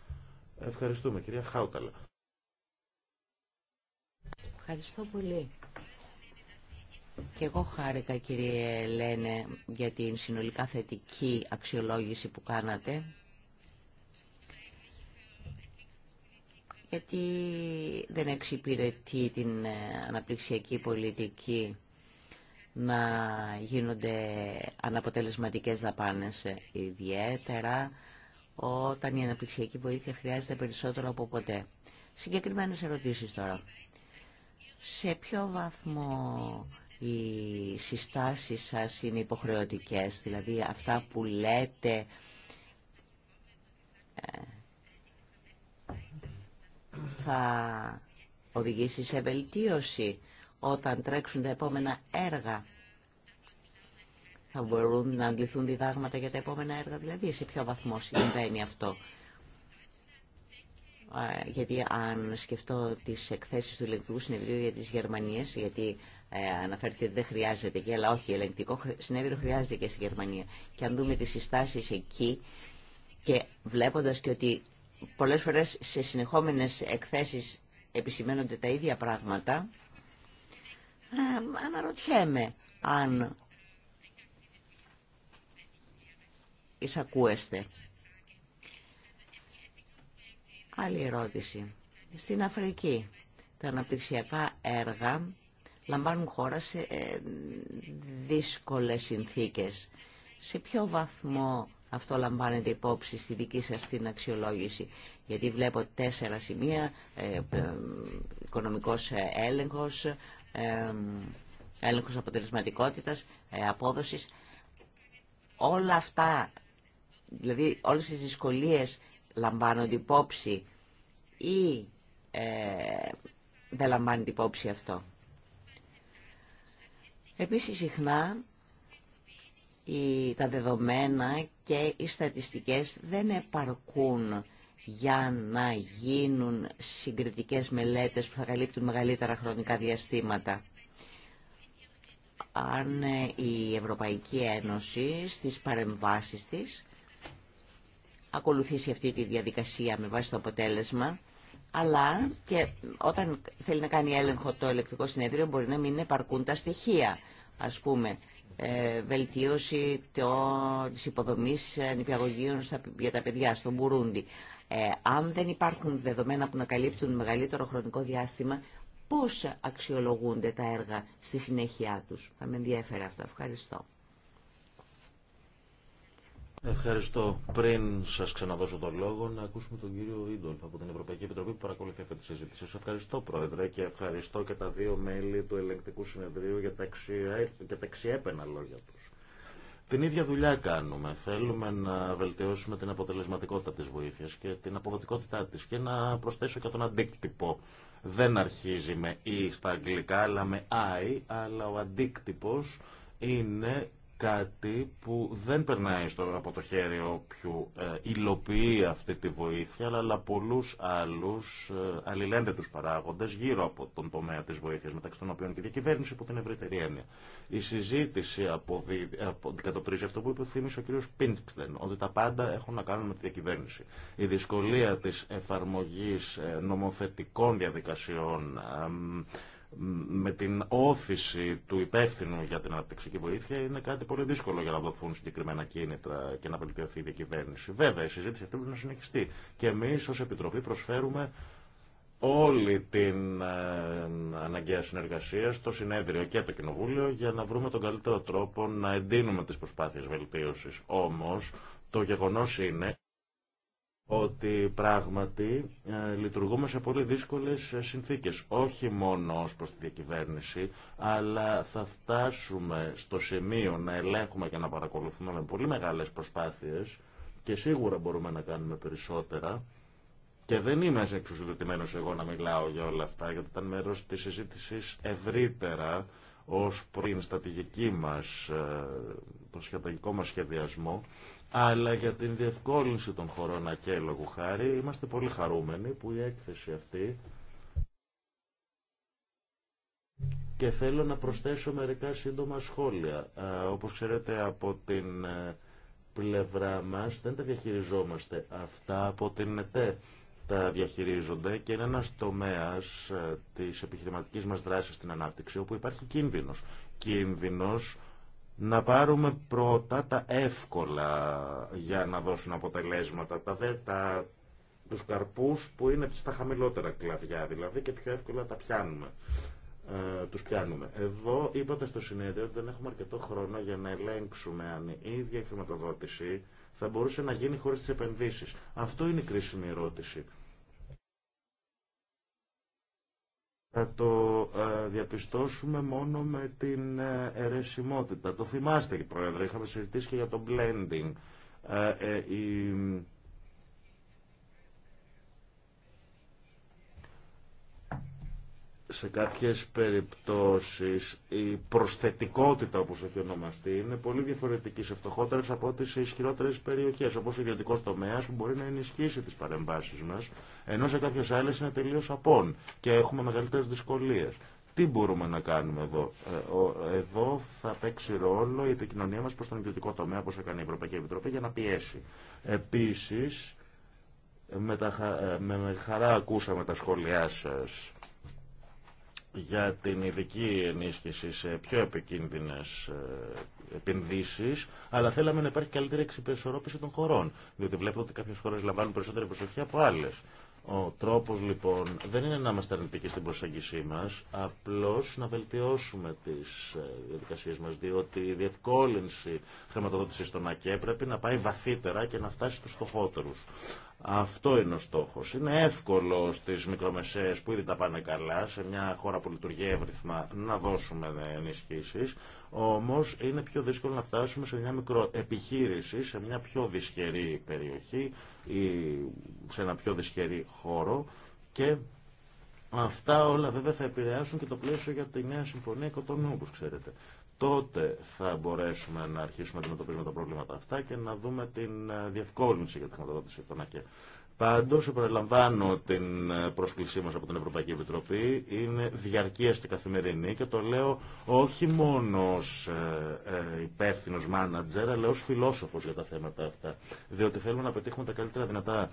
Ευχαριστούμε, κυρία Χάουταλα. Ευχαριστώ πολύ. Και εγώ χάρηκα κύριε Λένε, για την συνολικά θετική αξιολόγηση που κάνατε. Γιατί δεν εξυπηρετεί την ε, αναπτυξιακή πολιτική να γίνονται αναποτελεσματικές δαπάνες ε, ιδιαίτερα όταν η αναπτυξιακή βοήθεια χρειάζεται περισσότερο από ποτέ. Συγκεκριμένες ερωτήσεις τώρα. Σε ποιο βαθμό οι συστάσεις σας είναι υποχρεωτικές, δηλαδή αυτά που λέτε ε, θα οδηγήσει σε βελτίωση όταν τρέξουν τα επόμενα έργα. Θα μπορούν να αντληθούν διδάγματα για τα επόμενα έργα, δηλαδή σε ποιο βαθμό συμβαίνει αυτό. Ε, γιατί αν σκεφτώ τις εκθέσεις του ηλεκτρικού συνεδρίου για τις Γερμανίες, γιατί ε, αναφέρθηκε ότι δεν χρειάζεται εκεί, αλλά όχι, ελεγκτικό συνέδριο χρειάζεται και στη Γερμανία. Και αν δούμε τις συστάσεις εκεί και βλέποντας και ότι πολλές φορές σε συνεχόμενες εκθέσεις επισημαίνονται τα ίδια πράγματα, ε, αναρωτιέμαι αν εισακούεστε. Άλλη ερώτηση. Στην Αφρική, τα αναπτυξιακά έργα λαμβάνουν χώρα σε ε, δύσκολες συνθήκες. Σε ποιο βαθμό αυτό λαμβάνεται υπόψη στη δική σας την αξιολόγηση. Γιατί βλέπω τέσσερα σημεία, ε, ε οικονομικός ε, έλεγχος, ε, έλεγχος αποτελεσματικότητας, απόδοσης. Όλα αυτά, δηλαδή όλες τις δυσκολίες λαμβάνονται υπόψη ή ε, δεν λαμβάνεται υπόψη αυτό. Επίσης συχνά οι, τα δεδομένα και οι στατιστικές δεν επαρκούν για να γίνουν συγκριτικές μελέτες που θα καλύπτουν μεγαλύτερα χρονικά διαστήματα. Αν ε, η Ευρωπαϊκή Ένωση στις παρεμβάσεις της ακολουθήσει αυτή τη διαδικασία με βάση το αποτέλεσμα, αλλά και όταν θέλει να κάνει έλεγχο το ηλεκτρικό συνέδριο μπορεί να μην επαρκούν τα στοιχεία. Ας πούμε, ε, βελτίωση της υποδομής νηπιαγωγείων για τα παιδιά στο Μπουρούντι. Ε, αν δεν υπάρχουν δεδομένα που να καλύπτουν μεγαλύτερο χρονικό διάστημα, πώς αξιολογούνται τα έργα στη συνέχειά τους. Θα με ενδιαφέρει αυτό. Ευχαριστώ. Ευχαριστώ. Πριν σα ξαναδώσω τον λόγο, να ακούσουμε τον κύριο Ιντολφ από την Ευρωπαϊκή Επιτροπή που παρακολουθεί αυτή τη συζήτηση. Σα ευχαριστώ, Πρόεδρε, και ευχαριστώ και τα δύο μέλη του Ελεγκτικού Συνεδρίου για τα, για τα λόγια του. Την ίδια δουλειά κάνουμε. Θέλουμε να βελτιώσουμε την αποτελεσματικότητα τη βοήθεια και την αποδοτικότητά τη και να προσθέσω και τον αντίκτυπο. Δεν αρχίζει με «ι» στα αγγλικά, αλλά με I, αλλά ο αντίκτυπο είναι κάτι που δεν περνάει στο, από το χέρι όποιου ε, υλοποιεί αυτή τη βοήθεια, αλλά, αλλά πολλούς άλλους ε, αλληλένδετους παράγοντες γύρω από τον τομέα της βοήθειας, μεταξύ των οποίων και η διακυβέρνηση από την ευρύτερη έννοια. Η συζήτηση από αντικατοπτρίζει αυτό που θύμισε ο κ. Πίντξτεν ότι τα πάντα έχουν να κάνουν με τη διακυβέρνηση. Η δυσκολία της εφαρμογής ε, νομοθετικών διαδικασιών, ε, με την όθηση του υπεύθυνου για την αναπτυξική βοήθεια είναι κάτι πολύ δύσκολο για να δοθούν συγκεκριμένα κίνητρα και να βελτιωθεί η διακυβέρνηση. Βέβαια, η συζήτηση αυτή πρέπει να συνεχιστεί. Και εμεί ω Επιτροπή προσφέρουμε όλη την ε, αναγκαία συνεργασία στο συνέδριο και το κοινοβούλιο για να βρούμε τον καλύτερο τρόπο να εντείνουμε τις προσπάθειες βελτίωσης. Όμως το γεγονός είναι ότι πράγματι ε, λειτουργούμε σε πολύ δύσκολες ε, συνθήκες. Όχι μόνο ως προς τη διακυβέρνηση, αλλά θα φτάσουμε στο σημείο να ελέγχουμε και να παρακολουθούμε με πολύ μεγάλες προσπάθειες και σίγουρα μπορούμε να κάνουμε περισσότερα. Και δεν είμαι εξουσιοδοτημένος εγώ να μιλάω για όλα αυτά, γιατί ήταν μέρος της συζήτηση ευρύτερα ως προς την στρατηγική μας, ε, το στρατηγικό μας σχεδιασμό αλλά για την διευκόλυνση των χωρών ακέλογου χάρη είμαστε πολύ χαρούμενοι που η έκθεση αυτή και θέλω να προσθέσω μερικά σύντομα σχόλια. Ε, όπως ξέρετε από την ε, πλευρά μας δεν τα διαχειριζόμαστε αυτά από την ΕΤΕ τα διαχειρίζονται και είναι ένας τομέας ε, της επιχειρηματικής μας δράσης στην ανάπτυξη όπου υπάρχει κίνδυνος. Κίνδυνος να πάρουμε πρώτα τα εύκολα για να δώσουν αποτελέσματα, τα, δε, τα, τους καρπούς που είναι στα χαμηλότερα κλαδιά δηλαδή και πιο εύκολα τα πιάνουμε. Ε, τους πιάνουμε. Εδώ είπατε στο συνέδριο ότι δεν έχουμε αρκετό χρόνο για να ελέγξουμε αν η ίδια χρηματοδότηση θα μπορούσε να γίνει χωρίς τις επενδύσεις. Αυτό είναι η κρίσιμη ερώτηση. θα το ε, διαπιστώσουμε μόνο με την ε, αιρεσιμότητα. Το θυμάστε, Πρόεδρε, είχαμε συζητήσει και για το blending. Ε, σε κάποιες περιπτώσεις η προσθετικότητα όπως έχει ονομαστεί είναι πολύ διαφορετική σε φτωχότερες από ό,τι σε ισχυρότερες περιοχές όπως ο ιδιωτικό τομέας που μπορεί να ενισχύσει τις παρεμβάσεις μας ενώ σε κάποιες άλλες είναι τελείως απών και έχουμε μεγαλύτερες δυσκολίες. Τι μπορούμε να κάνουμε εδώ. Ε, εδώ θα παίξει ρόλο η επικοινωνία μας προς τον ιδιωτικό τομέα όπως έκανε η Ευρωπαϊκή Επιτροπή για να πιέσει. Επίσης με, τα, ε, χαρά ακούσαμε τα σχόλιά σας για την ειδική ενίσχυση σε πιο επικίνδυνες ε, επενδύσεις, αλλά θέλαμε να υπάρχει καλύτερη εξυπηρεσορρόπηση των χωρών, διότι βλέπουμε ότι κάποιες χώρες λαμβάνουν περισσότερη προσοχή από άλλες. Ο τρόπος λοιπόν δεν είναι να είμαστε αρνητικοί στην προσέγγιση μας, απλώς να βελτιώσουμε τις ε, διαδικασίες μας, διότι η διευκόλυνση χρηματοδότησης των ΑΚΕ πρέπει να πάει βαθύτερα και να φτάσει στους φτωχότερου. Αυτό είναι ο στόχο. Είναι εύκολο στι μικρομεσαίε που ήδη τα πάνε καλά, σε μια χώρα που λειτουργεί εύρυθμα, να δώσουμε ενισχύσει. Όμω είναι πιο δύσκολο να φτάσουμε σε μια επιχείρηση, σε μια πιο δυσχερή περιοχή ή σε ένα πιο δυσχερή χώρο. Και αυτά όλα βέβαια θα επηρεάσουν και το πλαίσιο για τη νέα συμφωνία Κοτονού, όπω ξέρετε τότε θα μπορέσουμε να αρχίσουμε να αντιμετωπίζουμε τα προβλήματα αυτά και να δούμε την ε, διευκόλυνση για τη χρηματοδότηση των ΑΚΕ. Πάντω, επαναλαμβάνω την ε, πρόσκλησή μα από την Ευρωπαϊκή Επιτροπή. Είναι διαρκεία και καθημερινή και το λέω όχι μόνο ω ε, υπεύθυνο μάνατζερ, αλλά ω φιλόσοφο για τα θέματα αυτά. Διότι θέλουμε να πετύχουμε τα καλύτερα δυνατά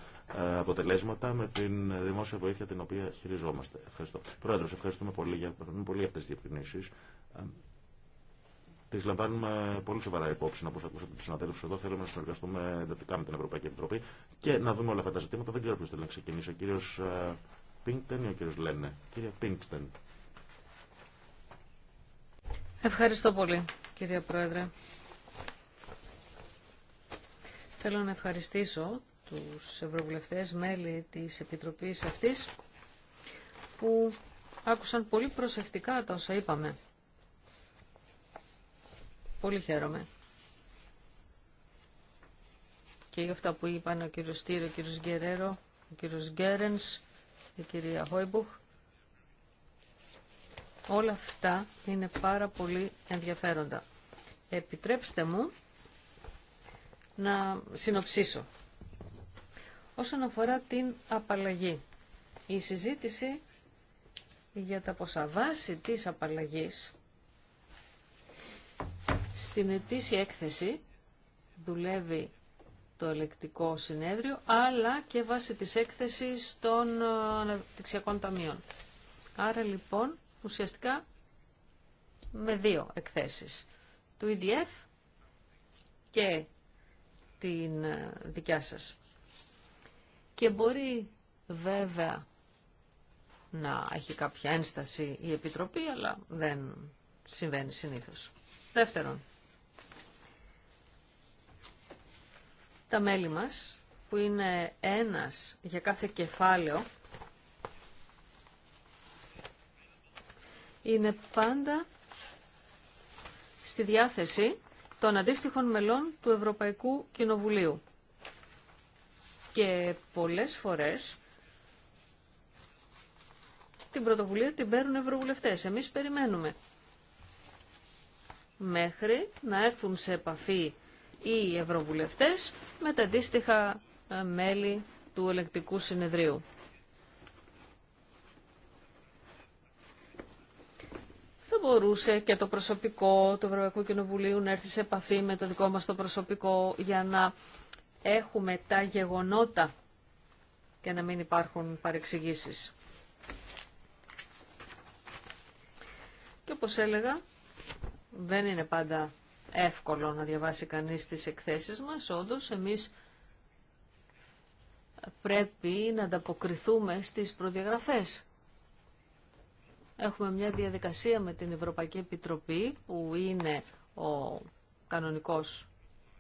αποτελέσματα με την δημόσια βοήθεια την οποία χειριζόμαστε. Ευχαριστώ. Πρόεδρο, ευχαριστούμε πολύ για, πολύ αυτέ τι διευκρινήσει τι λαμβάνουμε πολύ σοβαρά υπόψη, όπω ακούσατε του συναδέλφου εδώ. Θέλουμε να συνεργαστούμε εντατικά με την Ευρωπαϊκή Επιτροπή και να δούμε όλα αυτά τα ζητήματα. Δεν ξέρω ποιο θέλει να ξεκινήσει, ο κύριο ε, Πίνκτεν ή ο κύριο Λένε. Κύριε Πίνκτεν. Ευχαριστώ πολύ, κύριε Πρόεδρε. Θέλω να ευχαριστήσω τους ευρωβουλευτές μέλη τη Επιτροπής αυτής που άκουσαν πολύ προσεκτικά τα όσα είπαμε. Πολύ χαίρομαι. Και για αυτά που είπαν ο κύριος Στήρο, ο κύριος Γκερέρο, ο κύριος Γκέρενς, η κυρία Χόιμπουχ. Όλα αυτά είναι πάρα πολύ ενδιαφέροντα. Επιτρέψτε μου να συνοψίσω. Όσον αφορά την απαλλαγή, η συζήτηση για τα ποσά βάση της απαλλαγής στην ετήσια έκθεση δουλεύει το ελεκτικό συνέδριο, αλλά και βάσει της έκθεσης των ε, αναπτυξιακών ταμείων. Άρα λοιπόν, ουσιαστικά, με δύο εκθέσεις. Του EDF και την ε, δικιά σας. Και μπορεί βέβαια να έχει κάποια ένσταση η Επιτροπή, αλλά δεν συμβαίνει συνήθως. Δεύτερον, τα μέλη μας, που είναι ένας για κάθε κεφάλαιο, είναι πάντα στη διάθεση των αντίστοιχων μελών του Ευρωπαϊκού Κοινοβουλίου. Και πολλές φορές την πρωτοβουλία την παίρνουν ευρωβουλευτές. Εμείς περιμένουμε μέχρι να έρθουν σε επαφή οι ευρωβουλευτές με τα αντίστοιχα ε, μέλη του ελεκτικού συνεδρίου. Θα μπορούσε και το προσωπικό του Ευρωπαϊκού Κοινοβουλίου να έρθει σε επαφή με το δικό μας το προσωπικό για να έχουμε τα γεγονότα και να μην υπάρχουν παρεξηγήσεις. Και όπως έλεγα, δεν είναι πάντα εύκολο να διαβάσει κανείς τις εκθέσεις μας. Όντως, εμείς πρέπει να ανταποκριθούμε στις προδιαγραφές. Έχουμε μια διαδικασία με την Ευρωπαϊκή Επιτροπή που είναι ο κανονικός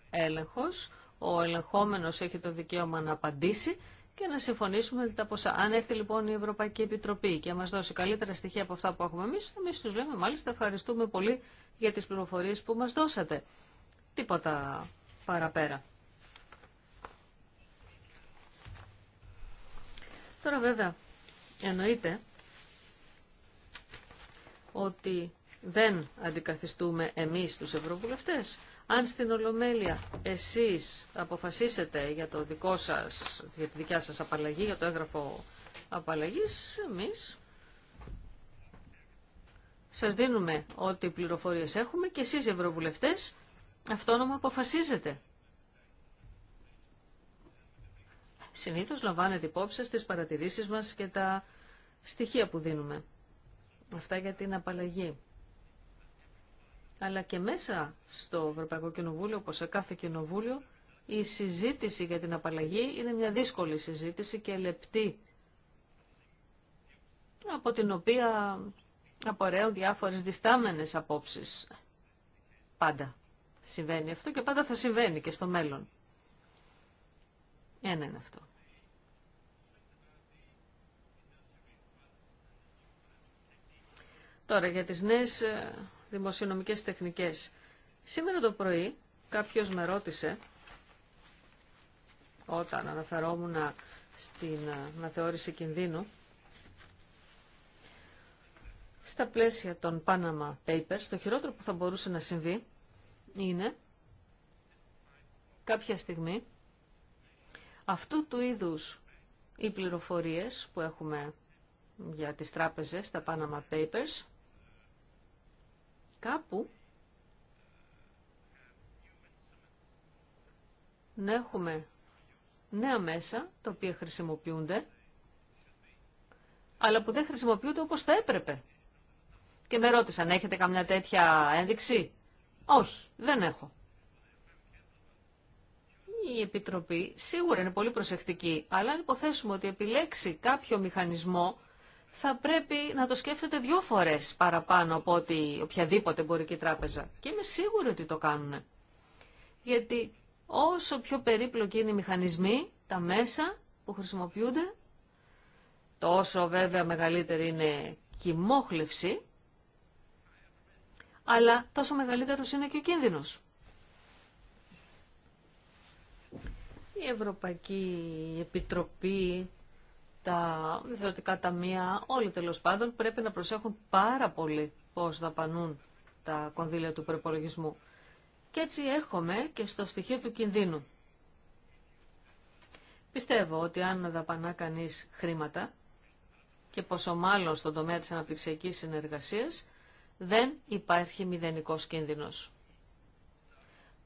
έλεγχος. Ο ελεγχόμενος έχει το δικαίωμα να απαντήσει και να συμφωνήσουμε τα ποσά. Αν έρθει λοιπόν η Ευρωπαϊκή Επιτροπή και μας δώσει καλύτερα στοιχεία από αυτά που έχουμε εμείς, εμείς τους λέμε μάλιστα ευχαριστούμε πολύ για τις πληροφορίες που μας δώσατε. Τίποτα παραπέρα. Τώρα βέβαια εννοείται ότι δεν αντικαθιστούμε εμείς τους ευρωβουλευτές. Αν στην Ολομέλεια εσείς αποφασίσετε για, το δικό σας, για τη δικιά σας απαλλαγή, για το έγγραφο απαλλαγής, εμείς σας δίνουμε ό,τι πληροφορίες έχουμε και εσείς ευρωβουλευτές αυτόνομα αποφασίζετε. Συνήθως λαμβάνετε υπόψη τις παρατηρήσεις μας και τα στοιχεία που δίνουμε. Αυτά για την απαλλαγή αλλά και μέσα στο Ευρωπαϊκό Κοινοβούλιο, όπως σε κάθε κοινοβούλιο, η συζήτηση για την απαλλαγή είναι μια δύσκολη συζήτηση και λεπτή, από την οποία απορρέουν διάφορες διστάμενες απόψεις. Πάντα συμβαίνει αυτό και πάντα θα συμβαίνει και στο μέλλον. Ένα είναι αυτό. Τώρα για τις νέες ε, δημοσιονομικές τεχνικές. Σήμερα το πρωί κάποιος με ρώτησε, όταν αναφερόμουν στην αναθεώρηση ε, κινδύνου, στα πλαίσια των Panama Papers, το χειρότερο που θα μπορούσε να συμβεί είναι κάποια στιγμή αυτού του είδους οι πληροφορίες που έχουμε για τις τράπεζες, τα Panama Papers, κάπου να έχουμε νέα μέσα τα οποία χρησιμοποιούνται αλλά που δεν χρησιμοποιούνται όπως θα έπρεπε. Και με ρώτησαν, έχετε καμιά τέτοια ένδειξη. Όχι, δεν έχω. Η Επιτροπή σίγουρα είναι πολύ προσεκτική, αλλά αν υποθέσουμε ότι επιλέξει κάποιο μηχανισμό θα πρέπει να το σκέφτεται δύο φορές παραπάνω από ότι οποιαδήποτε εμπορική τράπεζα. Και είμαι σίγουρη ότι το κάνουν. Γιατί όσο πιο περίπλοκοι είναι οι μηχανισμοί, τα μέσα που χρησιμοποιούνται, τόσο βέβαια μεγαλύτερη είναι η μόχλευση, αλλά τόσο μεγαλύτερος είναι και ο κίνδυνος. Η Ευρωπαϊκή Επιτροπή τα διευθυντικά ταμεία, όλοι τέλο πάντων, πρέπει να προσέχουν πάρα πολύ πώς δαπανούν τα κονδύλια του προπολογισμού. Και έτσι έρχομαι και στο στοιχείο του κινδύνου. Πιστεύω ότι αν δαπανά κανείς χρήματα, και πόσο μάλλον στον τομέα της αναπτυξιακής συνεργασίας, δεν υπάρχει μηδενικός κίνδυνος.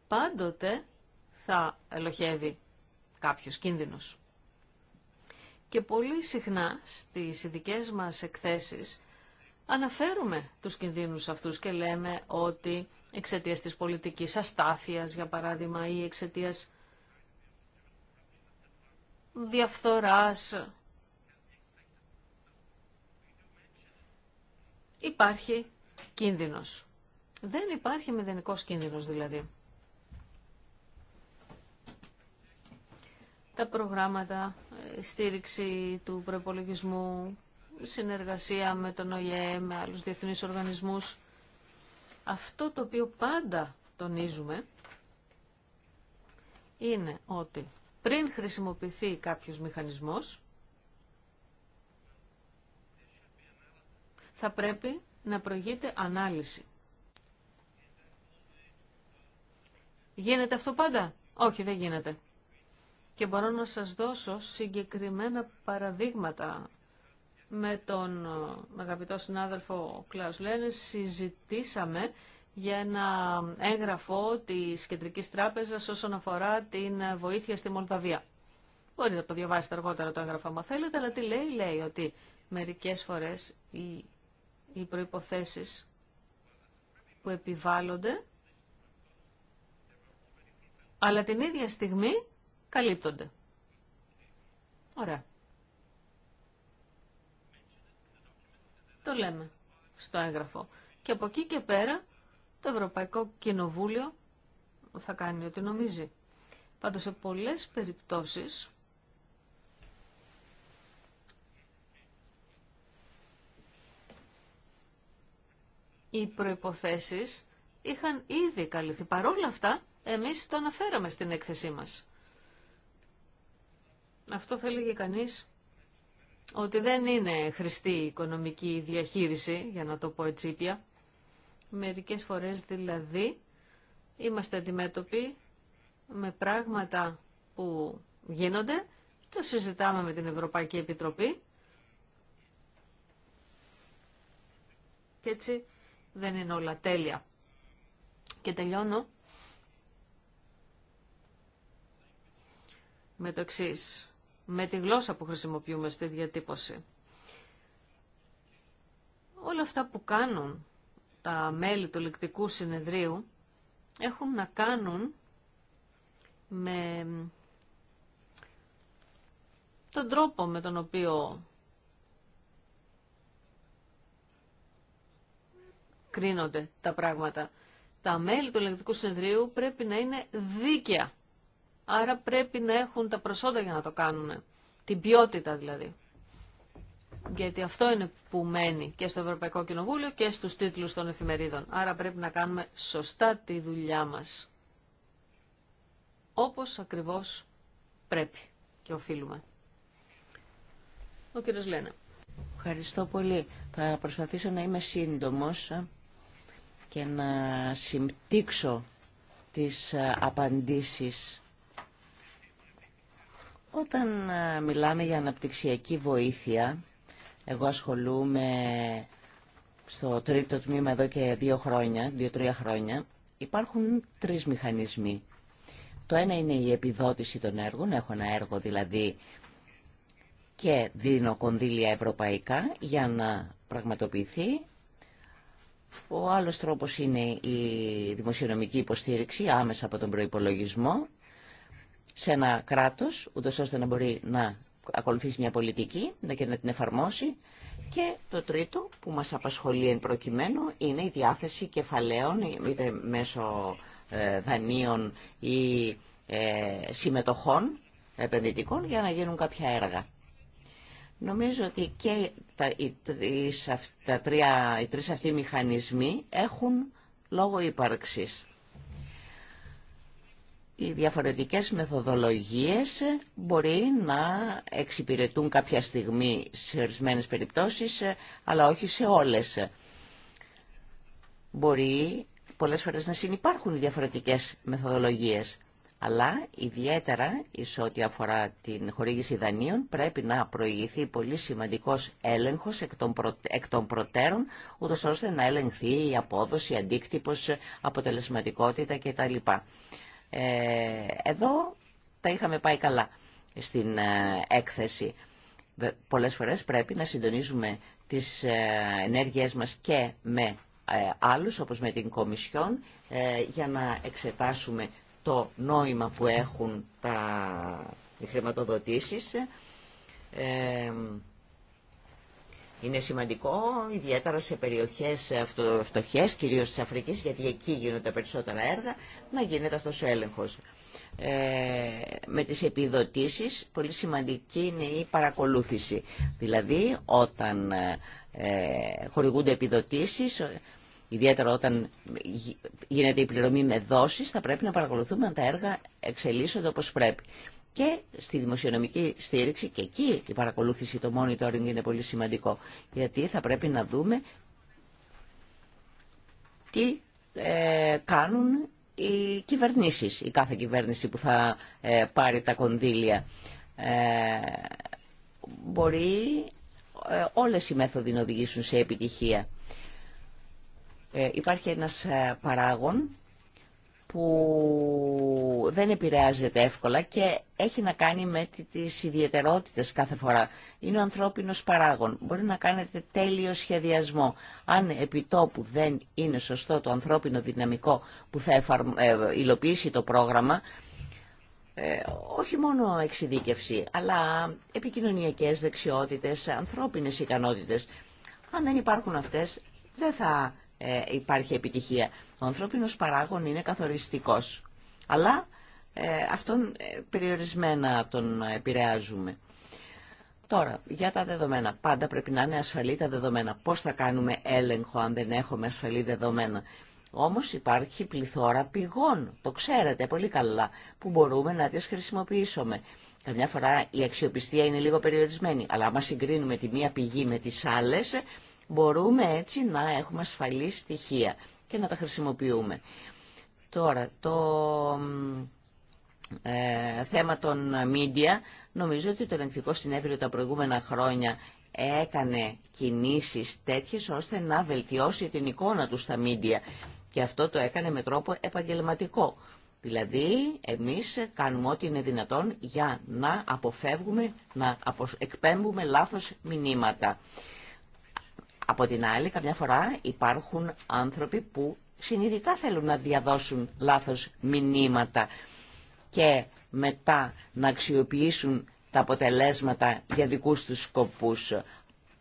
Πάντοτε θα ελοχεύει κάποιος κίνδυνος. Και πολύ συχνά στις ειδικέ μας εκθέσεις αναφέρουμε τους κινδύνους αυτούς και λέμε ότι εξαιτία της πολιτικής αστάθειας, για παράδειγμα, ή εξαιτία διαφθοράς, υπάρχει κίνδυνος. Δεν υπάρχει μηδενικός κίνδυνος δηλαδή. τα προγράμματα ε, στήριξη του προπολογισμού, συνεργασία με τον ΟΗΕ, με άλλους διεθνείς οργανισμούς. Αυτό το οποίο πάντα τονίζουμε είναι ότι πριν χρησιμοποιηθεί κάποιος μηχανισμός, θα πρέπει να προηγείται ανάλυση. Γίνεται αυτό πάντα? Όχι, δεν γίνεται και μπορώ να σας δώσω συγκεκριμένα παραδείγματα με τον ε, αγαπητό συνάδελφο Κλάους Λένε συζητήσαμε για ένα έγγραφο της Κεντρικής Τράπεζας όσον αφορά την βοήθεια στη Μολδαβία. Μπορείτε να το διαβάσετε αργότερα το έγγραφο άμα θέλετε, αλλά τι λέει, λέει ότι μερικές φορές οι, οι προϋποθέσεις που επιβάλλονται, αλλά την ίδια στιγμή καλύπτονται. Ωραία. Το λέμε στο έγγραφο. Και από εκεί και πέρα το Ευρωπαϊκό Κοινοβούλιο θα κάνει ό,τι νομίζει. Πάντως σε πολλές περιπτώσεις οι προϋποθέσεις είχαν ήδη καλυφθεί. Παρόλα αυτά εμείς το αναφέραμε στην έκθεσή μας. Αυτό θα έλεγε κανείς ότι δεν είναι χρηστή η οικονομική διαχείριση, για να το πω έτσι πια. Μερικές φορές δηλαδή είμαστε αντιμέτωποι με πράγματα που γίνονται, το συζητάμε με την Ευρωπαϊκή Επιτροπή και έτσι δεν είναι όλα τέλεια. Και τελειώνω με το εξής με τη γλώσσα που χρησιμοποιούμε στη διατύπωση. Όλα αυτά που κάνουν τα μέλη του λεκτικού συνεδρίου έχουν να κάνουν με τον τρόπο με τον οποίο κρίνονται τα πράγματα. Τα μέλη του λεκτικού συνεδρίου πρέπει να είναι δίκαια Άρα πρέπει να έχουν τα προσόντα για να το κάνουν. Την ποιότητα δηλαδή. Γιατί αυτό είναι που μένει και στο Ευρωπαϊκό Κοινοβούλιο και στους τίτλους των εφημερίδων. Άρα πρέπει να κάνουμε σωστά τη δουλειά μας. Όπως ακριβώς πρέπει και οφείλουμε. Ο κύριος Λένα. Ευχαριστώ πολύ. Θα προσπαθήσω να είμαι σύντομος και να συμπτύξω τις απαντήσεις όταν ε, μιλάμε για αναπτυξιακή βοήθεια, εγώ ασχολούμαι στο τρίτο τμήμα εδώ και δύο χρόνια, δύο-τρία χρόνια, υπάρχουν τρεις μηχανισμοί. Το ένα είναι η επιδότηση των έργων, έχω ένα έργο δηλαδή και δίνω κονδύλια ευρωπαϊκά για να πραγματοποιηθεί. Ο άλλος τρόπος είναι η δημοσιονομική υποστήριξη άμεσα από τον προϋπολογισμό σε ένα κράτος, ούτω ώστε να μπορεί να ακολουθήσει μια πολιτική και να την εφαρμόσει. Και το τρίτο που μας απασχολεί εν προκειμένου είναι η διάθεση κεφαλαίων, είτε μέσω ε, δανείων ή ε, συμμετοχών επενδυτικών για να γίνουν κάποια έργα. Νομίζω ότι και τα, οι, τρεις, τα τρία, οι τρεις αυτοί μηχανισμοί έχουν λόγο ύπαρξης οι διαφορετικές μεθοδολογίες μπορεί να εξυπηρετούν κάποια στιγμή σε ορισμένε περιπτώσεις, αλλά όχι σε όλες. Μπορεί πολλές φορές να συνεπάρχουν οι διαφορετικές μεθοδολογίες, αλλά ιδιαίτερα σε ό,τι αφορά την χορήγηση δανείων πρέπει να προηγηθεί πολύ σημαντικός έλεγχος εκ των, προ... εκ προτέρων, ούτως ώστε να ελεγχθεί η απόδοση, η αντίκτυπος, αποτελεσματικότητα κτλ. Ε, εδώ τα είχαμε πάει καλά στην ε, έκθεση. Πολλές φορές πρέπει να συντονίζουμε τις ε, ενέργειές μας και με άλλους, όπως με την Κομισιόν, για να εξετάσουμε το νόημα που έχουν τα οι ε, είναι σημαντικό, ιδιαίτερα σε περιοχές ε, φτωχές, κυρίως της Αφρική, γιατί εκεί γίνονται περισσότερα έργα, να γίνεται αυτός ο έλεγχος. Ε, με τις επιδοτήσεις, πολύ σημαντική είναι η παρακολούθηση. Δηλαδή, όταν ε, ε χορηγούνται επιδοτήσεις, ε, ιδιαίτερα όταν γίνεται η πληρωμή με δόσεις, θα πρέπει να παρακολουθούμε αν τα έργα εξελίσσονται όπως πρέπει και στη δημοσιονομική στήριξη και εκεί η παρακολούθηση, το monitoring είναι πολύ σημαντικό γιατί θα πρέπει να δούμε τι ε, κάνουν οι κυβερνήσεις, η κάθε κυβέρνηση που θα ε, πάρει τα κονδύλια. Ε, μπορεί ε, όλες οι μέθοδοι να οδηγήσουν σε επιτυχία. Υπάρχει ένας παράγων που δεν επηρεάζεται εύκολα και έχει να κάνει με τις ιδιαιτερότητες κάθε φορά. Είναι ο ανθρώπινος παράγων. Μπορεί να κάνετε τέλειο σχεδιασμό. Αν επί τόπου δεν είναι σωστό το ανθρώπινο δυναμικό που θα ε, υλοποιήσει το πρόγραμμα, ε, όχι μόνο εξειδίκευση, αλλά επικοινωνιακές δεξιότητες, ανθρώπινες ικανότητες. Αν δεν υπάρχουν αυτές, δεν θα ε, υπάρχει επιτυχία. Ο ανθρώπινος παράγων είναι καθοριστικός. Αλλά ε, αυτόν ε, περιορισμένα τον επηρεάζουμε. Τώρα, για τα δεδομένα. Πάντα πρέπει να είναι ασφαλή τα δεδομένα. Πώς θα κάνουμε έλεγχο αν δεν έχουμε ασφαλή δεδομένα. Όμως υπάρχει πληθώρα πηγών, το ξέρετε πολύ καλά, που μπορούμε να τις χρησιμοποιήσουμε. Καμιά φορά η αξιοπιστία είναι λίγο περιορισμένη, αλλά άμα συγκρίνουμε τη μία πηγή με τις άλλες, Μπορούμε έτσι να έχουμε ασφαλή στοιχεία και να τα χρησιμοποιούμε. Τώρα, το ε, θέμα των media, νομίζω ότι το ελεγκτικό συνέδριο τα προηγούμενα χρόνια έκανε κινήσεις τέτοιες ώστε να βελτιώσει την εικόνα του στα media. Και αυτό το έκανε με τρόπο επαγγελματικό. Δηλαδή, εμείς κάνουμε ό,τι είναι δυνατόν για να αποφεύγουμε, να εκπέμπουμε λάθος μηνύματα. Από την άλλη, καμιά φορά υπάρχουν άνθρωποι που συνειδητά θέλουν να διαδώσουν λάθος μηνύματα και μετά να αξιοποιήσουν τα αποτελέσματα για δικούς τους σκοπούς.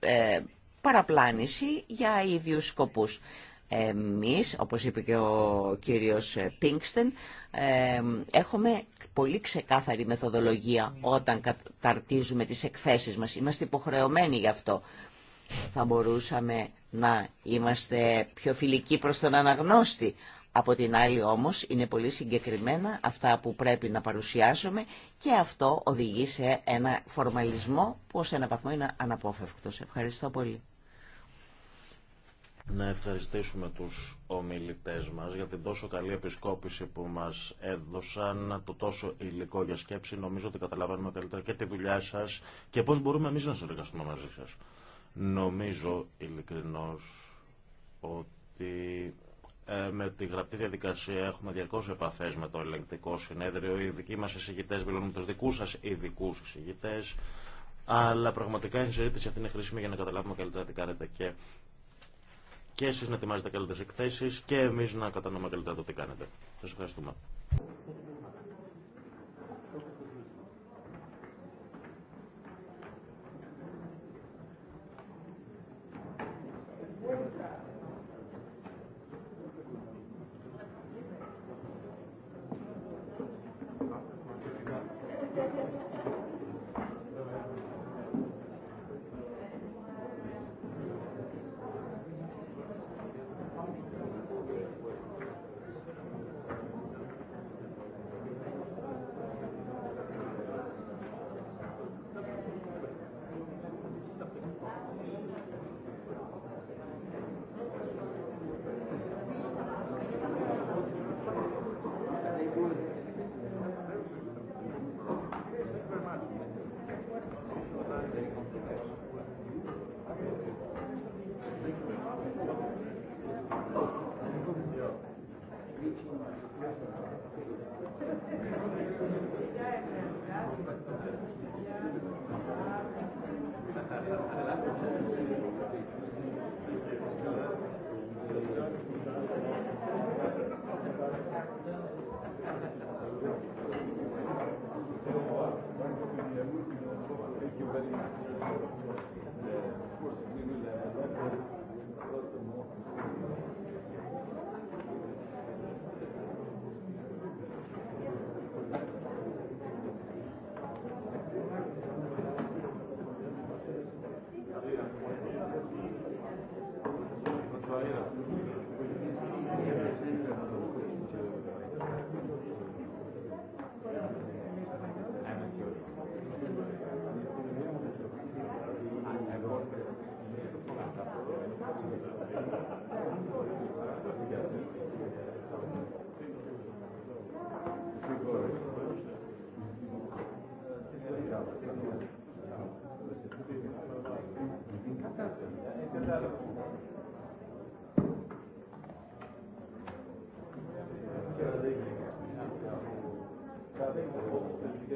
Ε, παραπλάνηση για ίδιους σκοπούς. Εμείς, όπως είπε και ο κύριος Πίνξτεν, ε, έχουμε πολύ ξεκάθαρη μεθοδολογία όταν καταρτίζουμε τις εκθέσεις μας. Είμαστε υποχρεωμένοι γι' αυτό. Θα μπορούσαμε να είμαστε πιο φιλικοί προς τον αναγνώστη. Από την άλλη όμως είναι πολύ συγκεκριμένα αυτά που πρέπει να παρουσιάσουμε και αυτό οδηγεί σε ένα φορμαλισμό που ως ένα βαθμό είναι αναπόφευκτος. Ευχαριστώ πολύ. Να ευχαριστήσουμε τους ομιλητές μας για την τόσο καλή επισκόπηση που μας έδωσαν, το τόσο υλικό για σκέψη. Νομίζω ότι καταλαβαίνουμε καλύτερα και τη δουλειά σας και πώς μπορούμε εμείς να συνεργαστούμε μαζί σας. Νομίζω ειλικρινώς ότι ε, με τη γραπτή διαδικασία έχουμε διαρκώ επαφέ με το ελεγκτικό συνέδριο. Οι δικοί μα εισηγητέ μιλούν με του δικού σα ειδικού εισηγητέ. Αλλά πραγματικά η συζήτηση αυτή είναι χρήσιμη για να καταλάβουμε καλύτερα τι κάνετε και, και εσεί να ετοιμάζετε καλύτερε εκθέσει και εμεί να κατανοούμε καλύτερα το τι κάνετε. Σα ευχαριστούμε.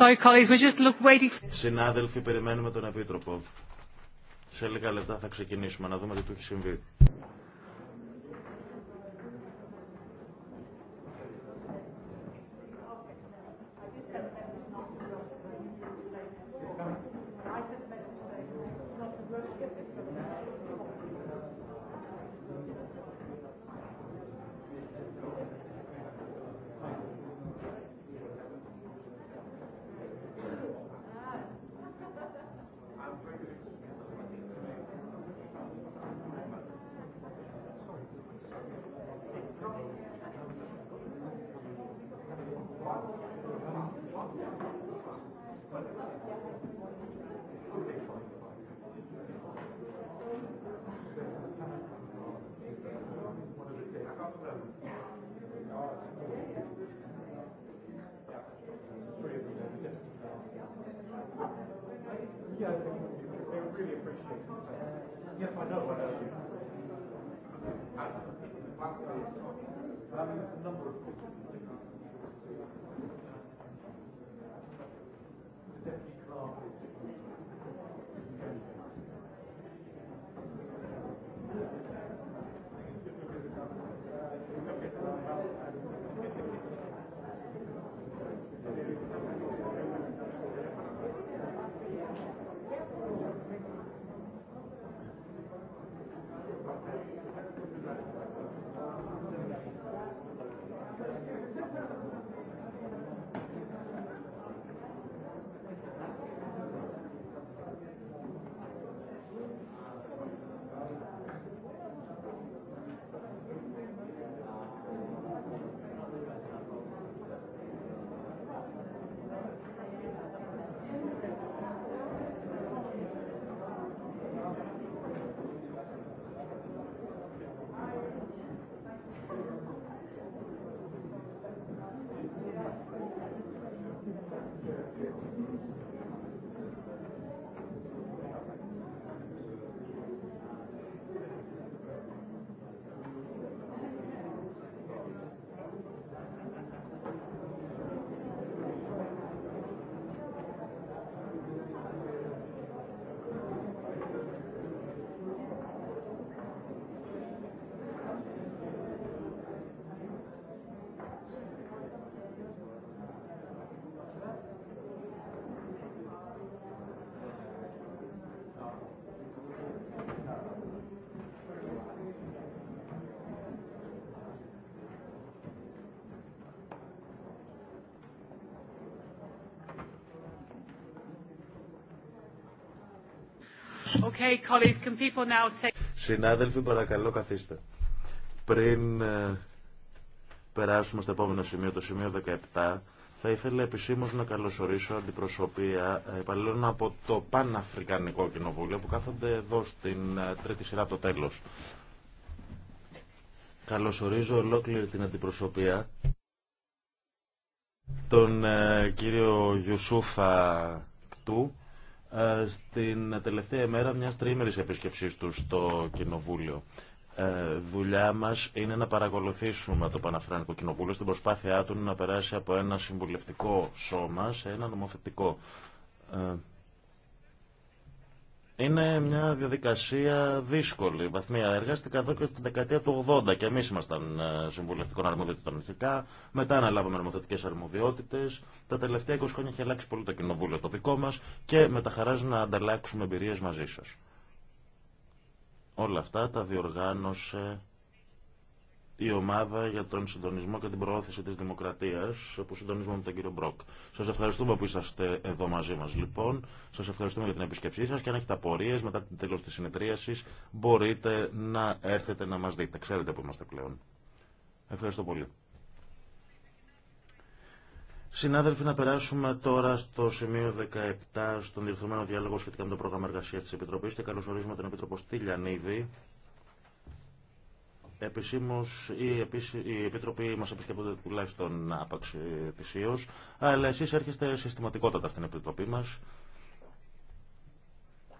Sorry, colleagues, we're just look waiting. Συνάδελφοι, περιμένουμε τον Επίτροπο. Σε λίγα λεπτά θα ξεκινήσουμε να δούμε τι του έχει συμβεί. I mean, number colleagues, can people now take... Συνάδελφοι, παρακαλώ καθίστε. Πριν ε, περάσουμε στο επόμενο σημείο, το σημείο 17, θα ήθελα επισήμω να καλωσορίσω αντιπροσωπεία ε, υπαλλήλων από το Παναφρικανικό Κοινοβούλιο που κάθονται εδώ στην ε, τρίτη σειρά από το τέλο. Καλωσορίζω ολόκληρη την αντιπροσωπεία τον κύριο Γιουσούφα Κτού ε, στην τελευταία ημέρα μια τρίμερη επισκεψή του στο Κοινοβούλιο. Ε, δουλειά μας είναι να παρακολουθήσουμε το Παναφρανικό Κοινοβούλιο στην προσπάθειά του να περάσει από ένα συμβουλευτικό σώμα σε ένα νομοθετικό. Ε, είναι μια διαδικασία δύσκολη, βαθμία. Εργάστηκα εδώ και την δεκαετία του 80 και εμεί ήμασταν ε, συμβουλευτικών αρμοδιότητων ηθικά. Μετά αναλάβαμε νομοθετικέ αρμοδιότητε. Τα τελευταία 20 χρόνια έχει αλλάξει πολύ το κοινοβούλιο το δικό μα και με τα χαράζει να ανταλλάξουμε εμπειρίε μαζί σα. Όλα αυτά τα διοργάνωσε η ομάδα για τον συντονισμό και την προώθηση της δημοκρατίας που συντονίζουμε με τον κύριο Μπροκ. Σας ευχαριστούμε που είσαστε εδώ μαζί μας λοιπόν. Σας ευχαριστούμε για την επισκεψή σας και αν έχετε απορίες μετά την τέλος της συνεδρίασης μπορείτε να έρθετε να μας δείτε. Ξέρετε που είμαστε πλέον. Ευχαριστώ πολύ. Συνάδελφοι, να περάσουμε τώρα στο σημείο 17, στον διευθυνμένο διάλογο σχετικά με το πρόγραμμα εργασία τη Επιτροπή και καλωσορίζουμε τον Επίτροπο Στυλιανίδη, Επισήμω οι, η επιτροπή μα επισκέπτονται τουλάχιστον άπαξ ετησίω, αλλά εσεί έρχεστε συστηματικότατα στην επιτροπή μα.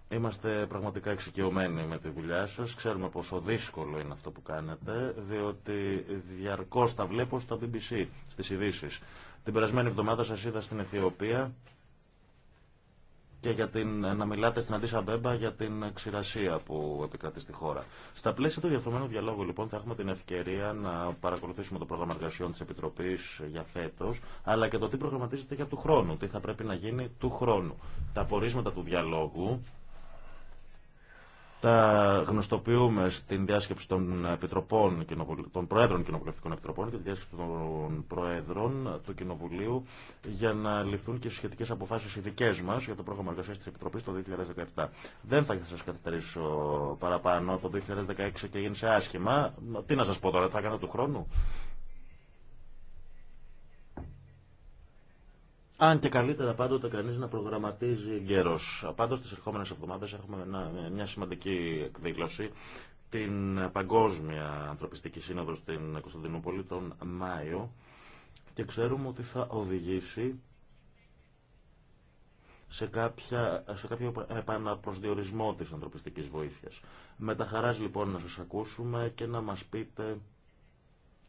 Είμαστε πραγματικά εξοικειωμένοι με τη δουλειά σα. Ξέρουμε πόσο δύσκολο είναι αυτό που κάνετε, διότι διαρκώ τα βλέπω στο BBC, στις ειδήσει. Την περασμένη εβδομάδα σα είδα στην Αιθιοπία και για την, να μιλάτε στην Αντίσα Μπέμπα για την ξηρασία που επικρατεί στη χώρα. Στα πλαίσια του διαφθορμένου διαλόγου, λοιπόν, θα έχουμε την ευκαιρία να παρακολουθήσουμε το πρόγραμμα εργασιών τη Επιτροπή για φέτο, αλλά και το τι προγραμματίζεται για του χρόνου, τι θα πρέπει να γίνει του χρόνου. Τα πορίσματα του διαλόγου τα γνωστοποιούμε στην διάσκεψη των, επιτροπών, των Προέδρων Κοινοβουλευτικών Επιτροπών και τη διάσκεψη των Προέδρων του Κοινοβουλίου για να ληφθούν και σχετικέ αποφάσει ειδικέ μα για το πρόγραμμα εργασία τη Επιτροπή το 2017. Δεν θα σα καθυστερήσω παραπάνω. Το 2016 και σε άσχημα. Τι να σα πω τώρα, θα έκανα του χρόνου. Αν και καλύτερα πάντοτε κανείς να προγραμματίζει γέρος. Πάντως τις ερχόμενες εβδομάδες έχουμε μια σημαντική εκδήλωση την Παγκόσμια Ανθρωπιστική Σύνοδο στην Κωνσταντινούπολη τον Μάιο και ξέρουμε ότι θα οδηγήσει σε, κάποια, σε κάποιο επαναπροσδιορισμό της ανθρωπιστικής βοήθειας. Με τα χαράς λοιπόν να σας ακούσουμε και να μας πείτε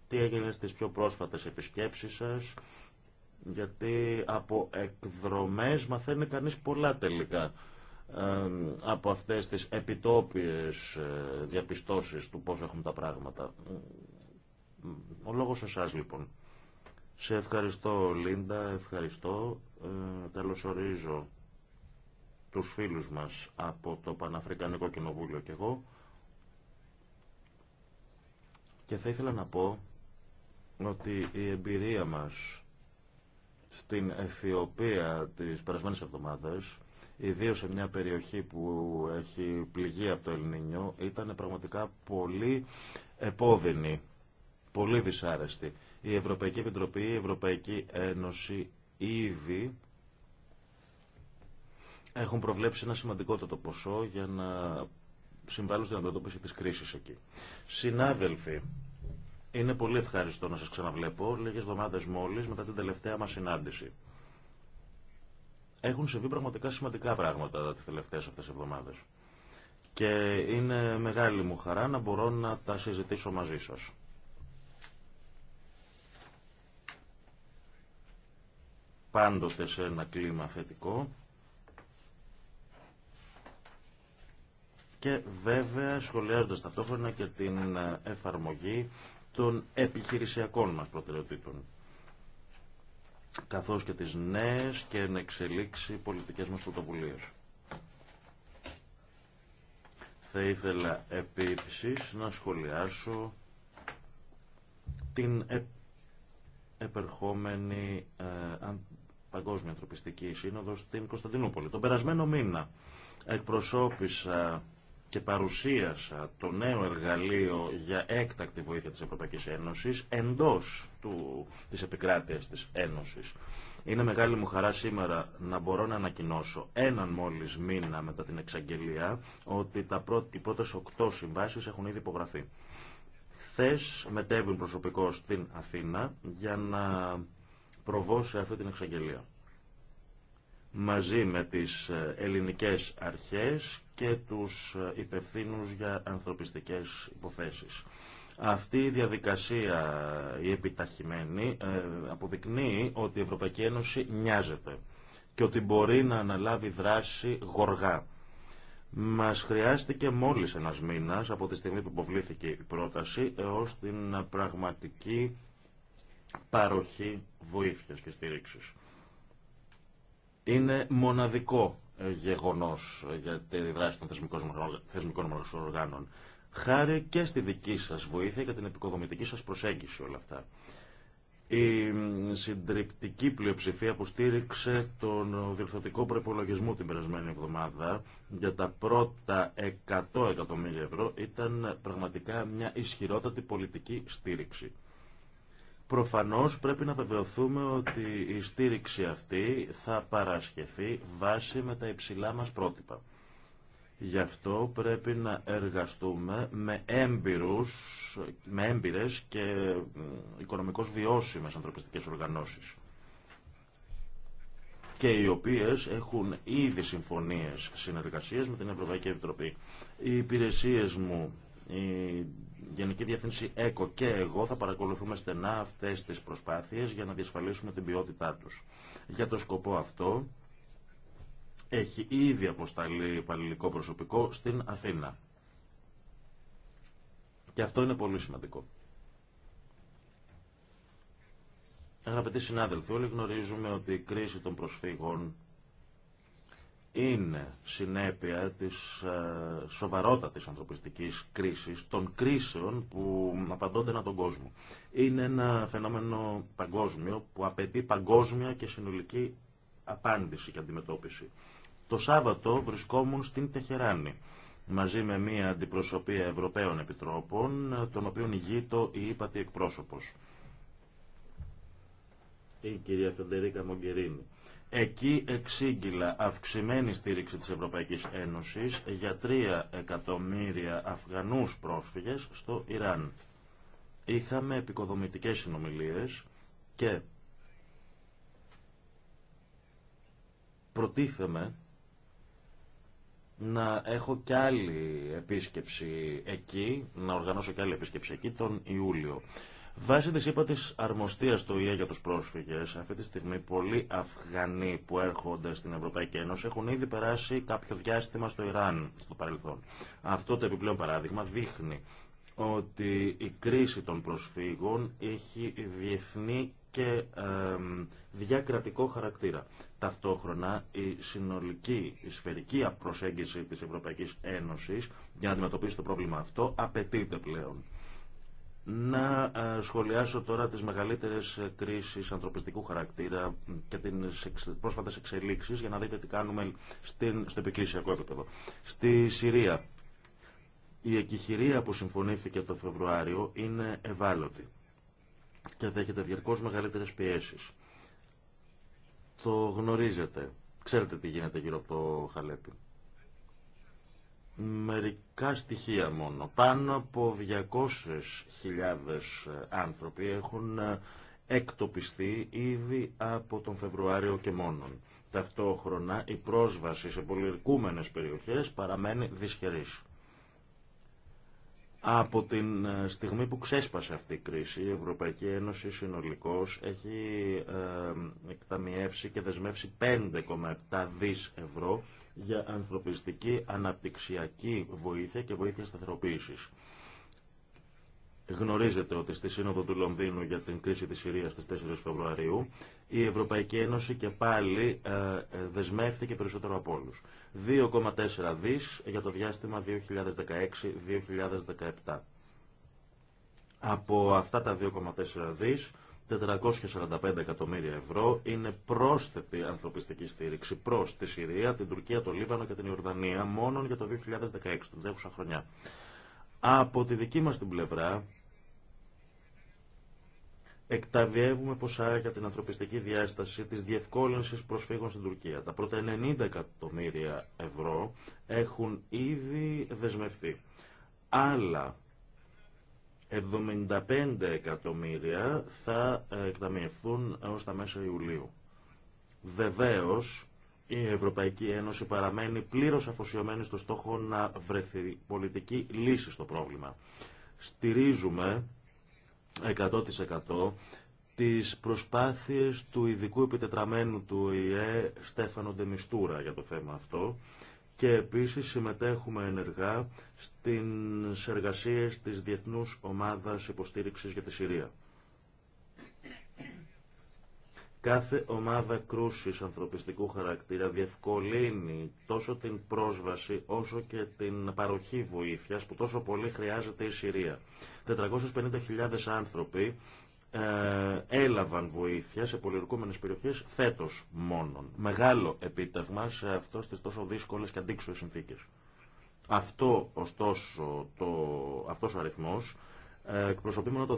τι έγινε στις πιο πρόσφατες επισκέψεις σας γιατί από εκδρομές μαθαίνει κανείς πολλά τελικά από αυτές τις επιτόπιες ε, διαπιστώσεις του πώς έχουν τα πράγματα. Ο λόγος εσά λοιπόν. Σε ευχαριστώ Λίντα, ευχαριστώ. Ε, ορίζω τους φίλους μας από το Παναφρικανικό Κοινοβούλιο και εγώ. Και θα ήθελα να πω ότι η εμπειρία μας στην Αιθιοπία τις περασμένες εβδομάδες, ιδίως σε μια περιοχή που έχει πληγεί από το Ελληνίνιο, ήταν πραγματικά πολύ επώδυνη, πολύ δυσάρεστη. Η Ευρωπαϊκή Επιτροπή, η Ευρωπαϊκή Ένωση ήδη έχουν προβλέψει ένα σημαντικότατο ποσό για να συμβάλλουν στην αντιμετώπιση της κρίσης εκεί. Συνάδελφοι, είναι πολύ ευχαριστώ να σας ξαναβλέπω λίγες εβδομάδες μόλις μετά την τελευταία μας συνάντηση. Έχουν συμβεί πραγματικά σημαντικά πράγματα τις τελευταίες αυτές εβδομάδες. Και είναι μεγάλη μου χαρά να μπορώ να τα συζητήσω μαζί σας. Πάντοτε σε ένα κλίμα θετικό και βέβαια σχολιάζοντας ταυτόχρονα και την εφαρμογή των επιχειρησιακών μας προτεραιοτήτων καθώς και τις νέες και να εξελίξει πολιτικές μας πρωτοβουλίες. Θα ήθελα επίσης να σχολιάσω την ε, επερχόμενη ε, Παγκόσμια Ανθρωπιστική Σύνοδο στην Κωνσταντινούπολη. Τον περασμένο μήνα εκπροσώπησα και παρουσίασα το νέο εργαλείο για έκτακτη βοήθεια της Ευρωπαϊκής Ένωσης εντός του, της επικράτειας της Ένωσης. Είναι μεγάλη μου χαρά σήμερα να μπορώ να ανακοινώσω έναν μόλις μήνα μετά την εξαγγελία ότι τα οι πρώτες οκτώ συμβάσεις έχουν ήδη υπογραφεί. Χθε μετέβουν προσωπικό στην Αθήνα για να προβώ σε αυτή την εξαγγελία μαζί με τις ε, ελληνικές αρχές και τους ε, υπευθύνους για ανθρωπιστικές υποθέσεις. Αυτή η διαδικασία, η επιταχυμένη, ε, αποδεικνύει ότι η Ευρωπαϊκή Ένωση νοιάζεται και ότι μπορεί να αναλάβει δράση γοργά. Μας χρειάστηκε μόλις ένας μήνας από τη στιγμή που υποβλήθηκε η πρόταση έως την πραγματική παροχή βοήθειας και στήριξης είναι μοναδικό ε, γεγονός ε, για τη δράση των θεσμικών οργάνων. Χάρη και στη δική σας βοήθεια και την επικοδομητική σας προσέγγιση όλα αυτά. Η συντριπτική πλειοψηφία που στήριξε τον διορθωτικό προπολογισμό την περασμένη εβδομάδα για τα πρώτα 100 εκατομμύρια ευρώ ήταν πραγματικά μια ισχυρότατη πολιτική στήριξη. Προφανώς πρέπει να βεβαιωθούμε ότι η στήριξη αυτή θα παρασχεθεί βάσει με τα υψηλά μας πρότυπα. Γι' αυτό πρέπει να εργαστούμε με, έμπειρους, με έμπειρες και οικονομικώς βιώσιμες ανθρωπιστικές οργανώσεις και οι οποίες έχουν ήδη συμφωνίες συνεργασίες με την Ευρωπαϊκή Επιτροπή. Οι υπηρεσίες μου, Γενική Διεύθυνση ΕΚΟ και εγώ θα παρακολουθούμε στενά αυτές τις προσπάθειες για να διασφαλίσουμε την ποιότητά τους. Για το σκοπό αυτό έχει ήδη αποσταλεί υπαλληλικό προσωπικό στην Αθήνα. Και αυτό είναι πολύ σημαντικό. Αγαπητοί συνάδελφοι, όλοι γνωρίζουμε ότι η κρίση των προσφύγων είναι συνέπεια της ε, σοβαρότατης ανθρωπιστικής κρίσης, των κρίσεων που απαντώνται να τον κόσμο. Είναι ένα φαινόμενο παγκόσμιο που απαιτεί παγκόσμια και συνολική απάντηση και αντιμετώπιση. Το Σάββατο βρισκόμουν στην Τεχεράνη μαζί με μια αντιπροσωπεία Ευρωπαίων Επιτρόπων, τον οποίον ηγείτο η ύπατη εκπρόσωπος, η κυρία Φεντερίκα Μογκερίνη. Εκεί εξήγηλα αυξημένη στήριξη της Ευρωπαϊκής Ένωσης για 3 εκατομμύρια Αφγανούς πρόσφυγες στο Ιράν. Είχαμε επικοδομητικές συνομιλίες και προτίθεμε να έχω κι άλλη επίσκεψη εκεί, να οργανώσω κι άλλη επίσκεψη εκεί τον Ιούλιο. Βάσει τη είπα τη αρμοστία του ΙΕ για του πρόσφυγε, αυτή τη στιγμή πολλοί Αφγανοί που έρχονται στην Ευρωπαϊκή Ένωση έχουν ήδη περάσει κάποιο διάστημα στο Ιράν στο παρελθόν. Αυτό το επιπλέον παράδειγμα δείχνει ότι η κρίση των προσφύγων έχει διεθνή και διακρατικό χαρακτήρα. Ταυτόχρονα η συνολική, η σφαιρική προσέγγιση της Ευρωπαϊκής Ένωσης για να αντιμετωπίσει το πρόβλημα αυτό απαιτείται πλέον. Να ε, σχολιάσω τώρα τις μεγαλύτερες ε, κρίσεις ανθρωπιστικού χαρακτήρα και τις πρόσφατες εξελίξεις για να δείτε τι κάνουμε στην, στο επικλησιακό επίπεδο. Στη Συρία, η εκχειρία που συμφωνήθηκε το Φεβρουάριο είναι ευάλωτη και δέχεται διαρκώς μεγαλύτερες πιέσεις. Το γνωρίζετε. Ξέρετε τι γίνεται γύρω από το Χαλέπι. Μερικά στοιχεία μόνο. Πάνω από 200.000 άνθρωποι έχουν ε, εκτοπιστεί ήδη από τον Φεβρουάριο και μόνον. Ταυτόχρονα η πρόσβαση σε πολυερκούμενες περιοχές παραμένει δυσχερής. Από την ε, στιγμή που ξέσπασε αυτή η κρίση, η Ευρωπαϊκή Ένωση συνολικώς έχει ε, εκταμιεύσει και δεσμεύσει 5,7 δις ευρώ για ανθρωπιστική αναπτυξιακή βοήθεια και βοήθεια σταθεροποίησης. Γνωρίζετε ότι στη Σύνοδο του Λονδίνου για την κρίση της Συρίας στις 4 Φεβρουαρίου η Ευρωπαϊκή Ένωση και πάλι ε, ε, δεσμεύτηκε περισσότερο από όλους. 2,4 δις για το διάστημα 2016-2017. Από αυτά τα 2,4 δις 445 εκατομμύρια ευρώ είναι πρόσθετη ανθρωπιστική στήριξη προ τη Συρία, την Τουρκία, το Λίβανο και την Ιορδανία μόνο για το 2016, την τρέχουσα χρονιά. Από τη δική μας την πλευρά εκταβιεύουμε ποσά για την ανθρωπιστική διάσταση τη διευκόλυνση προσφύγων στην Τουρκία. Τα πρώτα 90 εκατομμύρια ευρώ έχουν ήδη δεσμευτεί. Άλλα 75 εκατομμύρια θα ε, εκταμιευθούν έως τα μέσα Ιουλίου. Βεβαίως, η Ευρωπαϊκή Ένωση παραμένει πλήρως αφοσιωμένη στο στόχο να βρεθεί πολιτική λύση στο πρόβλημα. Στηρίζουμε 100% τις προσπάθειες του ειδικού επιτετραμένου του ΙΕ Στέφανο Ντεμιστούρα για το θέμα αυτό και επίσης συμμετέχουμε ενεργά στις εργασίες της Διεθνούς Ομάδας Υποστήριξης για τη Συρία. Κάθε ομάδα κρούσης ανθρωπιστικού χαρακτήρα διευκολύνει τόσο την πρόσβαση όσο και την παροχή βοήθειας που τόσο πολύ χρειάζεται η Συρία. 450.000 άνθρωποι ε, έλαβαν βοήθεια σε πολιορκούμενες περιοχές φέτος μόνον. Μεγάλο επίτευγμα σε αυτό στις τόσο δύσκολες και αντίξωες συνθήκες. Αυτό, ωστόσο, το, αυτός ο αριθμός ε, εκπροσωπεί μόνο το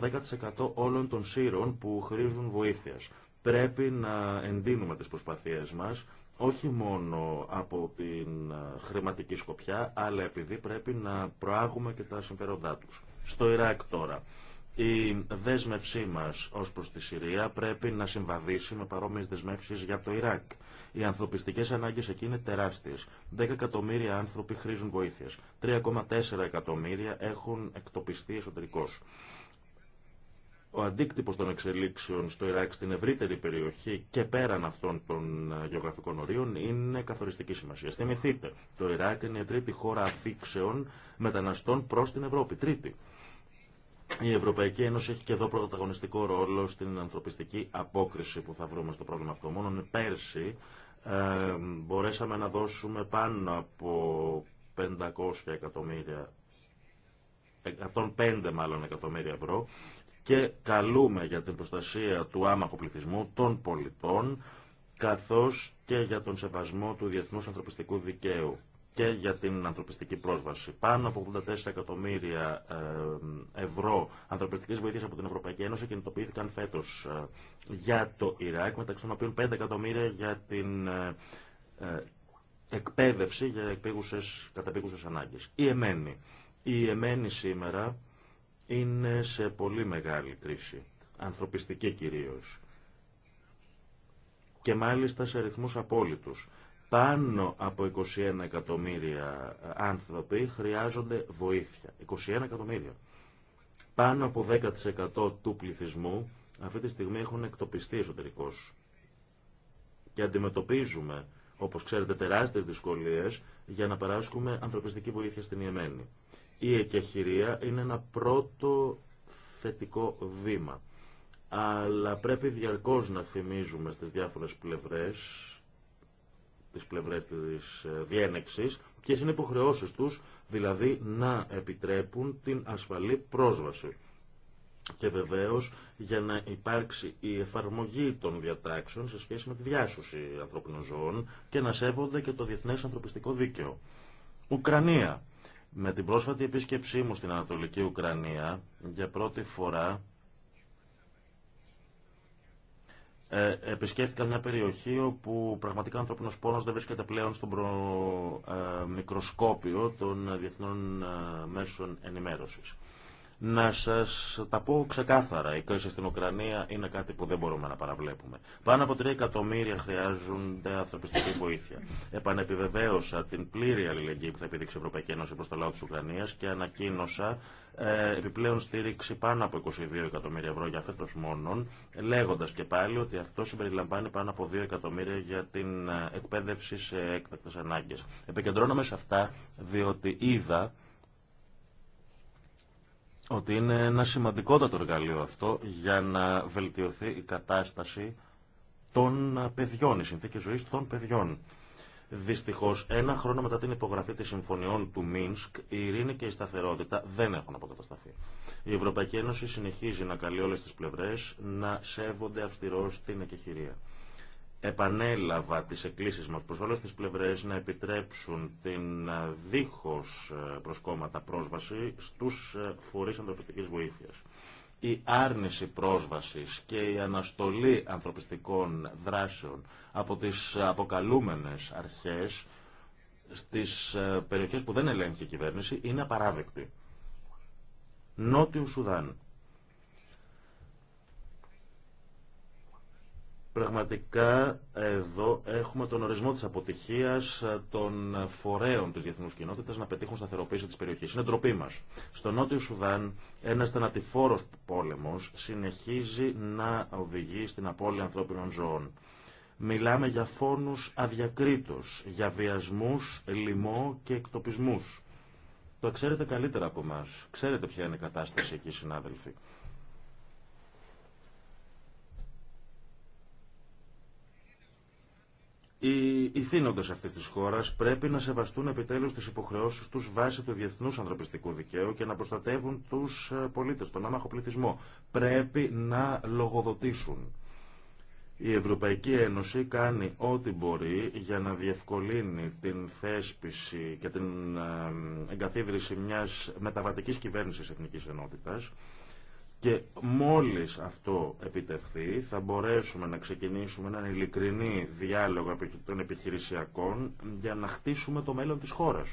10% όλων των σύρων που χρήζουν βοήθειας. Πρέπει να εντείνουμε τις προσπαθίες μας, όχι μόνο από την ε, χρηματική σκοπιά, αλλά επειδή πρέπει να προάγουμε και τα συμφέροντά τους. Στο Ιράκ τώρα. Η δέσμευσή μας ως προς τη Συρία πρέπει να συμβαδίσει με παρόμοιες δεσμεύσεις για το Ιράκ. Οι ανθρωπιστικές ανάγκες εκεί είναι τεράστιες. 10 εκατομμύρια άνθρωποι χρήζουν βοήθεια. 3,4 εκατομμύρια έχουν εκτοπιστεί εσωτερικώς. Ο αντίκτυπος των εξελίξεων στο Ιράκ στην ευρύτερη περιοχή και πέραν αυτών των ε, γεωγραφικών ορίων είναι καθοριστική σημασία. Θυμηθείτε, το Ιράκ είναι η τρίτη χώρα αφήξεων μεταναστών προς την Ευρώπη. Τρίτη. Η Ευρωπαϊκή Ένωση έχει και εδώ πρωταγωνιστικό ρόλο στην ανθρωπιστική απόκριση που θα βρούμε στο πρόβλημα αυτό. Μόνο πέρσι ε, μπορέσαμε να δώσουμε πάνω από 500 εκατομμύρια, 105 μάλλον εκατομμύρια ευρώ και καλούμε για την προστασία του άμαχου πληθυσμού των πολιτών καθώς και για τον σεβασμό του διεθνούς ανθρωπιστικού δικαίου και για την ανθρωπιστική πρόσβαση. Πάνω από 84 εκατομμύρια ε, ευρώ ανθρωπιστικής βοήθειας από την Ευρωπαϊκή Ένωση κινητοποιήθηκαν φέτος ε, για το Ιράκ, μεταξύ των οποίων 5 εκατομμύρια για την ε, εκπαίδευση για επίγουσες, καταπήγουσες ανάγκες. Η Εμένη. Η Εμένη σήμερα είναι σε πολύ μεγάλη κρίση, ανθρωπιστική κυρίως. Και μάλιστα σε ρυθμούς απόλυτους πάνω από 21 εκατομμύρια ε, άνθρωποι χρειάζονται βοήθεια. 21 εκατομμύρια. Πάνω από 10% του πληθυσμού αυτή τη στιγμή έχουν εκτοπιστεί εσωτερικώ. Και αντιμετωπίζουμε, όπως ξέρετε, τεράστιε δυσκολίες για να παράσχουμε ανθρωπιστική βοήθεια στην Ιεμένη. Η εκεχηρία είναι ένα πρώτο θετικό βήμα. Αλλά πρέπει διαρκώς να θυμίζουμε στις διάφορες πλευρές τις πλευρές της ε, διένεξης, ποιες είναι οι υποχρεώσεις τους, δηλαδή να επιτρέπουν την ασφαλή πρόσβαση. Και βεβαίως για να υπάρξει η εφαρμογή των διατάξεων σε σχέση με τη διάσωση ανθρώπινων ζώων και να σέβονται και το διεθνές ανθρωπιστικό δίκαιο. Ουκρανία. Με την πρόσφατη επίσκεψή μου στην Ανατολική Ουκρανία, για πρώτη φορά Ε, επισκέφθηκα μια περιοχή όπου πραγματικά ανθρώπινο πόνο δεν βρίσκεται πλέον στον ε, μικροσκόπιο των διεθνών ε, μέσων ενημέρωσης. Να σα τα πω ξεκάθαρα. Η κρίση στην Ουκρανία είναι κάτι που δεν μπορούμε να παραβλέπουμε. Πάνω από 3 εκατομμύρια χρειάζονται ανθρωπιστική βοήθεια. Επανεπιβεβαίωσα την πλήρη αλληλεγγύη που θα επιδείξει η Ευρωπαϊκή Ένωση προ το λαό τη Ουκρανία και ανακοίνωσα ε, επιπλέον στήριξη πάνω από 22 εκατομμύρια ευρώ για φέτο μόνον, λέγοντα και πάλι ότι αυτό συμπεριλαμβάνει πάνω από 2 εκατομμύρια για την ε, εκπαίδευση σε έκτακτε ανάγκε. Επικεντρώνομαι σε αυτά διότι είδα ότι είναι ένα σημαντικότατο εργαλείο αυτό για να βελτιωθεί η κατάσταση των παιδιών, η συνθήκη ζωή των παιδιών. Δυστυχώ, ένα χρόνο μετά την υπογραφή τη συμφωνιών του Μίνσκ, η ειρήνη και η σταθερότητα δεν έχουν αποκατασταθεί. Η Ευρωπαϊκή Ένωση συνεχίζει να καλεί όλε τι πλευρέ να σέβονται αυστηρό την εκεχηρία επανέλαβα τις εκκλήσεις μας προς όλες τις πλευρές να επιτρέψουν την ε, δίχως ε, προσκόμματα πρόσβαση στους ε, φορείς ανθρωπιστικής βοήθειας. Η άρνηση πρόσβασης και η αναστολή ανθρωπιστικών δράσεων από τις αποκαλούμενες αρχές στις περιοχές που δεν ελέγχει η κυβέρνηση είναι απαράδεκτη. Νότιο Σουδάν, Πραγματικά εδώ έχουμε τον ορισμό της αποτυχίας ε, των φορέων της διεθνούς κοινότητας να πετύχουν σταθεροποίηση της περιοχής. Είναι ντροπή μας. Στο Νότιο Σουδάν ένας θανατηφόρος πόλεμος συνεχίζει να οδηγεί στην απώλεια ανθρώπινων ζώων. Μιλάμε για φόνους αδιακρίτως, για βιασμούς, λοιμό και εκτοπισμούς. Το ξέρετε καλύτερα από εμά. Ξέρετε ποια είναι η κατάσταση εκεί, συνάδελφοι. Οι ηθήνοντες αυτής της χώρας πρέπει να σεβαστούν επιτέλους τις υποχρεώσεις τους βάσει του διεθνούς ανθρωπιστικού δικαίου και να προστατεύουν τους ε, πολίτες, τον άμαχο πληθυσμό. Πρέπει να λογοδοτήσουν. Η Ευρωπαϊκή Ένωση κάνει ό,τι μπορεί για να διευκολύνει την θέσπιση και την ε, εγκαθίδρυση μιας μεταβατικής κυβέρνησης εθνικής ενότητας και μόλις αυτό επιτευχθεί θα μπορέσουμε να ξεκινήσουμε έναν ειλικρινή διάλογο των επιχειρησιακών για να χτίσουμε το μέλλον της χώρας.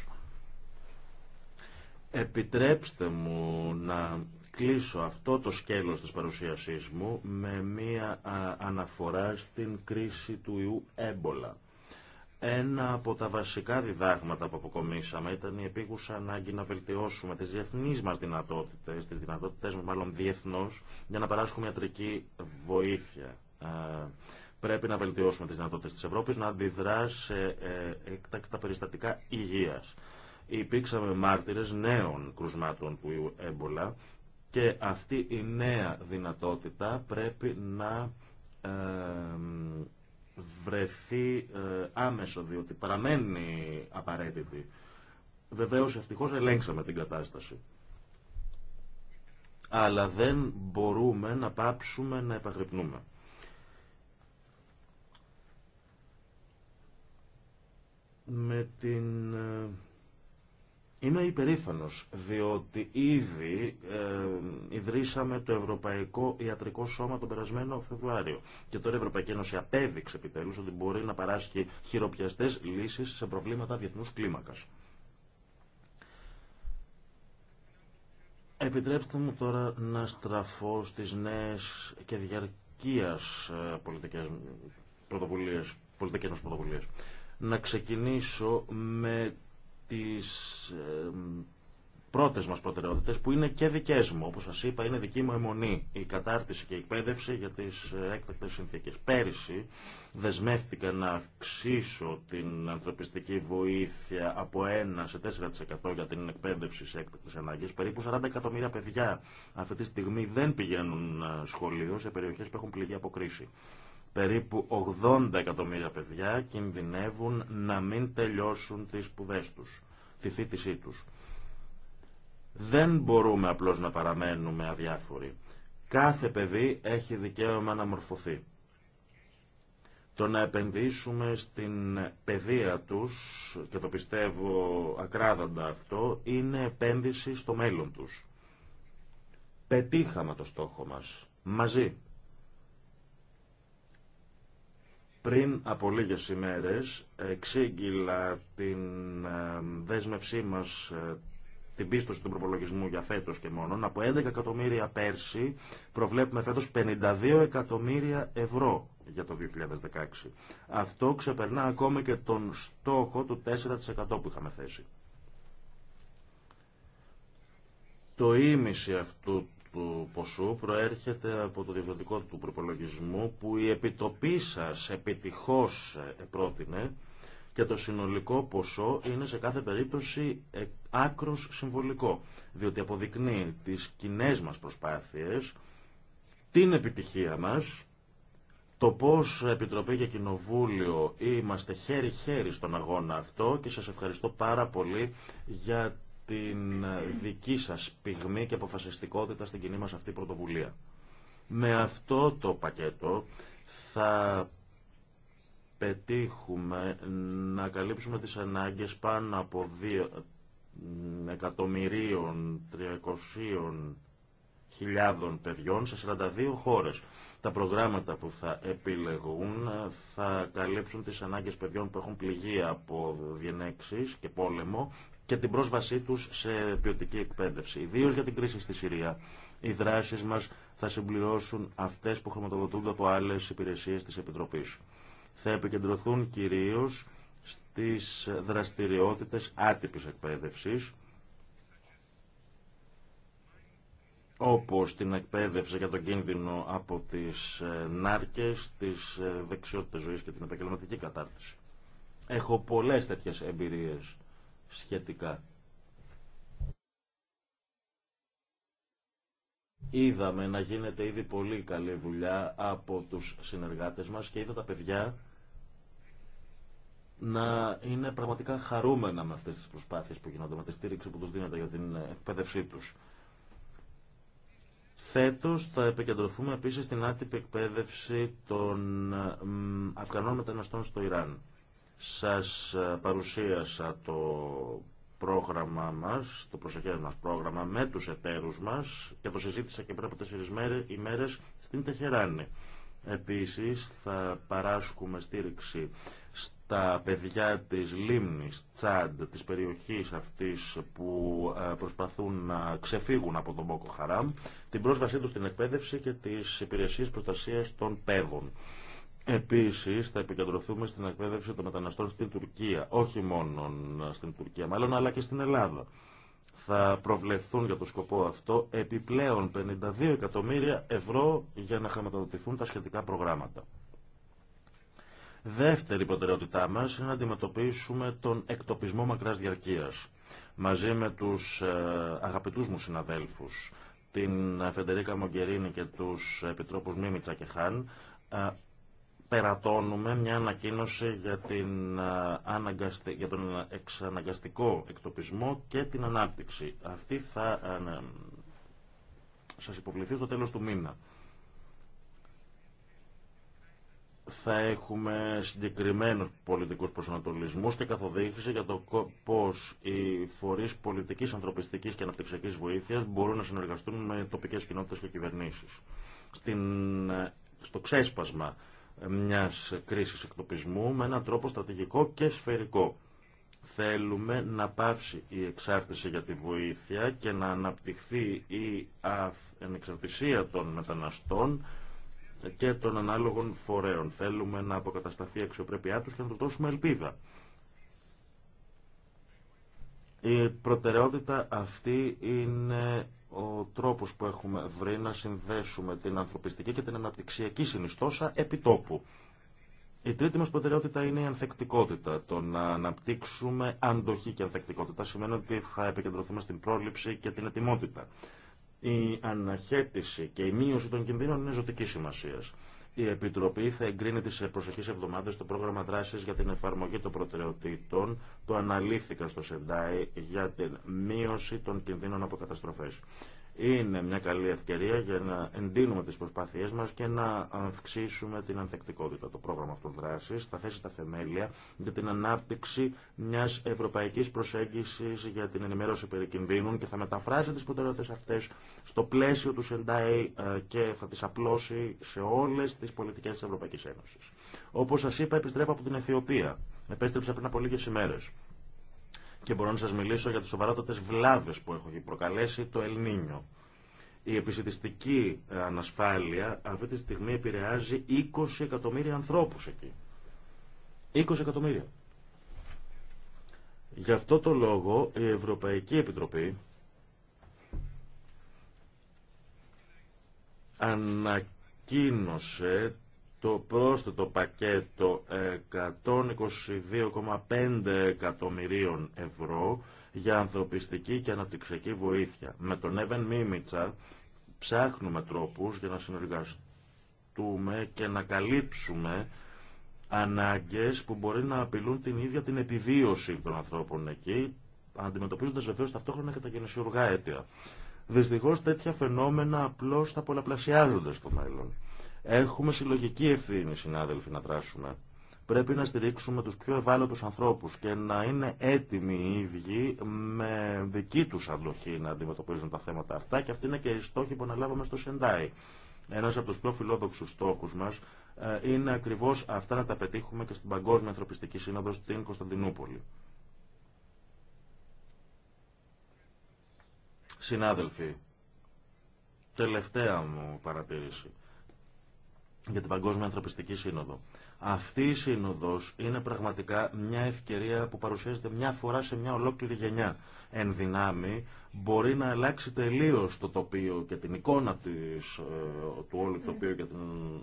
Επιτρέψτε μου να κλείσω αυτό το σκέλος της παρουσίασής μου με μία αναφορά στην κρίση του ιού έμπολα. Ένα από τα βασικά διδάγματα που αποκομίσαμε ήταν η επίγουσα ανάγκη να βελτιώσουμε τις διεθνείς μας δυνατότητες, τις δυνατότητες μας μάλλον διεθνώς, για να παράσχουμε ιατρική βοήθεια. Ε, πρέπει να βελτιώσουμε τις δυνατότητες της Ευρώπης να αντιδράσει σε εκτακτά περιστατικά υγείας. Υπήρξαμε μάρτυρες νέων κρουσμάτων του έμπολα και αυτή η νέα δυνατότητα πρέπει να ε, βρεθεί ε, άμεσα διότι παραμένει απαραίτητη. Βεβαίω ευτυχώ ελέγξαμε την κατάσταση. Αλλά δεν μπορούμε να πάψουμε να επαγρυπνούμε. Με την ε, Είμαι υπερήφανος διότι ήδη ε, ιδρύσαμε το Ευρωπαϊκό Ιατρικό Σώμα τον περασμένο Φεβρουάριο και τώρα η Ευρωπαϊκή Ένωση απέδειξε επιτέλους ότι μπορεί να παράσχει χειροπιαστές λύσεις σε προβλήματα διεθνούς κλίμακας. Επιτρέψτε μου τώρα να στραφώ στις νέες και διαρκείας ε, πολιτικές πρωτοβουλίες, πολιτικές Να ξεκινήσω με τις πρώτες μας προτεραιότητες που είναι και δικές μου. Όπως σας είπα είναι δική μου αιμονή η κατάρτιση και η εκπαίδευση για τις ε, έκτακτες συνθήκες. Πέρυσι δεσμεύτηκα να αυξήσω την ανθρωπιστική βοήθεια από 1 σε 4% για την εκπαίδευση σε έκτακτες ανάγκες. Περίπου 40 εκατομμύρια παιδιά αυτή τη στιγμή δεν πηγαίνουν ε, σχολείο σε περιοχές που έχουν πληγεί από κρίση περίπου 80 εκατομμύρια παιδιά κινδυνεύουν να μην τελειώσουν τις σπουδές τους, τη θήτησή τους. Δεν μπορούμε απλώς να παραμένουμε αδιάφοροι. Κάθε παιδί έχει δικαίωμα να μορφωθεί. Το να επενδύσουμε στην παιδεία τους, και το πιστεύω ακράδαντα αυτό, είναι επένδυση στο μέλλον τους. Πετύχαμε το στόχο μας, μαζί Πριν από λίγες ημέρες εξήγηλα την ε, δέσμευσή μας ε, την πίστοση του προπολογισμού για φέτος και μόνον. Από 11 εκατομμύρια πέρσι προβλέπουμε φέτος 52 εκατομμύρια ευρώ για το 2016. Αυτό ξεπερνά ακόμη και τον στόχο του 4% που είχαμε θέσει. Το ίμιση αυτού του ποσού προέρχεται από το διευθυντικό του προπολογισμού που η επιτοπή σα επιτυχώς πρότεινε και το συνολικό ποσό είναι σε κάθε περίπτωση ε, άκρος συμβολικό, διότι αποδεικνύει τις κοινέ μας προσπάθειες, την επιτυχία μας, το πώς Επιτροπή και Κοινοβούλιο είμαστε χέρι-χέρι στον αγώνα αυτό και σας ευχαριστώ πάρα πολύ για την δική σας πυγμή και αποφασιστικότητα στην κοινή μας αυτή πρωτοβουλία. Με αυτό το πακέτο θα πετύχουμε να καλύψουμε τις ανάγκες πάνω από 2 εκατομμυρίων 300 χιλιάδων παιδιών σε 42 χώρες. Τα προγράμματα που θα επιλεγούν θα καλύψουν τις ανάγκες παιδιών που έχουν πληγεί από διενέξεις και πόλεμο και την πρόσβασή τους σε ποιοτική εκπαίδευση. Ιδίω για την κρίση στη Συρία. Οι δράσεις μας θα συμπληρώσουν αυτές που χρηματοδοτούνται από άλλες υπηρεσίες τη επιτροπή. Θα επικεντρωθούν κυρίως στις δραστηριότητες άτυπη εκπαίδευση. όπως την εκπαίδευση για τον κίνδυνο από τις ε, νάρκες, τις ε, δεξιότητες ζωής και την επαγγελματική κατάρτιση. Έχω πολλές τέτοιες εμπειρίες σχετικά. Είδαμε να γίνεται ήδη πολύ καλή δουλειά από τους συνεργάτες μας και είδα τα παιδιά να είναι πραγματικά χαρούμενα με αυτές τις προσπάθειες που γίνονται, με τη στήριξη που τους δίνεται για την εκπαίδευσή τους. Φέτος θα επικεντρωθούμε επίσης στην άτυπη εκπαίδευση των ε, Αφγανών μεταναστών στο Ιράν. Σας ε, παρουσίασα το πρόγραμμά μας, το προσεχές μας πρόγραμμα με τους εταίρους μας και το συζήτησα και πριν από τέσσερις ημέρες στην Τεχεράνη. Επίσης θα παράσχουμε στήριξη στα παιδιά της λίμνης Τσάντ, της περιοχής αυτής που ε, προσπαθούν να ξεφύγουν από τον Μπόκο Χαράμ, την πρόσβασή τους στην εκπαίδευση και τις υπηρεσίες προστασίας των παιδών. Επίση, θα επικεντρωθούμε στην εκπαίδευση των μεταναστών στην Τουρκία. Όχι μόνο στην Τουρκία, μάλλον, αλλά και στην Ελλάδα. Θα προβλεφθούν για το σκοπό αυτό επιπλέον 52 εκατομμύρια ευρώ για να χρηματοδοτηθούν τα σχετικά προγράμματα. Δεύτερη προτεραιότητά μα είναι να αντιμετωπίσουμε τον εκτοπισμό μακρά διαρκεία. Μαζί με του ε, αγαπητού μου συναδέλφου, την Φεντερίκα Μογκερίνη και του επιτρόπου Μίμητσα και Χάν, ε, περατώνουμε μια ανακοίνωση για, την, ε, για τον εξαναγκαστικό εκτοπισμό και την ανάπτυξη. Αυτή θα ε, ε, σας υποβληθεί στο τέλος του μήνα. θα έχουμε συγκεκριμένους πολιτικούς προσανατολισμούς και καθοδήγηση για το πώς οι φορείς πολιτικής, ανθρωπιστικής και αναπτυξιακής βοήθειας μπορούν να συνεργαστούν με τοπικές κοινότητες και κυβερνήσεις. στο ξέσπασμα μιας κρίσης εκτοπισμού με έναν τρόπο στρατηγικό και σφαιρικό. Θέλουμε να πάψει η εξάρτηση για τη βοήθεια και να αναπτυχθεί η ανεξαρτησία των μεταναστών και των ανάλογων φορέων. Θέλουμε να αποκατασταθεί η αξιοπρέπειά τους και να τους δώσουμε ελπίδα. Η προτεραιότητα αυτή είναι ο τρόπος που έχουμε βρει να συνδέσουμε την ανθρωπιστική και την αναπτυξιακή συνιστόσα επιτόπου. Η τρίτη μας προτεραιότητα είναι η ανθεκτικότητα. Το να αναπτύξουμε αντοχή και ανθεκτικότητα σημαίνει ότι θα επικεντρωθούμε στην πρόληψη και την ετοιμότητα. Η αναχέτηση και η μείωση των κινδύνων είναι ζωτική σημασίας. Η Επιτροπή θα εγκρίνει τι προσεχεί εβδομάδε το πρόγραμμα δράση για την εφαρμογή των προτεραιοτήτων που αναλήφθηκαν στο ΣΕΝΤΑΙ για την μείωση των κινδύνων από καταστροφέ είναι μια καλή ευκαιρία για να εντείνουμε τις προσπάθειές μας και να αυξήσουμε την ανθεκτικότητα. Το πρόγραμμα αυτών δράσης θα θέσει τα θεμέλια για την ανάπτυξη μιας ευρωπαϊκής προσέγγισης για την ενημέρωση περί κινδύνων και θα μεταφράσει τις προτεραιότητες αυτές στο πλαίσιο του ΣΕΝΤΑΕ και θα τις απλώσει σε όλες τις πολιτικές της Ευρωπαϊκής Ένωσης. Όπως σας είπα, επιστρέφω από την Αιθιοπία. Επέστρεψα πριν από λίγες ημέρες και μπορώ να σας μιλήσω για τι σοβαρότατε βλάβες που έχω προκαλέσει το Ελνίνιο. Η επισητιστική ε, ανασφάλεια αυτή τη στιγμή επηρεάζει 20 εκατομμύρια ανθρώπους εκεί. 20 εκατομμύρια. Γι' αυτό το λόγο η Ευρωπαϊκή Επιτροπή ανακοίνωσε το πρόσθετο πακέτο 122,5 ε, εκατομμυρίων ευρώ για ανθρωπιστική και αναπτυξιακή βοήθεια. Με τον Εύεν Μίμητσα ψάχνουμε τρόπους για να συνεργαστούμε και να καλύψουμε ανάγκες που μπορεί να απειλούν την ίδια την επιβίωση των ανθρώπων εκεί, αντιμετωπίζοντας βεβαίως ταυτόχρονα και τα γενεσιουργά αίτια. Δυστυχώς τέτοια φαινόμενα απλώς θα πολλαπλασιάζονται στο μέλλον. Έχουμε συλλογική ευθύνη, συνάδελφοι, να δράσουμε. Πρέπει να στηρίξουμε τους πιο ευάλωτους ανθρώπους και να είναι έτοιμοι οι ίδιοι με δική τους αντοχή να αντιμετωπίζουν τα θέματα αυτά και αυτή είναι και η στόχη που αναλάβαμε στο Σεντάι. Ένας από τους πιο φιλόδοξους στόχους μας ε, είναι ακριβώς αυτά να τα πετύχουμε και στην Παγκόσμια Ανθρωπιστική Σύνοδο στην Κωνσταντινούπολη. Συνάδελφοι, τελευταία μου παρατήρηση για την Παγκόσμια Ανθρωπιστική Σύνοδο. Αυτή η σύνοδος είναι πραγματικά μια ευκαιρία που παρουσιάζεται μια φορά σε μια ολόκληρη γενιά. Εν δυνάμει μπορεί να αλλάξει τελείως το τοπίο και την εικόνα της, ε, του όλου τοπίου για, την,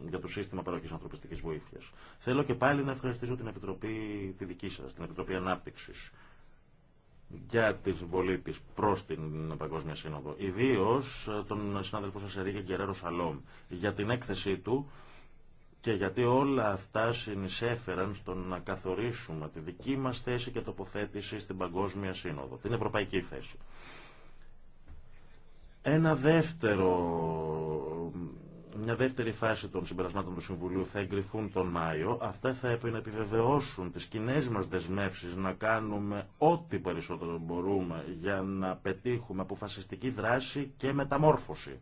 για το σύστημα παροχής ανθρωπιστικής βοήθειας. Θέλω και πάλι να ευχαριστήσω την Επιτροπή τη δική σας, την Επιτροπή Ανάπτυξης για τη βολή τη προ την Παγκόσμια Σύνοδο. Ιδίω ε, τον συνάδελφο σα Ερήγε Γκερέρο Σαλόμ για την έκθεσή του και γιατί όλα αυτά συνεισέφεραν στο να καθορίσουμε τη δική μας θέση και τοποθέτηση στην Παγκόσμια Σύνοδο, την Ευρωπαϊκή θέση. Ένα δεύτερο, μια δεύτερη φάση των συμπερασμάτων του Συμβουλίου θα εγκριθούν τον Μάιο. Αυτά θα επιβεβαιώσουν τις κοινέ μας δεσμεύσεις να κάνουμε ό,τι περισσότερο μπορούμε για να πετύχουμε αποφασιστική δράση και μεταμόρφωση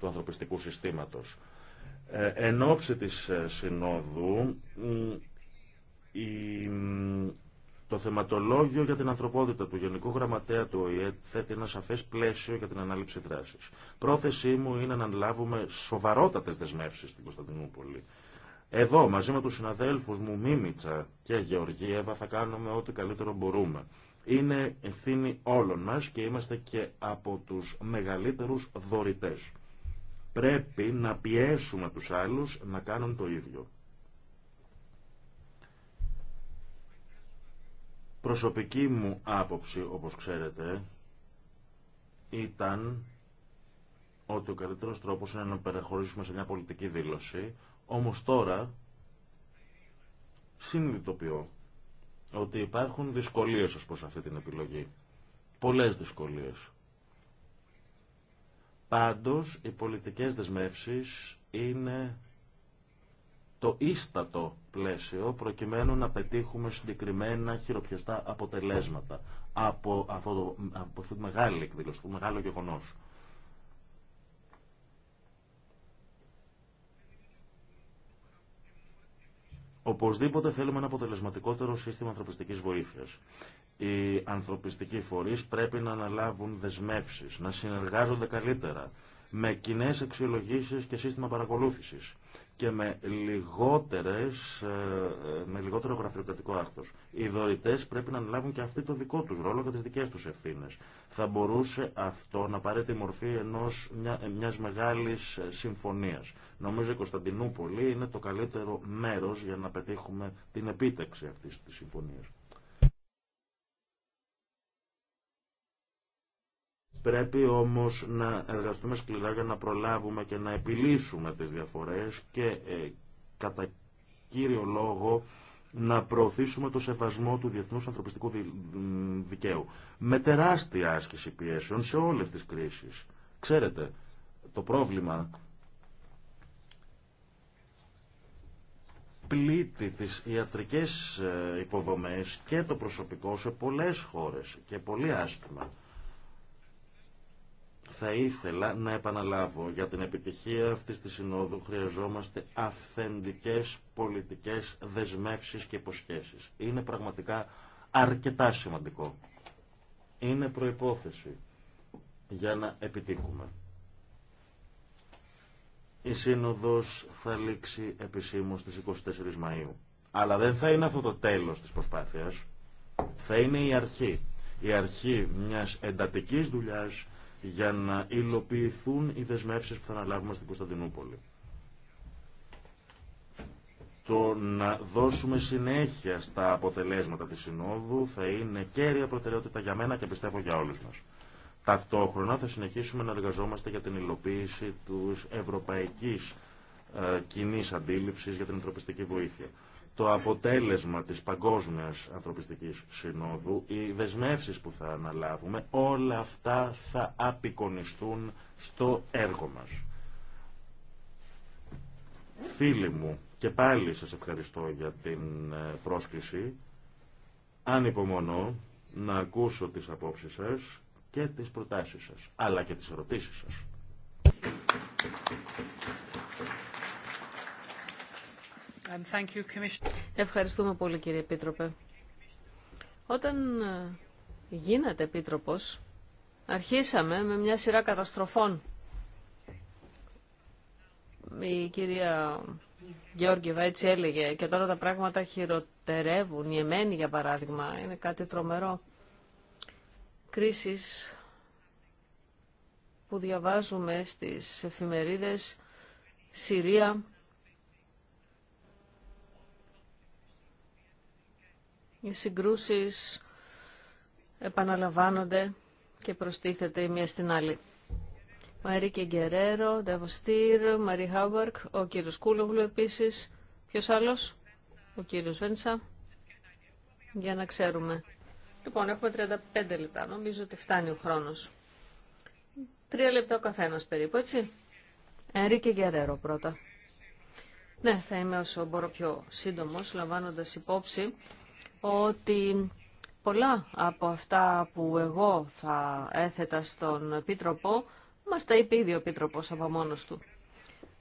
του ανθρωπιστικού συστήματος. Ε, εν ώψη της ε, Συνόδου το θεματολόγιο για την ανθρωπότητα του Γενικού Γραμματέα του ΟΗΕ θέτει ένα σαφές πλαίσιο για την ανάληψη δράσης. Πρόθεσή μου είναι να λάβουμε σοβαρότατες δεσμεύσεις στην Κωνσταντινούπολη. Εδώ μαζί με τους συναδέλφους μου Μίμητσα και Γεωργίευα θα κάνουμε ό,τι καλύτερο μπορούμε. Είναι ευθύνη όλων μας και είμαστε και από τους μεγαλύτερους δωρητές. Πρέπει να πιέσουμε τους άλλους να κάνουν το ίδιο. Προσωπική μου άποψη, όπως ξέρετε, ήταν ότι ο καλύτερος τρόπος είναι να περιχωρήσουμε σε μια πολιτική δήλωση, όμως τώρα συνειδητοποιώ ότι υπάρχουν δυσκολίες ως προς αυτή την επιλογή. Πολλές δυσκολίες. Πάντως, οι πολιτικές δεσμεύσεις είναι το ίστατο πλαίσιο προκειμένου να πετύχουμε συγκεκριμένα χειροπιαστά αποτελέσματα από, αυτό αυτή τη μεγάλη εκδήλωση, το μεγάλο γεγονός. Οπωσδήποτε θέλουμε ένα αποτελεσματικότερο σύστημα ανθρωπιστική βοήθεια. Οι ανθρωπιστικοί φορεί πρέπει να αναλάβουν δεσμεύσει, να συνεργάζονται καλύτερα, με κοινέ αξιολογήσει και σύστημα παρακολούθησης και με, λιγότερες, ε, με λιγότερο γραφειοκρατικό άκτο. Οι δωρητέ πρέπει να αναλάβουν και αυτοί το δικό του ρόλο και τι δικέ του ευθύνε. Θα μπορούσε αυτό να πάρει τη μορφή ενός, μια μιας μεγάλης ε, συμφωνίας. Νομίζω η Κωνσταντινούπολη είναι το καλύτερο μέρο για να πετύχουμε την επίτευξη αυτή τη συμφωνία. Πρέπει όμως να εργαστούμε σκληρά για να προλάβουμε και να επιλύσουμε τις διαφορές και ε, κατά κύριο λόγο να προωθήσουμε το σεβασμό του διεθνούς ανθρωπιστικού δικαίου. Με τεράστια άσκηση πιέσεων σε όλες τις κρίσεις. Ξέρετε, το πρόβλημα πλήττει τις ιατρικές ε, υποδομές και το προσωπικό σε πολλές χώρες και πολύ άσχημα. Θα ήθελα να επαναλάβω για την επιτυχία αυτής της Συνόδου χρειαζόμαστε αυθεντικές πολιτικές δεσμεύσεις και υποσχέσεις. Είναι πραγματικά αρκετά σημαντικό. Είναι προϋπόθεση για να επιτύχουμε. Η Σύνοδος θα λήξει επισήμως στις 24 Μαΐου. Αλλά δεν θα είναι αυτό το τέλος της προσπάθειας. Θα είναι η αρχή. Η αρχή μιας εντατικής δουλειάς για να υλοποιηθούν οι δεσμεύσεις που θα αναλάβουμε στην Κωνσταντινούπολη. Το να δώσουμε συνέχεια στα αποτελέσματα της Συνόδου θα είναι κέρια προτεραιότητα για μένα και πιστεύω για όλους μας. Ταυτόχρονα θα συνεχίσουμε να εργαζόμαστε για την υλοποίηση της ευρωπαϊκής ε, κοινή αντίληψη για την ανθρωπιστική βοήθεια το αποτέλεσμα της παγκόσμιας ανθρωπιστικής συνόδου, οι δεσμεύσεις που θα αναλάβουμε, όλα αυτά θα απεικονιστούν στο έργο μας. Φίλοι μου, και πάλι σας ευχαριστώ για την ε, πρόσκληση. Αν υπομονώ να ακούσω τις απόψεις σας και τις προτάσεις σας, αλλά και τις ερωτήσεις σας. Ευχαριστούμε πολύ κύριε Επίτροπε. Όταν ε, γίνατε Επίτροπος, αρχίσαμε με μια σειρά καταστροφών. Η κυρία Γιώργη έτσι έλεγε και τώρα τα πράγματα χειροτερεύουν. Η Εμένη για παράδειγμα είναι κάτι τρομερό. Κρίσεις που διαβάζουμε στις εφημερίδες Συρία, οι συγκρούσεις επαναλαμβάνονται και προστίθεται η μία στην άλλη. Μαρίκε Γκερέρο, Νταβοστήρ, Μαρί Χάουαρκ, ο κύριος Κούλογλου επίσης. Ποιος άλλος? Ο κύριος Βένσα. Για να ξέρουμε. Λοιπόν, έχουμε 35 λεπτά. Νομίζω ότι φτάνει ο χρόνος. Τρία λεπτά ο καθένας περίπου, έτσι. Ερίκη Γκερέρο πρώτα. Ναι, θα είμαι όσο μπορώ πιο σύντομος, λαμβάνοντας υπόψη ότι πολλά από αυτά που εγώ θα έθετα στον Επίτροπο, μας τα είπε ήδη ο από μόνος του.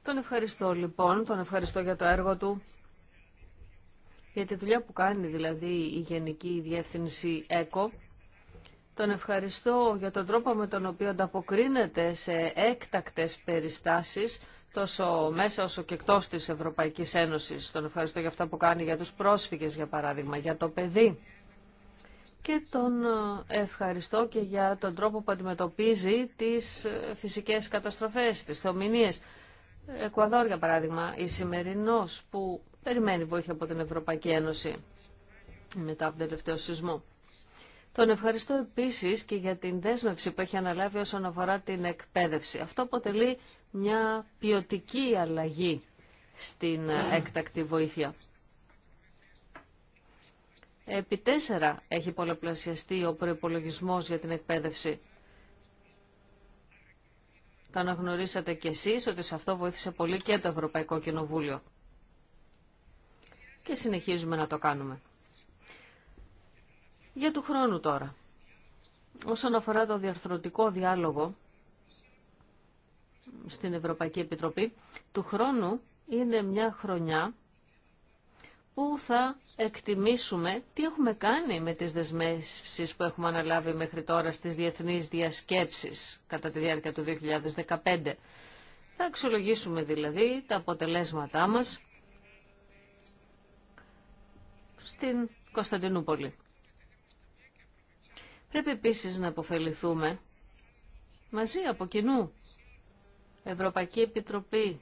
Τον ευχαριστώ λοιπόν, τον ευχαριστώ για το έργο του, για τη δουλειά που κάνει δηλαδή η Γενική Διεύθυνση ΕΚΟ. Τον ευχαριστώ για τον τρόπο με τον οποίο ανταποκρίνεται σε έκτακτες περιστάσεις, τόσο μέσα όσο και εκτός της Ευρωπαϊκής Ένωσης. Τον ευχαριστώ για αυτά που κάνει για τους πρόσφυγες, για παράδειγμα, για το παιδί. Και τον ε, ευχαριστώ και για τον τρόπο που αντιμετωπίζει τις ε, φυσικές καταστροφές, τις θεομηνίες. Εκουαδόρ, για παράδειγμα, η σημερινός που περιμένει βοήθεια από την Ευρωπαϊκή Ένωση μετά από τον τελευταίο σεισμό. Τον ευχαριστώ επίσης και για την δέσμευση που έχει αναλάβει όσον αφορά την εκπαίδευση. Αυτό αποτελεί μια ποιοτική αλλαγή στην έκτακτη βοήθεια. Επί τέσσερα έχει πολλαπλασιαστεί ο προπολογισμό για την εκπαίδευση. Το αναγνωρίσατε κι εσείς ότι σε αυτό βοήθησε πολύ και το Ευρωπαϊκό Κοινοβούλιο. Και συνεχίζουμε να το κάνουμε. Για του χρόνου τώρα. Όσον αφορά το διαρθρωτικό διάλογο στην Ευρωπαϊκή Επιτροπή, του χρόνου είναι μια χρονιά που θα εκτιμήσουμε τι έχουμε κάνει με τις δεσμεύσεις που έχουμε αναλάβει μέχρι τώρα στις διεθνείς διασκέψεις κατά τη διάρκεια του 2015. Θα αξιολογήσουμε δηλαδή τα αποτελέσματά μας στην Κωνσταντινούπολη. Πρέπει επίσης να αποφεληθούμε μαζί από κοινού. Ευρωπαϊκή Επιτροπή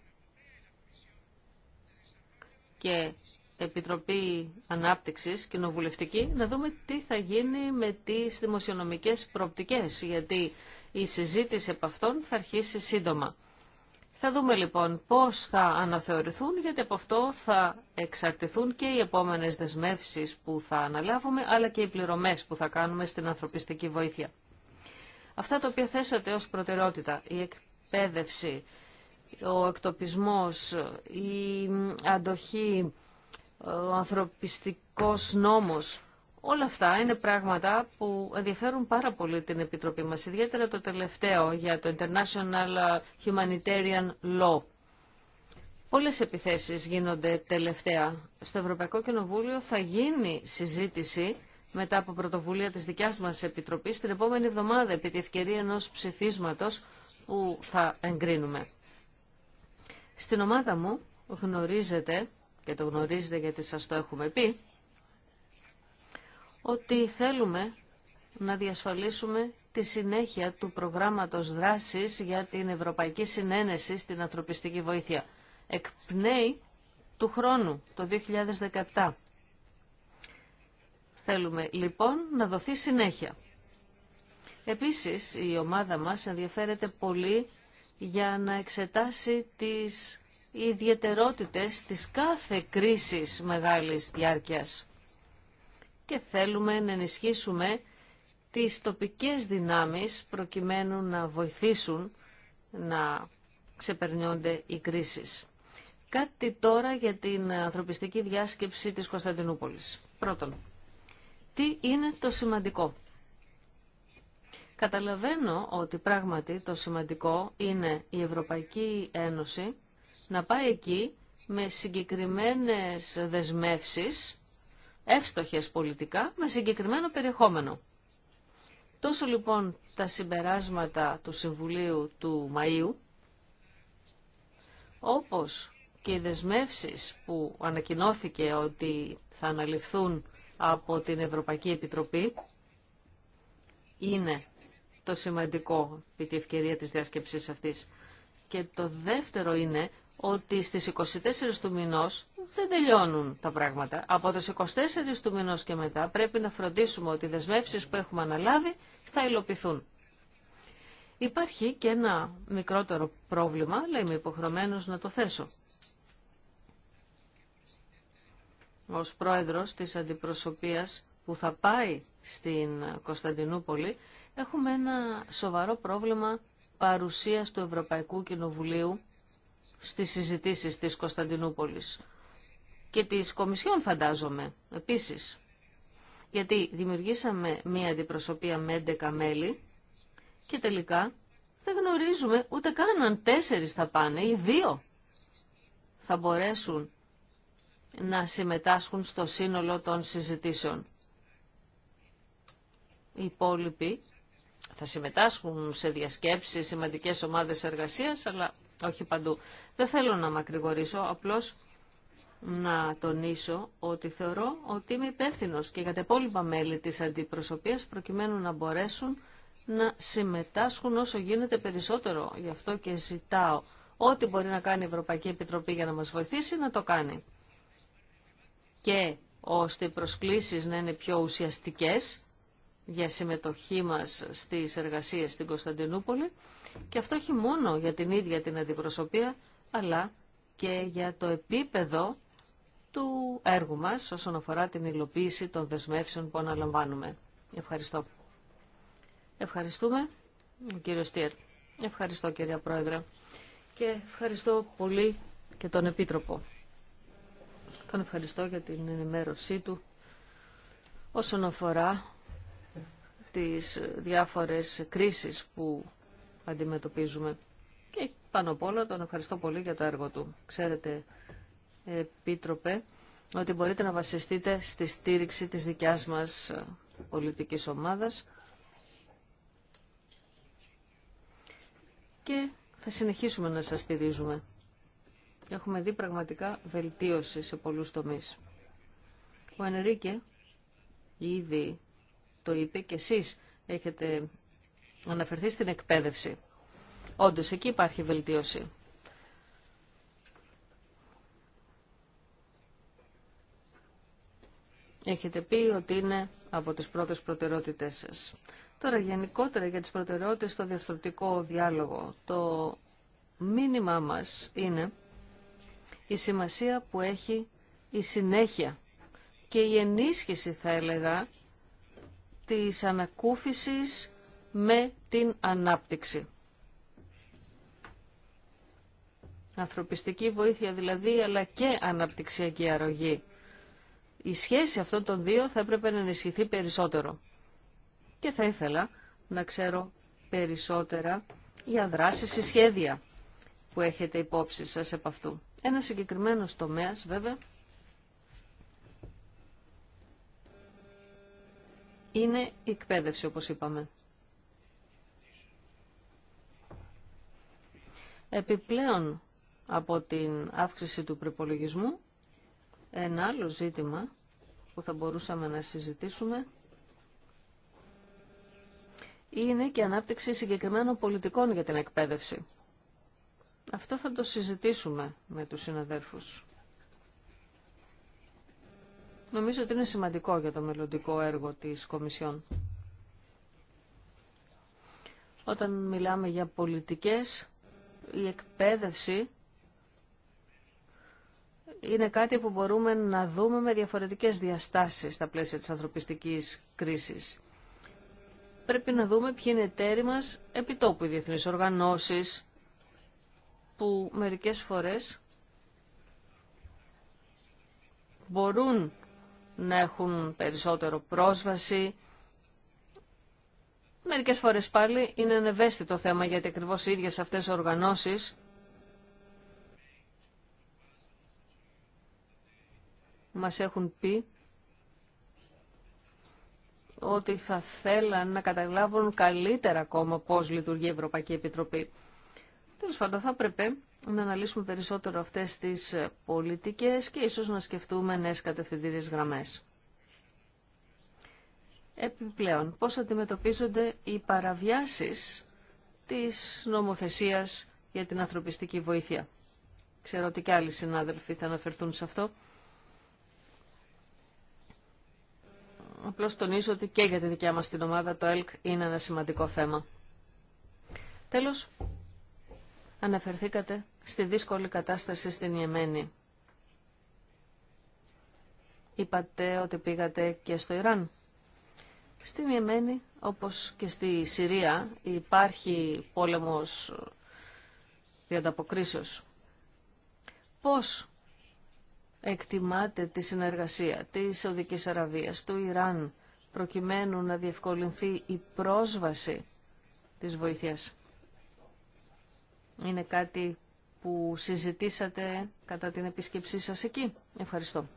και Επιτροπή Ανάπτυξης Κοινοβουλευτική να δούμε τι θα γίνει με τις δημοσιονομικές προοπτικές γιατί η συζήτηση από αυτών θα αρχίσει σύντομα. Θα δούμε λοιπόν πώς θα αναθεωρηθούν, γιατί από αυτό θα εξαρτηθούν και οι επόμενες δεσμεύσεις που θα αναλάβουμε, αλλά και οι πληρωμές που θα κάνουμε στην ανθρωπιστική βοήθεια. Αυτά τα οποία θέσατε ως προτεραιότητα, η εκπαίδευση, ο εκτοπισμός, η αντοχή, ο ανθρωπιστικός νόμος, Όλα αυτά είναι πράγματα που ενδιαφέρουν πάρα πολύ την Επιτροπή μας, ιδιαίτερα το τελευταίο για το International Humanitarian Law. Πολλές επιθέσεις γίνονται τελευταία. Στο Ευρωπαϊκό Κοινοβούλιο θα γίνει συζήτηση μετά από πρωτοβουλία της δικιάς μας Επιτροπής την επόμενη εβδομάδα επί τη ευκαιρία ενός ψηφίσματος που θα εγκρίνουμε. Στην ομάδα μου γνωρίζετε, και το γνωρίζετε γιατί σας το έχουμε πει, ότι θέλουμε να διασφαλίσουμε τη συνέχεια του προγράμματος δράσης για την Ευρωπαϊκή Συνένεση στην ανθρωπιστική βοήθεια. Εκπνέει του χρόνου, το 2017. Θέλουμε λοιπόν να δοθεί συνέχεια. Επίσης, η ομάδα μας ενδιαφέρεται πολύ για να εξετάσει τις ιδιαιτερότητες της κάθε κρίσης μεγάλης διάρκειας και θέλουμε να ενισχύσουμε τις τοπικές δυνάμεις προκειμένου να βοηθήσουν να ξεπερνιόνται οι κρίσεις. Κάτι τώρα για την ανθρωπιστική διάσκεψη της Κωνσταντινούπολης. Πρώτον, τι είναι το σημαντικό. Καταλαβαίνω ότι πράγματι το σημαντικό είναι η Ευρωπαϊκή Ένωση να πάει εκεί με συγκεκριμένες δεσμεύσεις εύστοχες πολιτικά με συγκεκριμένο περιεχόμενο. Τόσο λοιπόν τα συμπεράσματα του Συμβουλίου του Μαΐου, όπως και οι δεσμεύσεις που ανακοινώθηκε ότι θα αναλυφθούν από την Ευρωπαϊκή Επιτροπή, είναι το σημαντικό επί τη ευκαιρία της διάσκεψης αυτής. Και το δεύτερο είναι ότι στις 24 του μηνός δεν τελειώνουν τα πράγματα. Από τους 24 του μηνός και μετά πρέπει να φροντίσουμε ότι οι δεσμεύσεις που έχουμε αναλάβει θα υλοποιηθούν. Υπάρχει και ένα μικρότερο πρόβλημα, αλλά είμαι υποχρεωμένος να το θέσω. Ως πρόεδρος της αντιπροσωπείας που θα πάει στην Κωνσταντινούπολη, έχουμε ένα σοβαρό πρόβλημα παρουσίας του Ευρωπαϊκού Κοινοβουλίου στις συζητήσεις της Κωνσταντινούπολης και της Κομισιόν φαντάζομαι επίσης. Γιατί δημιουργήσαμε μία αντιπροσωπεία με 11 μέλη και τελικά δεν γνωρίζουμε ούτε καν αν τέσσερις θα πάνε ή δύο θα μπορέσουν να συμμετάσχουν στο σύνολο των συζητήσεων. Οι υπόλοιποι θα συμμετάσχουν σε διασκέψεις, σημαντικές ομάδες εργασίας, αλλά όχι παντού. Δεν θέλω να μακρηγορήσω, απλώς να τονίσω ότι θεωρώ ότι είμαι υπεύθυνο και για τα υπόλοιπα μέλη της αντιπροσωπείας προκειμένου να μπορέσουν να συμμετάσχουν όσο γίνεται περισσότερο. Γι' αυτό και ζητάω ό,τι μπορεί να κάνει η Ευρωπαϊκή Επιτροπή για να μας βοηθήσει να το κάνει. Και ώστε οι προσκλήσεις να είναι πιο ουσιαστικές για συμμετοχή μας στις εργασίες στην Κωνσταντινούπολη και αυτό όχι μόνο για την ίδια την αντιπροσωπεία αλλά και για το επίπεδο του έργου μας όσον αφορά την υλοποίηση των δεσμεύσεων που αναλαμβάνουμε. Ευχαριστώ. Ευχαριστούμε, κύριο Στίερ. Ευχαριστώ, κυρία Πρόεδρε. Και ευχαριστώ πολύ και τον Επίτροπο. Τον ευχαριστώ για την ενημέρωσή του όσον αφορά τις διάφορες κρίσεις που αντιμετωπίζουμε. Και πάνω απ' όλα τον ευχαριστώ πολύ για το έργο του. Ξέρετε Επίτροπε, ότι μπορείτε να βασιστείτε στη στήριξη της δικιάς μας ε, πολιτικής ομάδας και θα συνεχίσουμε να σας στηρίζουμε. Έχουμε δει πραγματικά βελτίωση σε πολλούς τομείς. Ο Ενρίκε ήδη το είπε και εσείς έχετε αναφερθεί στην εκπαίδευση. Όντως, εκεί υπάρχει βελτίωση. έχετε πει ότι είναι από τις πρώτες προτεραιότητές σας. Τώρα γενικότερα για τις προτεραιότητες στο διευθυντικό διάλογο, το μήνυμά μας είναι η σημασία που έχει η συνέχεια και η ενίσχυση θα έλεγα της ανακούφισης με την ανάπτυξη. Ανθρωπιστική βοήθεια δηλαδή, αλλά και αναπτυξιακή αρρωγή η σχέση αυτών των δύο θα έπρεπε να ενισχυθεί περισσότερο. Και θα ήθελα να ξέρω περισσότερα για δράσεις ή σχέδια που έχετε υπόψη σας επ' αυτού. Ένα συγκεκριμένο τομέα, βέβαια, είναι η εκπαίδευση, όπως είπαμε. Επιπλέον από την αύξηση του προπολογισμού, ένα άλλο ζήτημα που θα μπορούσαμε να συζητήσουμε είναι και ανάπτυξη συγκεκριμένων πολιτικών για την εκπαίδευση. Αυτό θα το συζητήσουμε με τους συναδέρφους. Νομίζω ότι είναι σημαντικό για το μελλοντικό έργο της Κομισιόν. Όταν μιλάμε για πολιτικές, η εκπαίδευση είναι κάτι που μπορούμε να δούμε με διαφορετικές διαστάσεις στα πλαίσια της ανθρωπιστικής κρίσης. Πρέπει να δούμε ποιοι είναι εταίροι μας επιτόπου οι διεθνείς οργανώσεις που μερικές φορές μπορούν να έχουν περισσότερο πρόσβαση. Μερικές φορές πάλι είναι ένα ευαίσθητο θέμα γιατί ακριβώς οι ίδιες αυτές οι οργανώσεις μας έχουν πει ότι θα θέλαν να καταλάβουν καλύτερα ακόμα πώς λειτουργεί η Ευρωπαϊκή Επιτροπή. Τέλο πάντων, θα πρέπει να αναλύσουμε περισσότερο αυτές τις πολιτικές και ίσως να σκεφτούμε νέες κατευθυντήριες γραμμές. Επιπλέον, πώς αντιμετωπίζονται οι παραβιάσεις της νομοθεσίας για την ανθρωπιστική βοήθεια. Ξέρω ότι και άλλοι συνάδελφοι θα αναφερθούν σε αυτό. Απλώς τονίζω ότι και για τη δικιά μας την ομάδα το ΕΛΚ είναι ένα σημαντικό θέμα. Τέλος, αναφερθήκατε στη δύσκολη κατάσταση στην Ιεμένη. Είπατε ότι πήγατε και στο Ιράν. Στην Ιεμένη, όπως και στη Συρία, υπάρχει πόλεμος διανταποκρίσεως. Πώς εκτιμάτε τη συνεργασία της Σαουδικής Αραβίας, του Ιράν, προκειμένου να διευκολυνθεί η πρόσβαση της βοήθειας. Είναι κάτι που συζητήσατε κατά την επίσκεψή σας εκεί. Ευχαριστώ.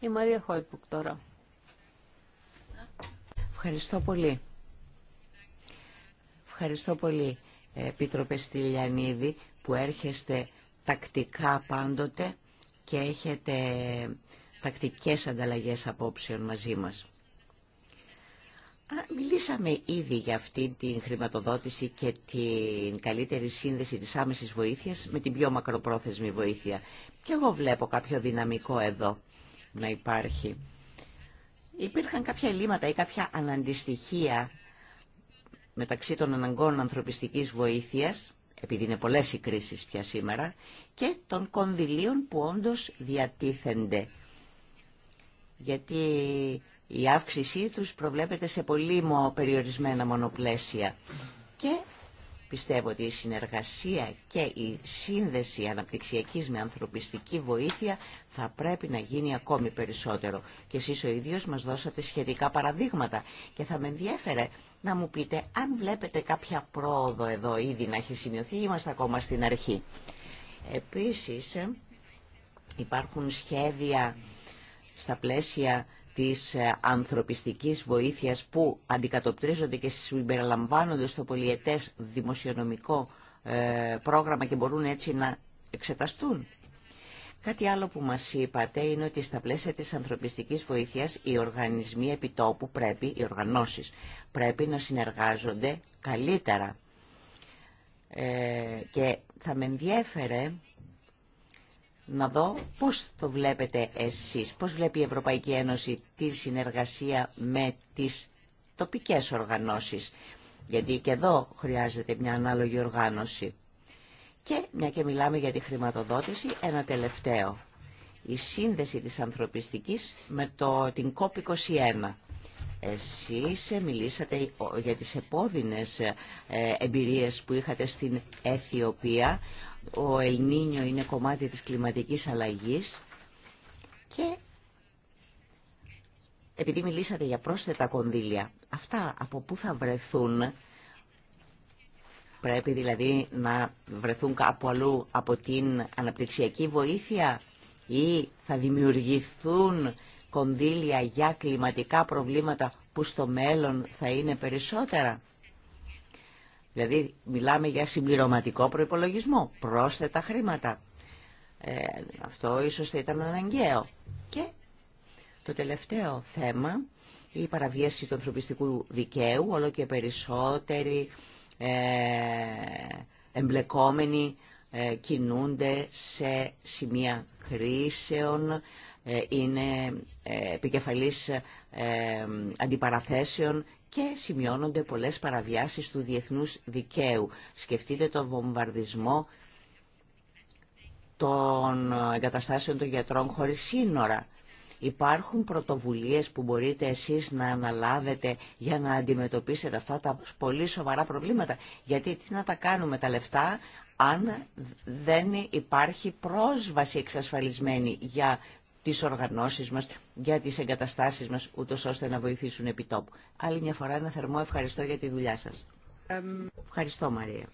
Η Μαρία Χόιπουκ τώρα. Ευχαριστώ πολύ. Ευχαριστώ πολύ, ε, Επίτροπε που έρχεστε τακτικά πάντοτε και έχετε τακτικές ανταλλαγές απόψεων μαζί μας. Μιλήσαμε ήδη για αυτή την χρηματοδότηση και την καλύτερη σύνδεση της άμεσης βοήθειας με την πιο μακροπρόθεσμη βοήθεια. Και εγώ βλέπω κάποιο δυναμικό εδώ να υπάρχει. Υπήρχαν κάποια ελλείμματα ή κάποια αναντιστοιχεία μεταξύ των αναγκών ανθρωπιστικής βοήθειας επειδή είναι πολλές οι κρίσεις πια σήμερα, και των κονδυλίων που όντως διατίθενται. Γιατί η αύξησή τους προβλέπεται σε πολύ περιορισμένα μονοπλαίσια. Και Πιστεύω ότι η συνεργασία και η σύνδεση αναπτυξιακής με ανθρωπιστική βοήθεια θα πρέπει να γίνει ακόμη περισσότερο. Και εσείς ο ίδιος μας δώσατε σχετικά παραδείγματα και θα με ενδιέφερε να μου πείτε αν βλέπετε κάποια πρόοδο εδώ ήδη να έχει σημειωθεί ή είμαστε ακόμα στην αρχή. Επίσης ε, υπάρχουν σχέδια στα πλαίσια της ε, ανθρωπιστικής βοήθειας που αντικατοπτρίζονται και συμπεριλαμβάνονται στο πολιετές δημοσιονομικό ε, πρόγραμμα και μπορούν έτσι να εξεταστούν. Κάτι άλλο που μας είπατε είναι ότι στα πλαίσια της ανθρωπιστικής βοήθειας οι οργανισμοί επιτόπου πρέπει, οι οργανώσεις, πρέπει να συνεργάζονται καλύτερα. Ε, και θα με ενδιέφερε να δω πώς το βλέπετε εσείς, πώς βλέπει η Ευρωπαϊκή Ένωση τη συνεργασία με τις τοπικές οργανώσεις. Γιατί και εδώ χρειάζεται μια ανάλογη οργάνωση. Και μια και μιλάμε για τη χρηματοδότηση, ένα τελευταίο. Η σύνδεση της ανθρωπιστικής με το, την COP21. Εσείς μιλήσατε για τις επώδυνες ε, εμπειρίες που είχατε στην Αιθιοπία ο Ελνίνιο είναι κομμάτι της κλιματικής αλλαγής και επειδή μιλήσατε για πρόσθετα κονδύλια, αυτά από πού θα βρεθούν, πρέπει δηλαδή να βρεθούν κάπου αλλού από την αναπτυξιακή βοήθεια ή θα δημιουργηθούν κονδύλια για κλιματικά προβλήματα που στο μέλλον θα είναι περισσότερα. Δηλαδή μιλάμε για συμπληρωματικό προϋπολογισμό, πρόσθετα χρήματα. Ε, αυτό ίσως θα ήταν αναγκαίο. Και το τελευταίο θέμα, η παραβίαση του ανθρωπιστικού δικαίου, όλο και περισσότεροι ε, εμπλεκόμενοι ε, κινούνται σε σημεία κρίσεων, ε, είναι επικεφαλής αντιπαραθέσεων και σημειώνονται πολλές παραβιάσεις του διεθνούς δικαίου. Σκεφτείτε το βομβαρδισμό των εγκαταστάσεων των γιατρών χωρίς σύνορα. Υπάρχουν πρωτοβουλίες που μπορείτε εσείς να αναλάβετε για να αντιμετωπίσετε αυτά τα πολύ σοβαρά προβλήματα. Γιατί τι να τα κάνουμε τα λεφτά αν δεν υπάρχει πρόσβαση εξασφαλισμένη για τις οργανώσεις μας, για τις εγκαταστάσεις μας, ούτω ώστε να βοηθήσουν επί τόπου. Άλλη μια φορά ένα θερμό ευχαριστώ για τη δουλειά σας. Ευχαριστώ Μαρία.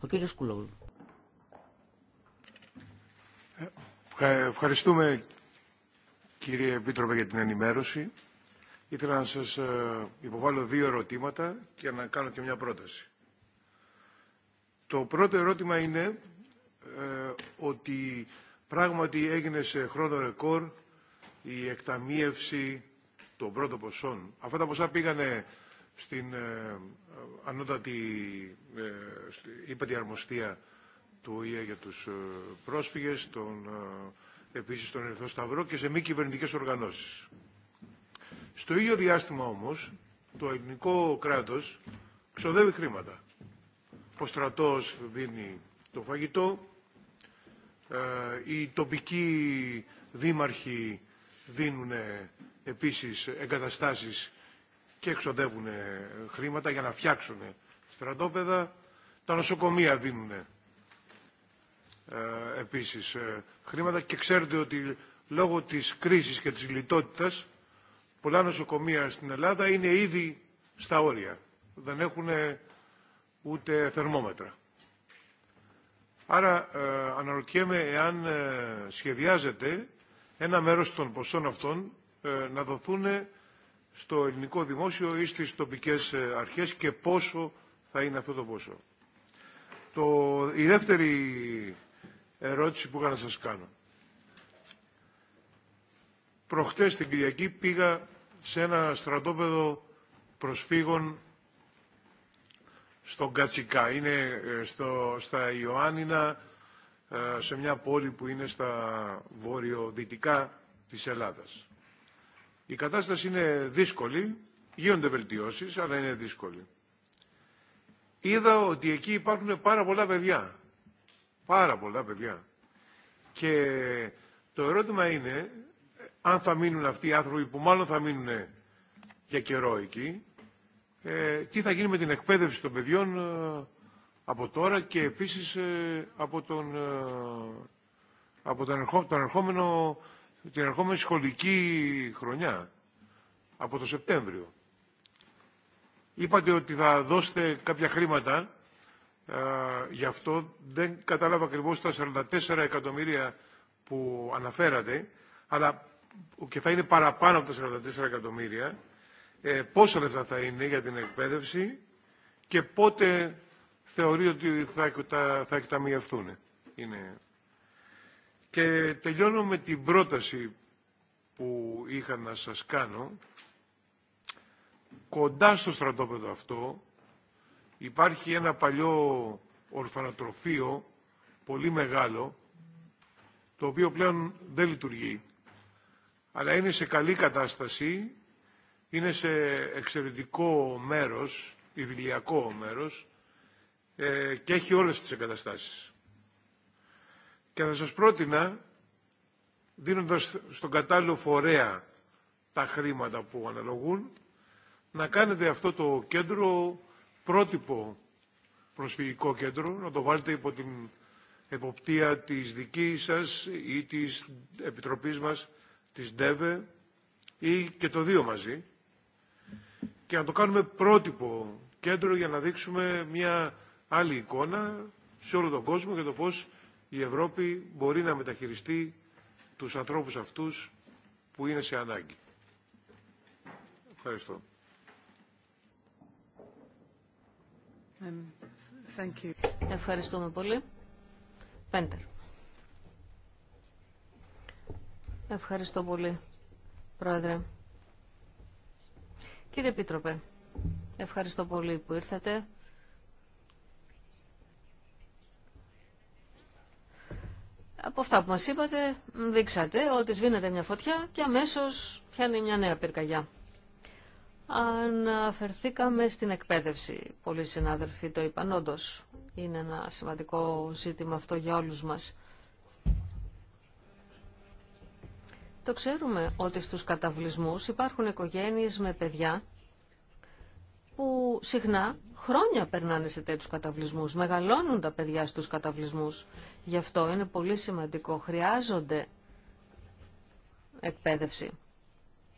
Ο κύριος Κουλόγλου. Ε, ε, ευχαριστούμε κύριε Επίτροπε για την ενημέρωση. Ήθελα να σας ε, υποβάλω δύο ερωτήματα και να κάνω και μια πρόταση. Το πρώτο ερώτημα είναι ε, ότι Πράγματι έγινε σε χρόνο ρεκόρ η εκταμίευση των πρώτων ποσών. Αυτά τα ποσά πήγανε στην ε, ανώτατη ε, αρμοστία του ΟΗΕ για τους ε, πρόσφυγες, τον, ε, επίσης τον Ερυθρό Σταυρό και σε μη κυβερνητικέ οργανώσεις. Στο ίδιο διάστημα όμως, το ελληνικό κράτος ξοδεύει χρήματα. Ο στρατός δίνει το φαγητό, ε, οι τοπικοί δήμαρχοι δίνουν επίσης εγκαταστάσεις και εξοδεύουν χρήματα για να φτιάξουν στρατόπεδα. Τα νοσοκομεία δίνουν ε, επίσης ε, χρήματα και ξέρετε ότι λόγω της κρίσης και της λιτότητας πολλά νοσοκομεία στην Ελλάδα είναι ήδη στα όρια. Δεν έχουν ούτε θερμόμετρα. Άρα ε, αναρωτιέμαι εάν ε, σχεδιάζεται ένα μέρος των ποσών αυτών ε, να δοθούν στο ελληνικό δημόσιο ή στις τοπικές ε, αρχές και πόσο θα είναι αυτό το ποσό. Το, η δεύτερη ερώτηση που είχα να σας κάνω. Προχτές την Κυριακή πήγα σε ένα στρατόπεδο προσφύγων στον Κατσικά, είναι ε, στο, στα Ιωάννινα, ε, σε μια πόλη που είναι στα βορειοδυτικά της Ελλάδας. Η κατάσταση είναι δύσκολη, γίνονται βελτιώσεις, αλλά είναι δύσκολη. Είδα ότι εκεί υπάρχουν πάρα πολλά παιδιά. Πάρα πολλά παιδιά. Και το ερώτημα είναι ε, αν θα μείνουν αυτοί οι άνθρωποι που μάλλον θα μείνουν για καιρό εκεί ε, τι θα γίνει με την εκπαίδευση των παιδιών ε, από τώρα και επίσης ε, από, τον, ε, από τον, τον ερχόμενο, την ερχόμενη σχολική χρονιά, από το Σεπτέμβριο. Είπατε ότι θα δώσετε κάποια χρήματα, γι' αυτό δεν κατάλαβα ακριβώς τα 44 εκατομμύρια που αναφέρατε, αλλά και θα είναι παραπάνω από τα 44 εκατομμύρια, ε, πόσα λεφτά θα είναι για την εκπαίδευση και πότε θεωρεί ότι θα, θα, εκταμιευθούν. Είναι. Και τελειώνω με την πρόταση που είχα να σας κάνω. Κοντά στο στρατόπεδο αυτό υπάρχει ένα παλιό ορφανατροφείο, πολύ μεγάλο, το οποίο πλέον δεν λειτουργεί. Αλλά είναι σε καλή κατάσταση είναι σε εξαιρετικό μέρος, ιδηλιακό μέρος ε, και έχει όλες τις εγκαταστάσεις. Και θα σας πρότεινα, δίνοντας στον κατάλληλο φορέα τα χρήματα που αναλογούν, να κάνετε αυτό το κέντρο πρότυπο προσφυγικό κέντρο, να το βάλετε υπό την εποπτεία της δικής σας ή της Επιτροπής μας, της ΔΕΒΕ ή και το δύο μαζί και να το κάνουμε πρότυπο κέντρο για να δείξουμε μια άλλη εικόνα σε όλο τον κόσμο για το πώς η Ευρώπη μπορεί να μεταχειριστεί τους ανθρώπους αυτούς που είναι σε ανάγκη. Ευχαριστώ. Um, thank you. Ευχαριστούμε πολύ. Πέντερ. Ευχαριστώ πολύ, Πρόεδρε. Κύριε Επίτροπε, ευχαριστώ πολύ που ήρθατε. Από αυτά που μας είπατε, δείξατε ότι σβήνεται μια φωτιά και αμέσως πιάνει μια νέα πυρκαγιά. Αναφερθήκαμε στην εκπαίδευση. Πολλοί συνάδελφοι το είπαν όντως. Είναι ένα σημαντικό ζήτημα αυτό για όλους μας. Το ξέρουμε ότι στους καταβλισμούς υπάρχουν οικογένειες με παιδιά που συχνά χρόνια περνάνε σε τέτοιους καταβλισμούς, μεγαλώνουν τα παιδιά στους καταβλισμούς. Γι' αυτό είναι πολύ σημαντικό, χρειάζονται εκπαίδευση.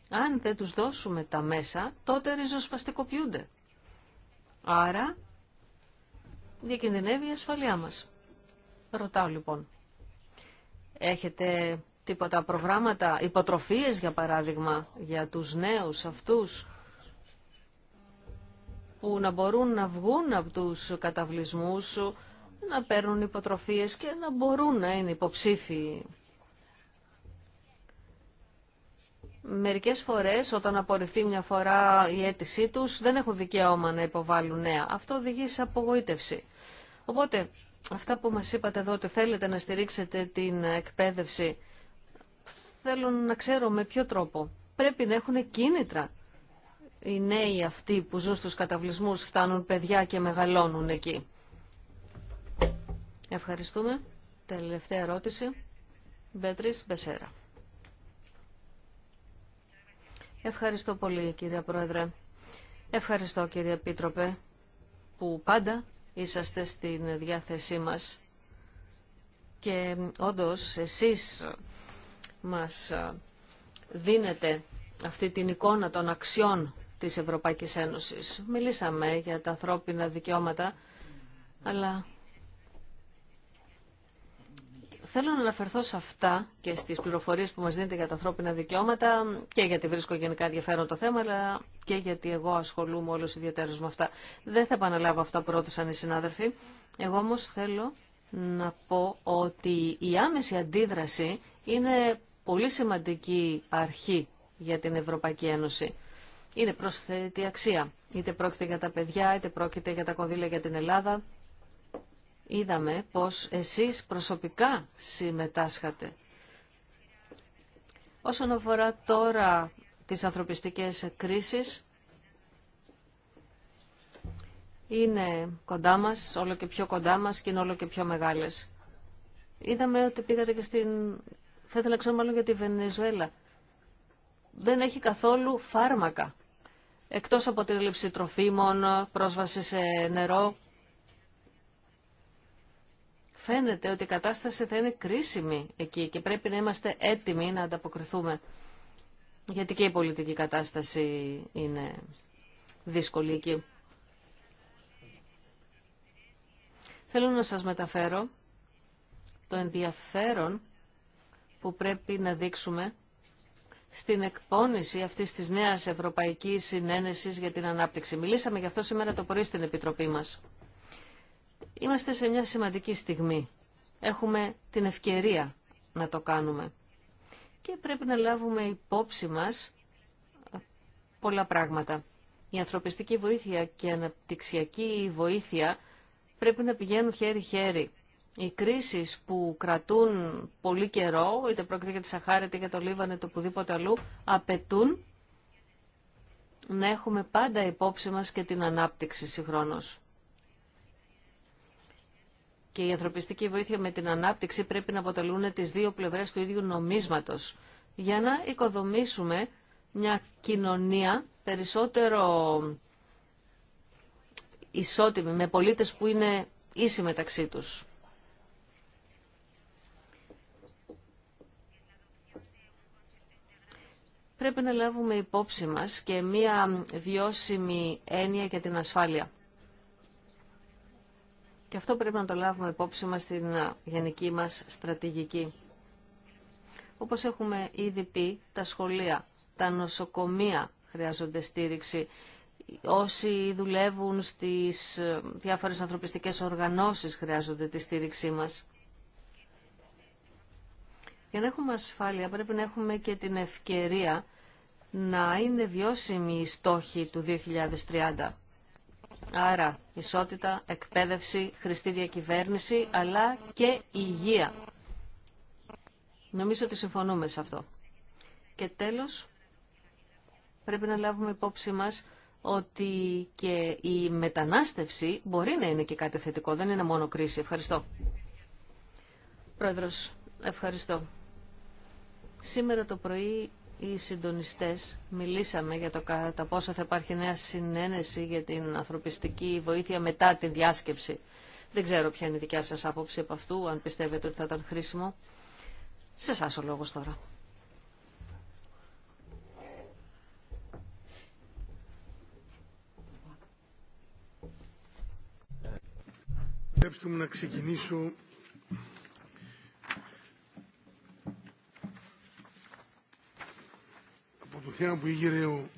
Αν δεν τους δώσουμε τα μέσα, τότε ριζοσπαστικοποιούνται. Άρα, διακινδυνεύει η ασφαλειά μας. Ρωτάω λοιπόν, έχετε τίποτα προγράμματα, υποτροφίες για παράδειγμα για τους νέους αυτούς που να μπορούν να βγουν από τους καταβλισμούς, να παίρνουν υποτροφίες και να μπορούν να είναι υποψήφιοι. Μερικές φορές όταν απορριφθεί μια φορά η αίτησή τους δεν έχουν δικαίωμα να υποβάλουν νέα. Αυτό οδηγεί σε απογοήτευση. Οπότε αυτά που μας είπατε εδώ ότι θέλετε να στηρίξετε την εκπαίδευση θέλω να ξέρω με ποιο τρόπο. Πρέπει να έχουν κίνητρα. Οι νέοι αυτοί που ζουν στους καταβλισμούς φτάνουν παιδιά και μεγαλώνουν εκεί. Ευχαριστούμε. Τελευταία ερώτηση. Μπέτρις Μπεσέρα. Ευχαριστώ πολύ κύριε Πρόεδρε. Ευχαριστώ κύριε Επίτροπε που πάντα είσαστε στην διάθεσή μας και όντως εσείς μας δίνετε αυτή την εικόνα των αξιών της Ευρωπαϊκής Ένωσης. Μιλήσαμε για τα ανθρώπινα δικαιώματα, αλλά θέλω να αναφερθώ σε αυτά και στις πληροφορίες που μας δίνετε για τα ανθρώπινα δικαιώματα και γιατί βρίσκω γενικά ενδιαφέρον το θέμα, αλλά και γιατί εγώ ασχολούμαι όλους ιδιαίτερος με αυτά. Δεν θα επαναλάβω αυτά που ρώτησαν οι συνάδελφοι. Εγώ όμως θέλω να πω ότι η άμεση αντίδραση είναι πολύ σημαντική αρχή για την Ευρωπαϊκή Ένωση. Είναι προσθέτη αξία. Είτε πρόκειται για τα παιδιά, είτε πρόκειται για τα κονδύλια για την Ελλάδα. Είδαμε πως εσείς προσωπικά συμμετάσχατε. Όσον αφορά τώρα τις ανθρωπιστικές κρίσεις, είναι κοντά μας, όλο και πιο κοντά μας και είναι όλο και πιο μεγάλες. Είδαμε ότι πήγατε και στην θα ήθελα να ξέρω μάλλον για τη Βενεζουέλα. Δεν έχει καθόλου φάρμακα. Εκτός από την έλλειψη τροφίμων, πρόσβαση σε νερό. Φαίνεται ότι η κατάσταση θα είναι κρίσιμη εκεί και πρέπει να είμαστε έτοιμοι να ανταποκριθούμε. Γιατί και η πολιτική κατάσταση είναι δύσκολη εκεί. Θέλω να σας μεταφέρω το ενδιαφέρον που πρέπει να δείξουμε στην εκπόνηση αυτής της νέας Ευρωπαϊκής Συνένεσης για την Ανάπτυξη. Μιλήσαμε γι' αυτό σήμερα το πρωί στην Επιτροπή μας. Είμαστε σε μια σημαντική στιγμή. Έχουμε την ευκαιρία να το κάνουμε. Και πρέπει να λάβουμε υπόψη μας πολλά πράγματα. Η ανθρωπιστική βοήθεια και η αναπτυξιακή βοήθεια πρέπει να πηγαίνουν χέρι-χέρι οι κρίσεις που κρατούν πολύ καιρό, είτε πρόκειται για τη Σαχάρη, είτε για το Λίβανο, είτε οπουδήποτε αλλού, απαιτούν να έχουμε πάντα υπόψη μας και την ανάπτυξη συγχρόνως. Και η ανθρωπιστική βοήθεια με την ανάπτυξη πρέπει να αποτελούν τις δύο πλευρές του ίδιου νομίσματος, για να οικοδομήσουμε μια κοινωνία περισσότερο ισότιμη, με πολίτες που είναι ίσοι μεταξύ τους. πρέπει να λάβουμε υπόψη μας και μία βιώσιμη έννοια για την ασφάλεια. Και αυτό πρέπει να το λάβουμε υπόψη μας στην γενική μας στρατηγική. Όπως έχουμε ήδη πει, τα σχολεία, τα νοσοκομεία χρειάζονται στήριξη. Όσοι δουλεύουν στις διάφορες ανθρωπιστικές οργανώσεις χρειάζονται τη στήριξή μας. Για να έχουμε ασφάλεια πρέπει να έχουμε και την ευκαιρία να είναι βιώσιμοι οι στόχοι του 2030. Άρα, ισότητα, εκπαίδευση, χρηστή διακυβέρνηση, αλλά και υγεία. Νομίζω ότι συμφωνούμε σε αυτό. Και τέλος, πρέπει να λάβουμε υπόψη μας ότι και η μετανάστευση μπορεί να είναι και κάτι θετικό, δεν είναι μόνο κρίση. Ευχαριστώ. Πρόεδρος, ευχαριστώ. Σήμερα το πρωί οι συντονιστές μιλήσαμε για το κατά πόσο θα υπάρχει νέα συνένεση για την ανθρωπιστική βοήθεια μετά τη διάσκεψη. Δεν ξέρω ποια είναι η δικιά σας άποψη από αυτού, αν πιστεύετε ότι θα ήταν χρήσιμο. Σε εσά ο λόγος τώρα. Επιτρέψτε να ξεκινήσω το θέμα που ήγερε ο,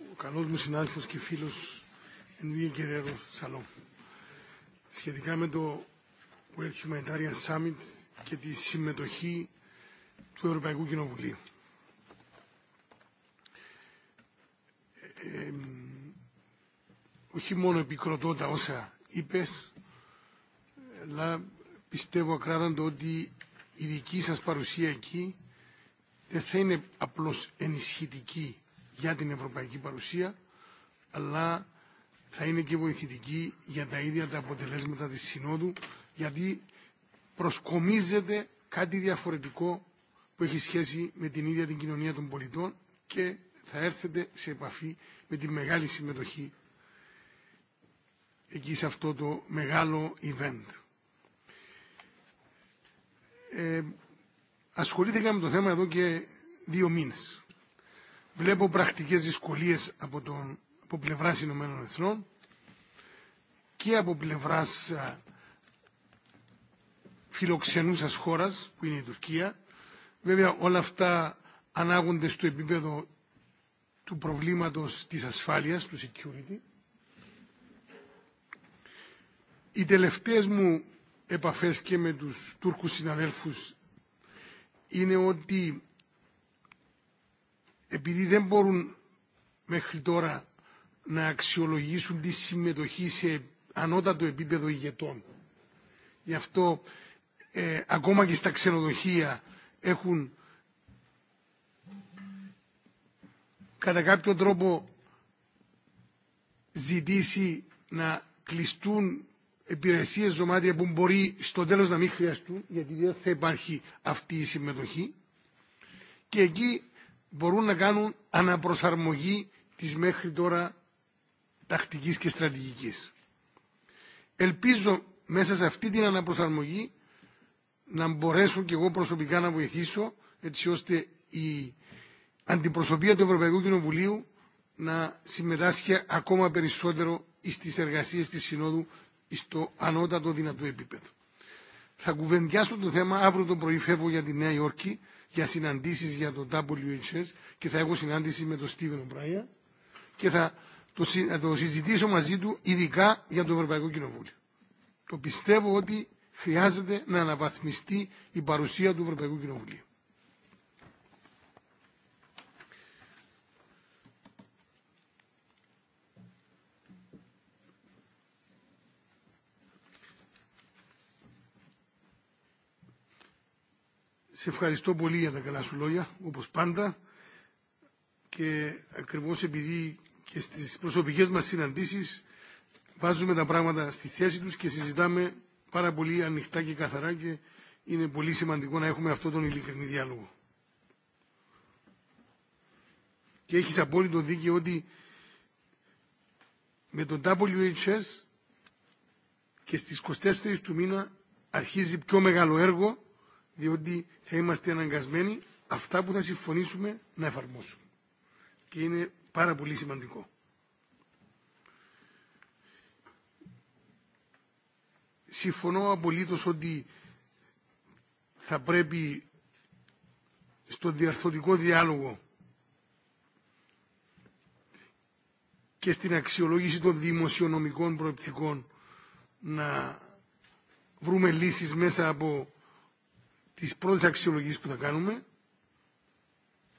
ο καλός μου συνάδελφος και φίλος Ενδύε Κεραίρο Σαλό σχετικά με το World Humanitarian Summit και τη συμμετοχή του Ευρωπαϊκού Κοινοβουλίου. Ε, όχι μόνο επικροτώ τα όσα είπες, αλλά πιστεύω ακράδαντο ότι η δική σας παρουσία εκεί δεν θα είναι απλώς ενισχυτική για την ευρωπαϊκή παρουσία, αλλά θα είναι και βοηθητική για τα ίδια τα αποτελέσματα της Συνόδου, γιατί προσκομίζεται κάτι διαφορετικό που έχει σχέση με την ίδια την κοινωνία των πολιτών και θα έρθετε σε επαφή με τη μεγάλη συμμετοχή εκεί σε αυτό το μεγάλο event. Ε, Ασχολήθηκα με το θέμα εδώ και δύο μήνες. Βλέπω πρακτικές δυσκολίες από, τον, από πλευράς Ηνωμένων Εθνών και από πλευράς φιλοξενούσας χώρας που είναι η Τουρκία. Βέβαια όλα αυτά ανάγονται στο επίπεδο του προβλήματος της ασφάλειας, του security. Οι τελευταίες μου επαφές και με τους Τούρκους συναδέλφους είναι ότι επειδή δεν μπορούν μέχρι τώρα να αξιολογήσουν τη συμμετοχή σε ανώτατο επίπεδο ηγετών. Γι' αυτό ε, ακόμα και στα ξενοδοχεία έχουν κατά κάποιο τρόπο ζητήσει να κλειστούν υπηρεσίε ζωμάτια που μπορεί στο τέλο να μην χρειαστούν, γιατί δεν θα υπάρχει αυτή η συμμετοχή. Και εκεί μπορούν να κάνουν αναπροσαρμογή τη μέχρι τώρα τακτική και στρατηγική. Ελπίζω μέσα σε αυτή την αναπροσαρμογή να μπορέσω και εγώ προσωπικά να βοηθήσω έτσι ώστε η αντιπροσωπεία του Ευρωπαϊκού Κοινοβουλίου να συμμετάσχει ακόμα περισσότερο στις εργασίες της Συνόδου στο ανώτατο δυνατό επίπεδο. Θα κουβεντιάσω το θέμα αύριο το πρωί φεύγω για τη Νέα Υόρκη για συναντήσεις για το WHS και θα έχω συνάντηση με τον Στίβεν Ομπράια και θα το, το συζητήσω μαζί του ειδικά για το Ευρωπαϊκό Κοινοβούλιο. Το πιστεύω ότι χρειάζεται να αναβαθμιστεί η παρουσία του Ευρωπαϊκού Κοινοβουλίου. Σε ευχαριστώ πολύ για τα καλά σου λόγια, όπως πάντα. Και ακριβώς επειδή και στις προσωπικές μας συναντήσεις βάζουμε τα πράγματα στη θέση τους και συζητάμε πάρα πολύ ανοιχτά και καθαρά και είναι πολύ σημαντικό να έχουμε αυτόν τον ειλικρινή διάλογο. Και έχεις απόλυτο δίκαιο ότι με το WHS και στις 24 του μήνα αρχίζει πιο μεγάλο έργο διότι θα είμαστε αναγκασμένοι αυτά που θα συμφωνήσουμε να εφαρμόσουμε. Και είναι πάρα πολύ σημαντικό. Συμφωνώ απολύτως ότι θα πρέπει στο διαρθωτικό διάλογο και στην αξιολόγηση των δημοσιονομικών προεπτικών να βρούμε λύσεις μέσα από τις πρώτες αξιολογής που θα κάνουμε.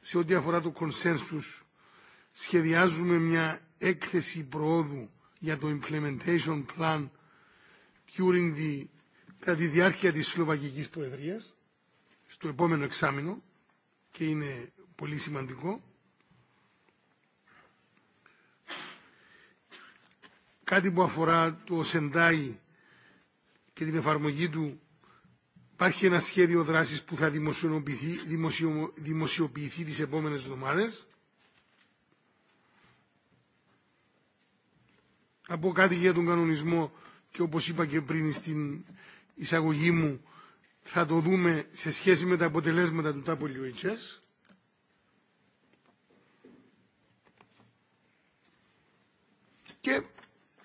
Σε ό,τι αφορά το consensus, σχεδιάζουμε μια έκθεση προόδου για το implementation plan during the, κατά τη διάρκεια της Σλοβακικής Προεδρίας, στο επόμενο εξάμεινο, και είναι πολύ σημαντικό. Κάτι που αφορά το Σεντάι και την εφαρμογή του Υπάρχει ένα σχέδιο δράσης που θα δημοσιοποιηθεί, δημοσιο, δημοσιοποιηθεί τις επόμενες εβδομάδες. Να πω κάτι για τον κανονισμό και όπως είπα και πριν στην εισαγωγή μου θα το δούμε σε σχέση με τα αποτελέσματα του WHS. Και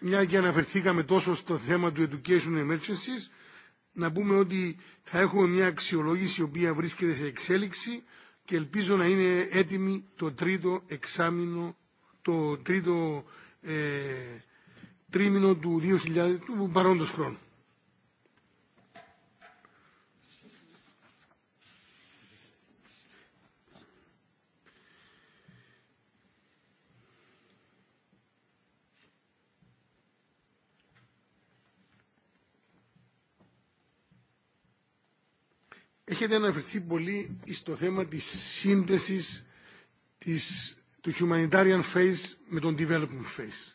μια και αναφερθήκαμε τόσο στο θέμα του Education Emergencies να πούμε ότι θα έχουμε μια αξιολόγηση η οποία βρίσκεται σε εξέλιξη και ελπίζω να είναι έτοιμη το τρίτο εξάμεινο, το τρίτο ε, τρίμηνο του, 2000, του παρόντος χρόνου. έχετε αναφερθεί πολύ στο θέμα της σύνδεσης του humanitarian phase με τον development phase.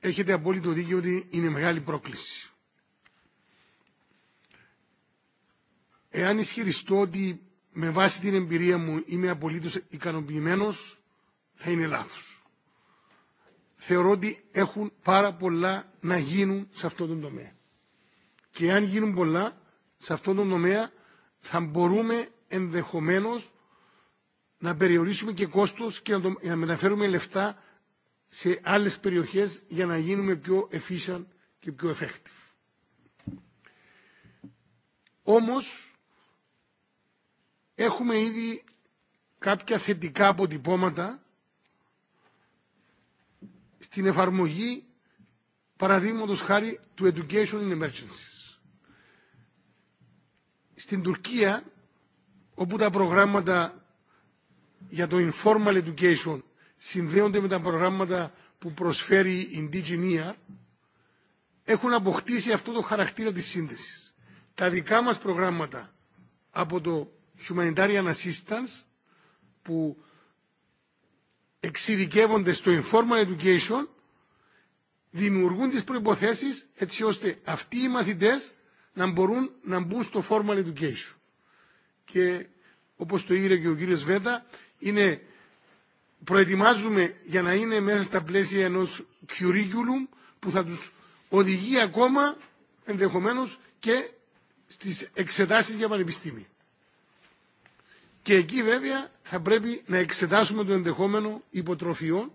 Έχετε απόλυτο δίκιο ότι είναι μεγάλη πρόκληση. Εάν ισχυριστώ ότι με βάση την εμπειρία μου είμαι απολύτως ικανοποιημένος, θα είναι λάθος. Θεωρώ ότι έχουν πάρα πολλά να γίνουν σε αυτό τον τομέα. Και αν γίνουν πολλά, σε αυτόν τον νομέα θα μπορούμε ενδεχομένως να περιορίσουμε και κόστος και να, μεταφέρουμε λεφτά σε άλλες περιοχές για να γίνουμε πιο efficient και πιο effective. Όμως, έχουμε ήδη κάποια θετικά αποτυπώματα στην εφαρμογή, παραδείγματος χάρη, του Education in Emergencies στην Τουρκία όπου τα προγράμματα για το informal education συνδέονται με τα προγράμματα που προσφέρει η Indigenia, έχουν αποκτήσει αυτό το χαρακτήρα της σύνδεσης. Τα δικά μας προγράμματα από το Humanitarian Assistance που εξειδικεύονται στο informal education δημιουργούν τις προϋποθέσεις έτσι ώστε αυτοί οι μαθητές να μπορούν να μπουν στο formal education. Και όπως το ήρε και ο κύριος Βέτα, είναι, προετοιμάζουμε για να είναι μέσα στα πλαίσια ενός curriculum που θα τους οδηγεί ακόμα ενδεχομένως και στις εξετάσεις για πανεπιστήμια. Και εκεί βέβαια θα πρέπει να εξετάσουμε το ενδεχόμενο υποτροφιών,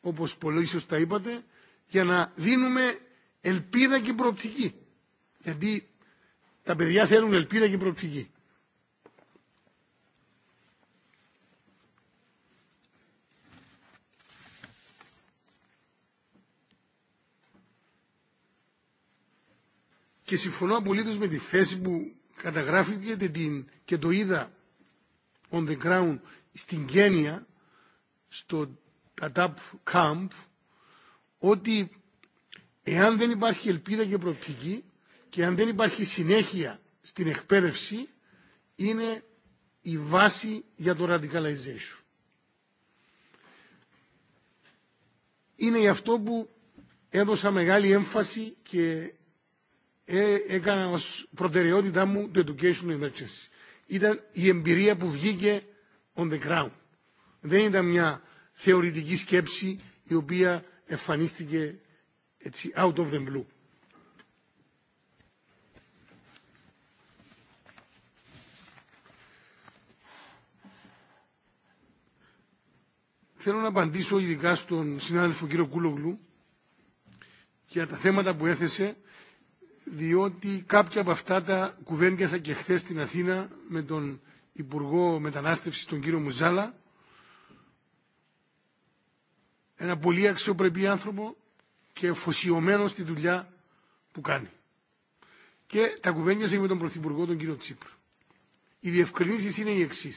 όπως πολύ ίσως τα είπατε, για να δίνουμε ελπίδα και προοπτική γιατί τα παιδιά θέλουν ελπίδα και προοπτική. Και συμφωνώ απολύτω με τη θέση που καταγράφηκε την, και το είδα on the ground στην Κένια, στο Τατάπ camp ότι εάν δεν υπάρχει ελπίδα και προοπτική, και αν δεν υπάρχει συνέχεια στην εκπαίδευση είναι η βάση για το radicalization. Είναι γι' αυτό που έδωσα μεγάλη έμφαση και ε, έκανα ως προτεραιότητά μου το education emergency. Ήταν η εμπειρία που βγήκε on the ground. Δεν ήταν μια θεωρητική σκέψη η οποία εμφανίστηκε έτσι out of the blue. Θέλω να απαντήσω ειδικά στον συνάδελφο κύριο Κούλογλου για τα θέματα που έθεσε, διότι κάποια από αυτά τα κουβέντιασα και χθε στην Αθήνα με τον Υπουργό Μετανάστευση, τον κύριο Μουζάλα, ένα πολύ αξιοπρεπή άνθρωπο και φωσιωμένο στη δουλειά που κάνει. Και τα κουβέντιασα και με τον Πρωθυπουργό, τον κύριο Τσίπρο. Οι διευκρινήσει είναι οι εξή.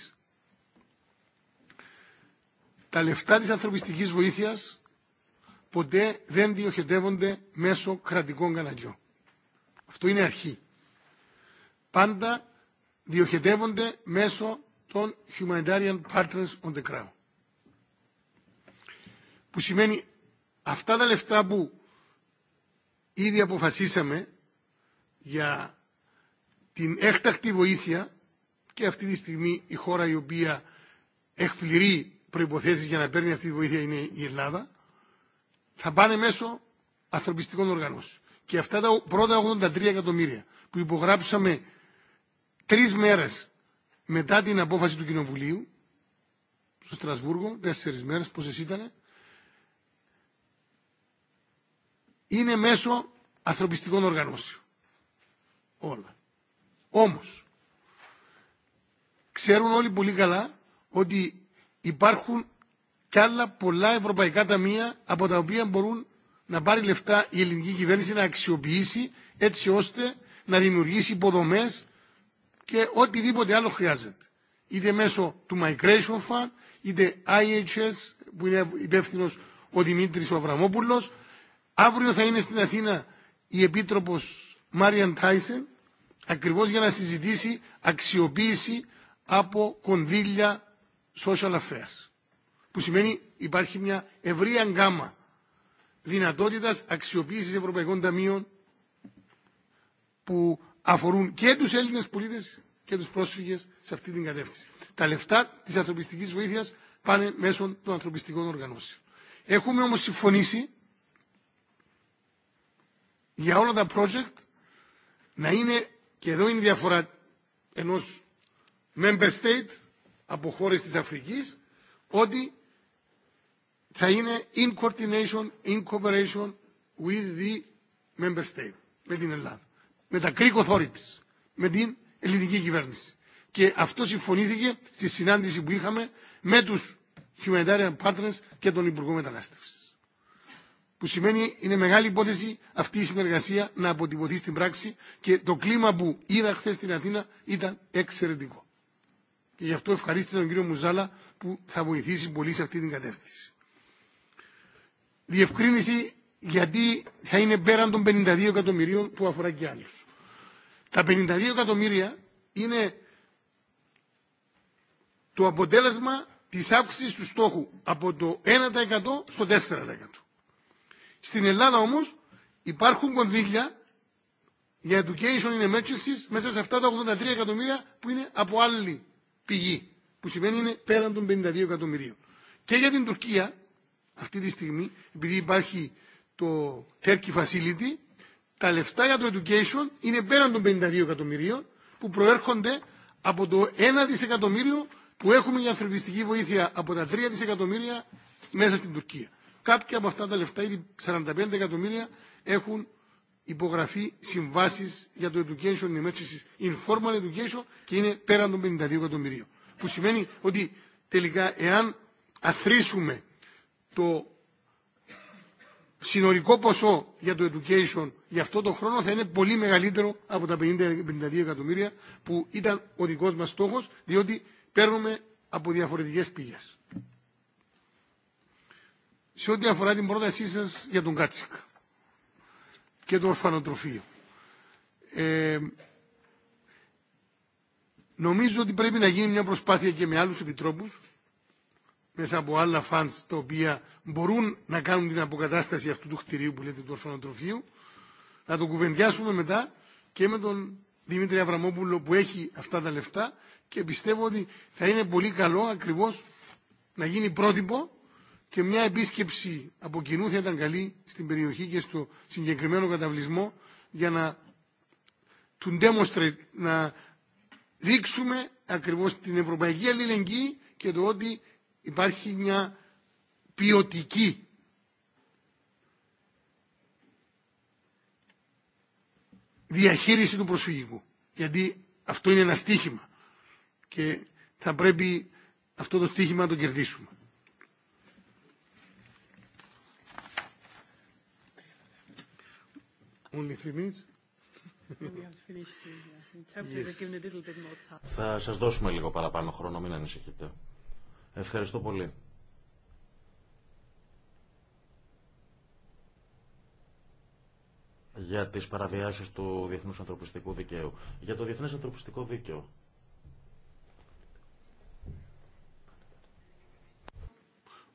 Τα λεφτά της ανθρωπιστικής βοήθειας ποτέ δεν διοχετεύονται μέσω κρατικών καναλιών. Αυτό είναι αρχή. Πάντα διοχετεύονται μέσω των humanitarian partners on the ground. Που σημαίνει αυτά τα λεφτά που ήδη αποφασίσαμε για την έκτακτη βοήθεια και αυτή τη στιγμή η χώρα η οποία εκπληρεί προϋποθέσεις για να παίρνει αυτή τη βοήθεια είναι η Ελλάδα, θα πάνε μέσω ανθρωπιστικών οργανώσεων. Και αυτά τα πρώτα 83 εκατομμύρια που υπογράψαμε τρεις μέρες μετά την απόφαση του Κοινοβουλίου, στο Στρασβούργο, τέσσερις μέρες, πόσες ήταν, είναι μέσω ανθρωπιστικών οργανώσεων. Όλα. Όμως, ξέρουν όλοι πολύ καλά ότι υπάρχουν κι άλλα πολλά ευρωπαϊκά ταμεία από τα οποία μπορούν να πάρει λεφτά η ελληνική κυβέρνηση να αξιοποιήσει έτσι ώστε να δημιουργήσει υποδομές και οτιδήποτε άλλο χρειάζεται. Είτε μέσω του Migration Fund, είτε IHS που είναι υπεύθυνο ο Δημήτρης Αβραμόπουλο. Αύριο θα είναι στην Αθήνα η Επίτροπος Μάριαν Τάισεν ακριβώς για να συζητήσει αξιοποίηση από κονδύλια social affairs. Που σημαίνει υπάρχει μια ευρία γκάμα δυνατότητας αξιοποίησης ευρωπαϊκών ταμείων που αφορούν και τους Έλληνες πολίτες και τους πρόσφυγες σε αυτή την κατεύθυνση. Τα λεφτά της ανθρωπιστικής βοήθειας πάνε μέσω των ανθρωπιστικών οργανώσεων. Έχουμε όμως συμφωνήσει για όλα τα project να είναι, και εδώ είναι η διαφορά ενός member state από χώρες της Αφρικής ότι θα είναι in coordination, in cooperation with the member state, με την Ελλάδα, με τα Greek authorities, με την ελληνική κυβέρνηση. Και αυτό συμφωνήθηκε στη συνάντηση που είχαμε με τους humanitarian partners και τον Υπουργό Μετανάστευση. Που σημαίνει είναι μεγάλη υπόθεση αυτή η συνεργασία να αποτυπωθεί στην πράξη και το κλίμα που είδα χθε στην Αθήνα ήταν εξαιρετικό. Και γι' αυτό ευχαρίστησα τον κύριο Μουζάλα που θα βοηθήσει πολύ σε αυτή την κατεύθυνση. Διευκρίνηση γιατί θα είναι πέραν των 52 εκατομμυρίων που αφορά και άλλους. Τα 52 εκατομμύρια είναι το αποτέλεσμα της αύξησης του στόχου από το 1% στο 4%. Στην Ελλάδα όμως υπάρχουν κονδύλια για education in emergencies μέσα σε αυτά τα 83 εκατομμύρια που είναι από άλλη πηγή, που σημαίνει είναι πέραν των 52 εκατομμυρίων. Και για την Τουρκία, αυτή τη στιγμή, επειδή υπάρχει το Turkey Facility, τα λεφτά για το education είναι πέραν των 52 εκατομμυρίων που προέρχονται από το 1 δισεκατομμύριο που έχουμε για ανθρωπιστική βοήθεια από τα 3 δισεκατομμύρια μέσα στην Τουρκία. Κάποια από αυτά τα λεφτά, ήδη 45 εκατομμύρια, έχουν υπογραφή συμβάσει για το education emergency, informal education και είναι πέραν των 52 εκατομμυρίων. Που σημαίνει ότι τελικά εάν αθροίσουμε το συνολικό ποσό για το education για αυτό το χρόνο θα είναι πολύ μεγαλύτερο από τα 50-52 εκατομμύρια που ήταν ο δικός μας στόχος διότι παίρνουμε από διαφορετικές πηγές. Σε ό,τι αφορά την πρότασή σας για τον Κάτσικα και το ορφανοτροφείο. Ε, νομίζω ότι πρέπει να γίνει μια προσπάθεια και με άλλους επιτρόπους, μέσα από άλλα φαντς τα οποία μπορούν να κάνουν την αποκατάσταση αυτού του χτιρίου που λέτε του ορφανοτροφείου, να το κουβεντιάσουμε μετά και με τον Δημήτρη Αβραμόπουλο που έχει αυτά τα λεφτά και πιστεύω ότι θα είναι πολύ καλό ακριβώς να γίνει πρότυπο και μια επίσκεψη από κοινού θα ήταν καλή στην περιοχή και στο συγκεκριμένο καταβλισμό για να του δείξουμε ακριβώς την ευρωπαϊκή αλληλεγγύη και το ότι υπάρχει μια ποιοτική διαχείριση του προσφυγικού. Γιατί αυτό είναι ένα στίχημα και θα πρέπει αυτό το στίχημα να το κερδίσουμε. Uh, Θα σας δώσουμε λίγο παραπάνω χρόνο, μην ανησυχείτε. Ευχαριστώ πολύ. για τις παραβιάσεις του Διεθνούς Ανθρωπιστικού Δικαίου. Για το Διεθνές Ανθρωπιστικό Δίκαιο.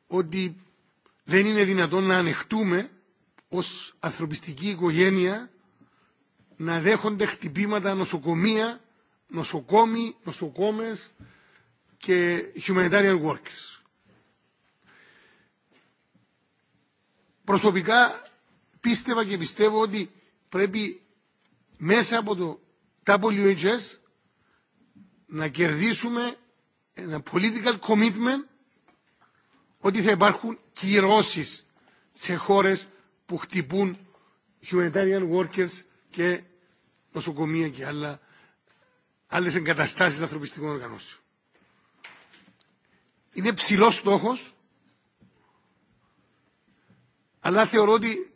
Ότι δεν είναι δυνατόν να ανεχτούμε ως ανθρωπιστική οικογένεια να δέχονται χτυπήματα νοσοκομεία, νοσοκόμοι, νοσοκόμες και humanitarian workers. Προσωπικά πίστευα και πιστεύω ότι πρέπει μέσα από το WHS να κερδίσουμε ένα political commitment ότι θα υπάρχουν κυρώσεις σε χώρες που χτυπούν humanitarian workers και νοσοκομεία και άλλα, άλλες εγκαταστάσεις ανθρωπιστικών οργανώσεων. Είναι ψηλό στόχος, αλλά θεωρώ ότι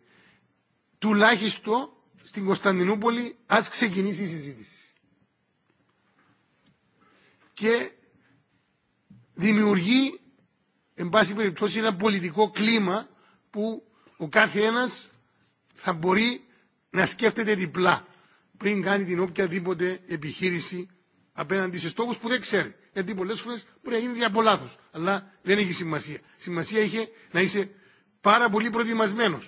τουλάχιστον στην Κωνσταντινούπολη ας ξεκινήσει η συζήτηση. Και δημιουργεί, εν πάση περιπτώσει, ένα πολιτικό κλίμα που ο κάθε ένας θα μπορεί να σκέφτεται διπλά πριν κάνει την οποιαδήποτε επιχείρηση απέναντι σε στόχου που δεν ξέρει. Γιατί πολλέ φορέ μπορεί να γίνει από Αλλά δεν έχει σημασία. Σημασία είχε να είσαι πάρα πολύ προετοιμασμένο.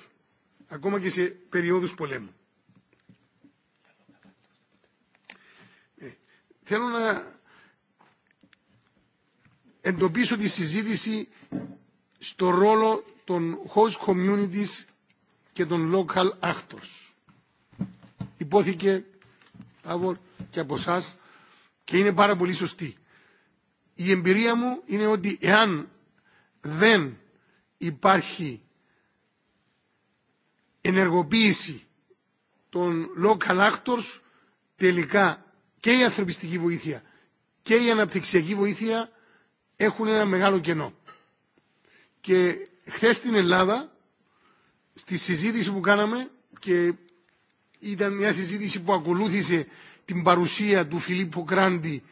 Ακόμα και σε περιόδου πολέμου. Ε, θέλω να εντοπίσω τη συζήτηση στο ρόλο των host communities και των local actors. Υπόθηκε και από εσά και είναι πάρα πολύ σωστή. Η εμπειρία μου είναι ότι εάν δεν υπάρχει ενεργοποίηση των local actors, τελικά και η ανθρωπιστική βοήθεια και η αναπτυξιακή βοήθεια έχουν ένα μεγάλο κενό. Και Χθες στην Ελλάδα, στη συζήτηση που κάναμε και ήταν μια συζήτηση που ακολούθησε την παρουσία του Φιλίππο Κράντι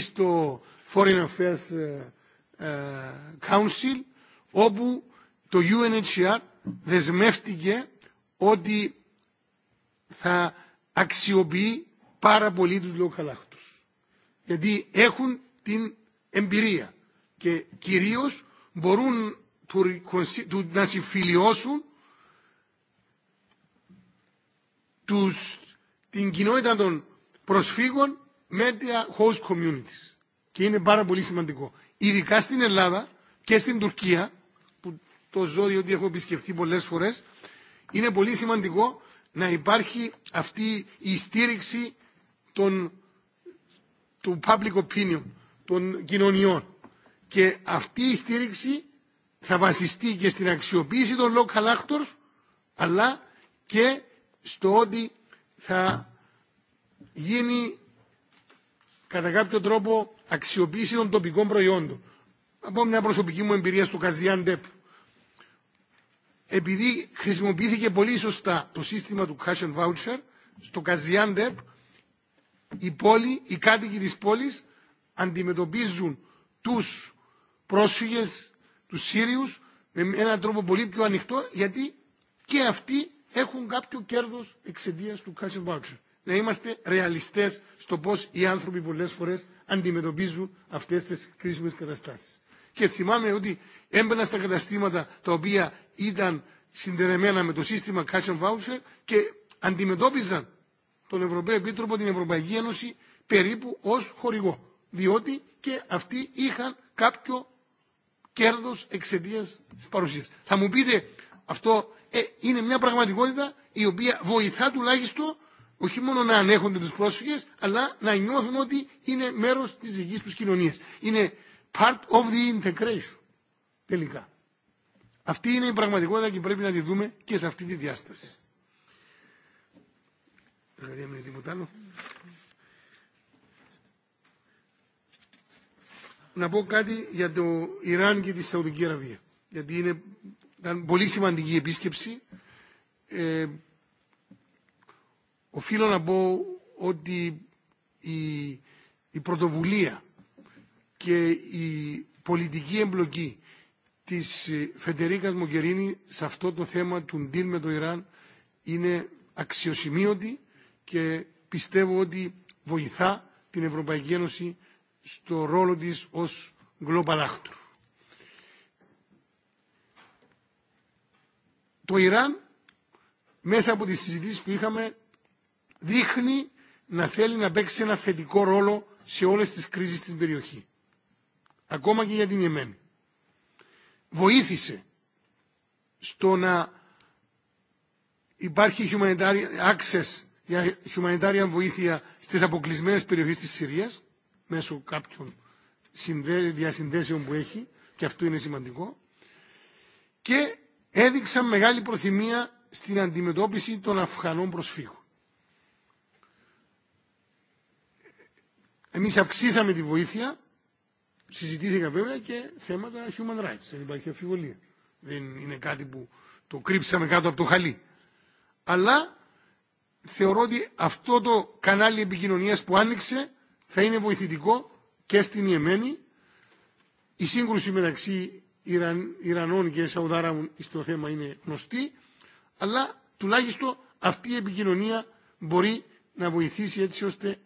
στο Foreign Affairs ε, ε, Council όπου το UNHCR δεσμεύτηκε ότι θα αξιοποιεί πάρα πολύ τους λοκαλάχτους. Γιατί έχουν την εμπειρία και κυρίως μπορούν να συμφιλιώσουν τους, την κοινότητα των προσφύγων με τα host communities. Και είναι πάρα πολύ σημαντικό. Ειδικά στην Ελλάδα και στην Τουρκία, που το ζω διότι έχω επισκεφθεί πολλές φορές, είναι πολύ σημαντικό να υπάρχει αυτή η στήριξη των, του public opinion, των κοινωνιών. Και αυτή η στήριξη θα βασιστεί και στην αξιοποίηση των local actors αλλά και στο ότι θα γίνει κατά κάποιο τρόπο αξιοποίηση των τοπικών προϊόντων. Από μια προσωπική μου εμπειρία στο Καζιάντεπ, επειδή χρησιμοποιήθηκε πολύ σωστά το σύστημα του cash and voucher, στο Καζιάντεπ η πόλη, οι κάτοικοι της πόλης αντιμετωπίζουν τους πρόσφυγες του Σύριου με έναν τρόπο πολύ πιο ανοιχτό γιατί και αυτοί έχουν κάποιο κέρδο εξαιτία του cash voucher. Να είμαστε ρεαλιστέ στο πώ οι άνθρωποι πολλέ φορέ αντιμετωπίζουν αυτέ τι κρίσιμε καταστάσει. Και θυμάμαι ότι έμπαινα στα καταστήματα τα οποία ήταν συνδεδεμένα με το σύστημα cash and voucher και αντιμετώπιζαν τον Ευρωπαίο Επίτροπο, την Ευρωπαϊκή Ένωση περίπου ως χορηγό. Διότι και αυτοί είχαν κάποιο κέρδο εξαιτία τη παρουσία. Θα μου πείτε αυτό ε, είναι μια πραγματικότητα η οποία βοηθά τουλάχιστον όχι μόνο να ανέχονται του πρόσφυγε, αλλά να νιώθουν ότι είναι μέρος της δική του κοινωνία. Είναι part of the integration τελικά. Αυτή είναι η πραγματικότητα και πρέπει να τη δούμε και σε αυτή τη διάσταση. να πω κάτι για το Ιράν και τη Σαουδική Αραβία. Γιατί είναι, ήταν πολύ σημαντική επίσκεψη. Ε, οφείλω να πω ότι η, η πρωτοβουλία και η πολιτική εμπλοκή της ε, Φεντερίκας Μογκερίνη σε αυτό το θέμα του ντύλ με το Ιράν είναι αξιοσημείωτη και πιστεύω ότι βοηθά την Ευρωπαϊκή Ένωση στο ρόλο της ως global actor. Το Ιράν μέσα από τις συζητήσεις που είχαμε δείχνει να θέλει να παίξει ένα θετικό ρόλο σε όλες τις κρίσεις στην περιοχή. Ακόμα και για την ΕΜΕΝ. Βοήθησε στο να υπάρχει humanitarian access για humanitarian βοήθεια στις αποκλεισμένες περιοχές της Συρίας μέσω κάποιων διασυνδέσεων που έχει και αυτό είναι σημαντικό και έδειξαν μεγάλη προθυμία στην αντιμετώπιση των Αφγανών προσφύγων. Εμείς αυξήσαμε τη βοήθεια, συζητήθηκα βέβαια και θέματα human rights, δεν υπάρχει αφιβολία. Δεν είναι κάτι που το κρύψαμε κάτω από το χαλί. Αλλά θεωρώ ότι αυτό το κανάλι επικοινωνίας που άνοιξε θα είναι βοηθητικό και στην Ιεμένη η σύγκρουση μεταξύ Ιραν, Ιρανών και Σαουδάραμων στο θέμα είναι γνωστή, αλλά τουλάχιστον αυτή η επικοινωνία μπορεί να βοηθήσει έτσι ώστε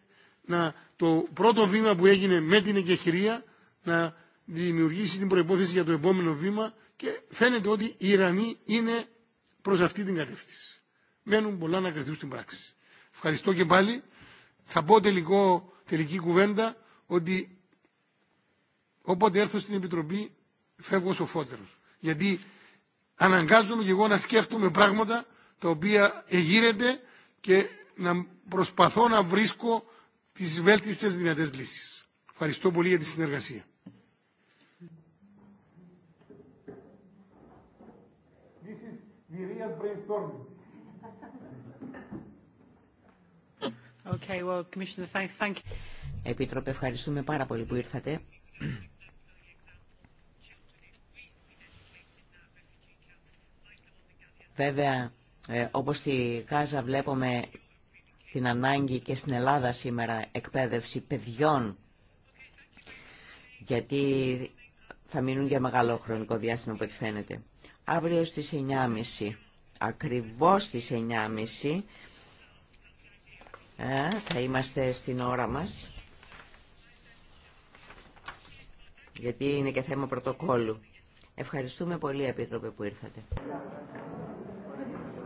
να το πρώτο βήμα που έγινε με την εγκεχηρία να δημιουργήσει την προϋπόθεση για το επόμενο βήμα και φαίνεται ότι οι Ιρανοί είναι προς αυτή την κατεύθυνση. Μένουν πολλά να κρυθούν στην πράξη. Ευχαριστώ και πάλι. Θα πω τελικό τελική κουβέντα ότι όποτε έρθω στην Επιτροπή φεύγω σοφότερος. Γιατί αναγκάζομαι και εγώ να σκέφτομαι πράγματα τα οποία εγείρεται και να προσπαθώ να βρίσκω τις βέλτιστες δυνατές λύσεις. Ευχαριστώ πολύ για τη συνεργασία. Okay, well, thank, thank Επίτροπε, ευχαριστούμε πάρα πολύ που ήρθατε. Βέβαια, ε, όπως στη Γάζα βλέπουμε την ανάγκη και στην Ελλάδα σήμερα εκπαίδευση παιδιών, γιατί θα μείνουν για μεγάλο χρονικό διάστημα από ό,τι φαίνεται. Αύριο στις 9.30, ακριβώς στις 9.30, θα είμαστε στην ώρα μας. Γιατί είναι και θέμα πρωτοκόλλου. Ευχαριστούμε πολύ, Επίτροπε, που ήρθατε.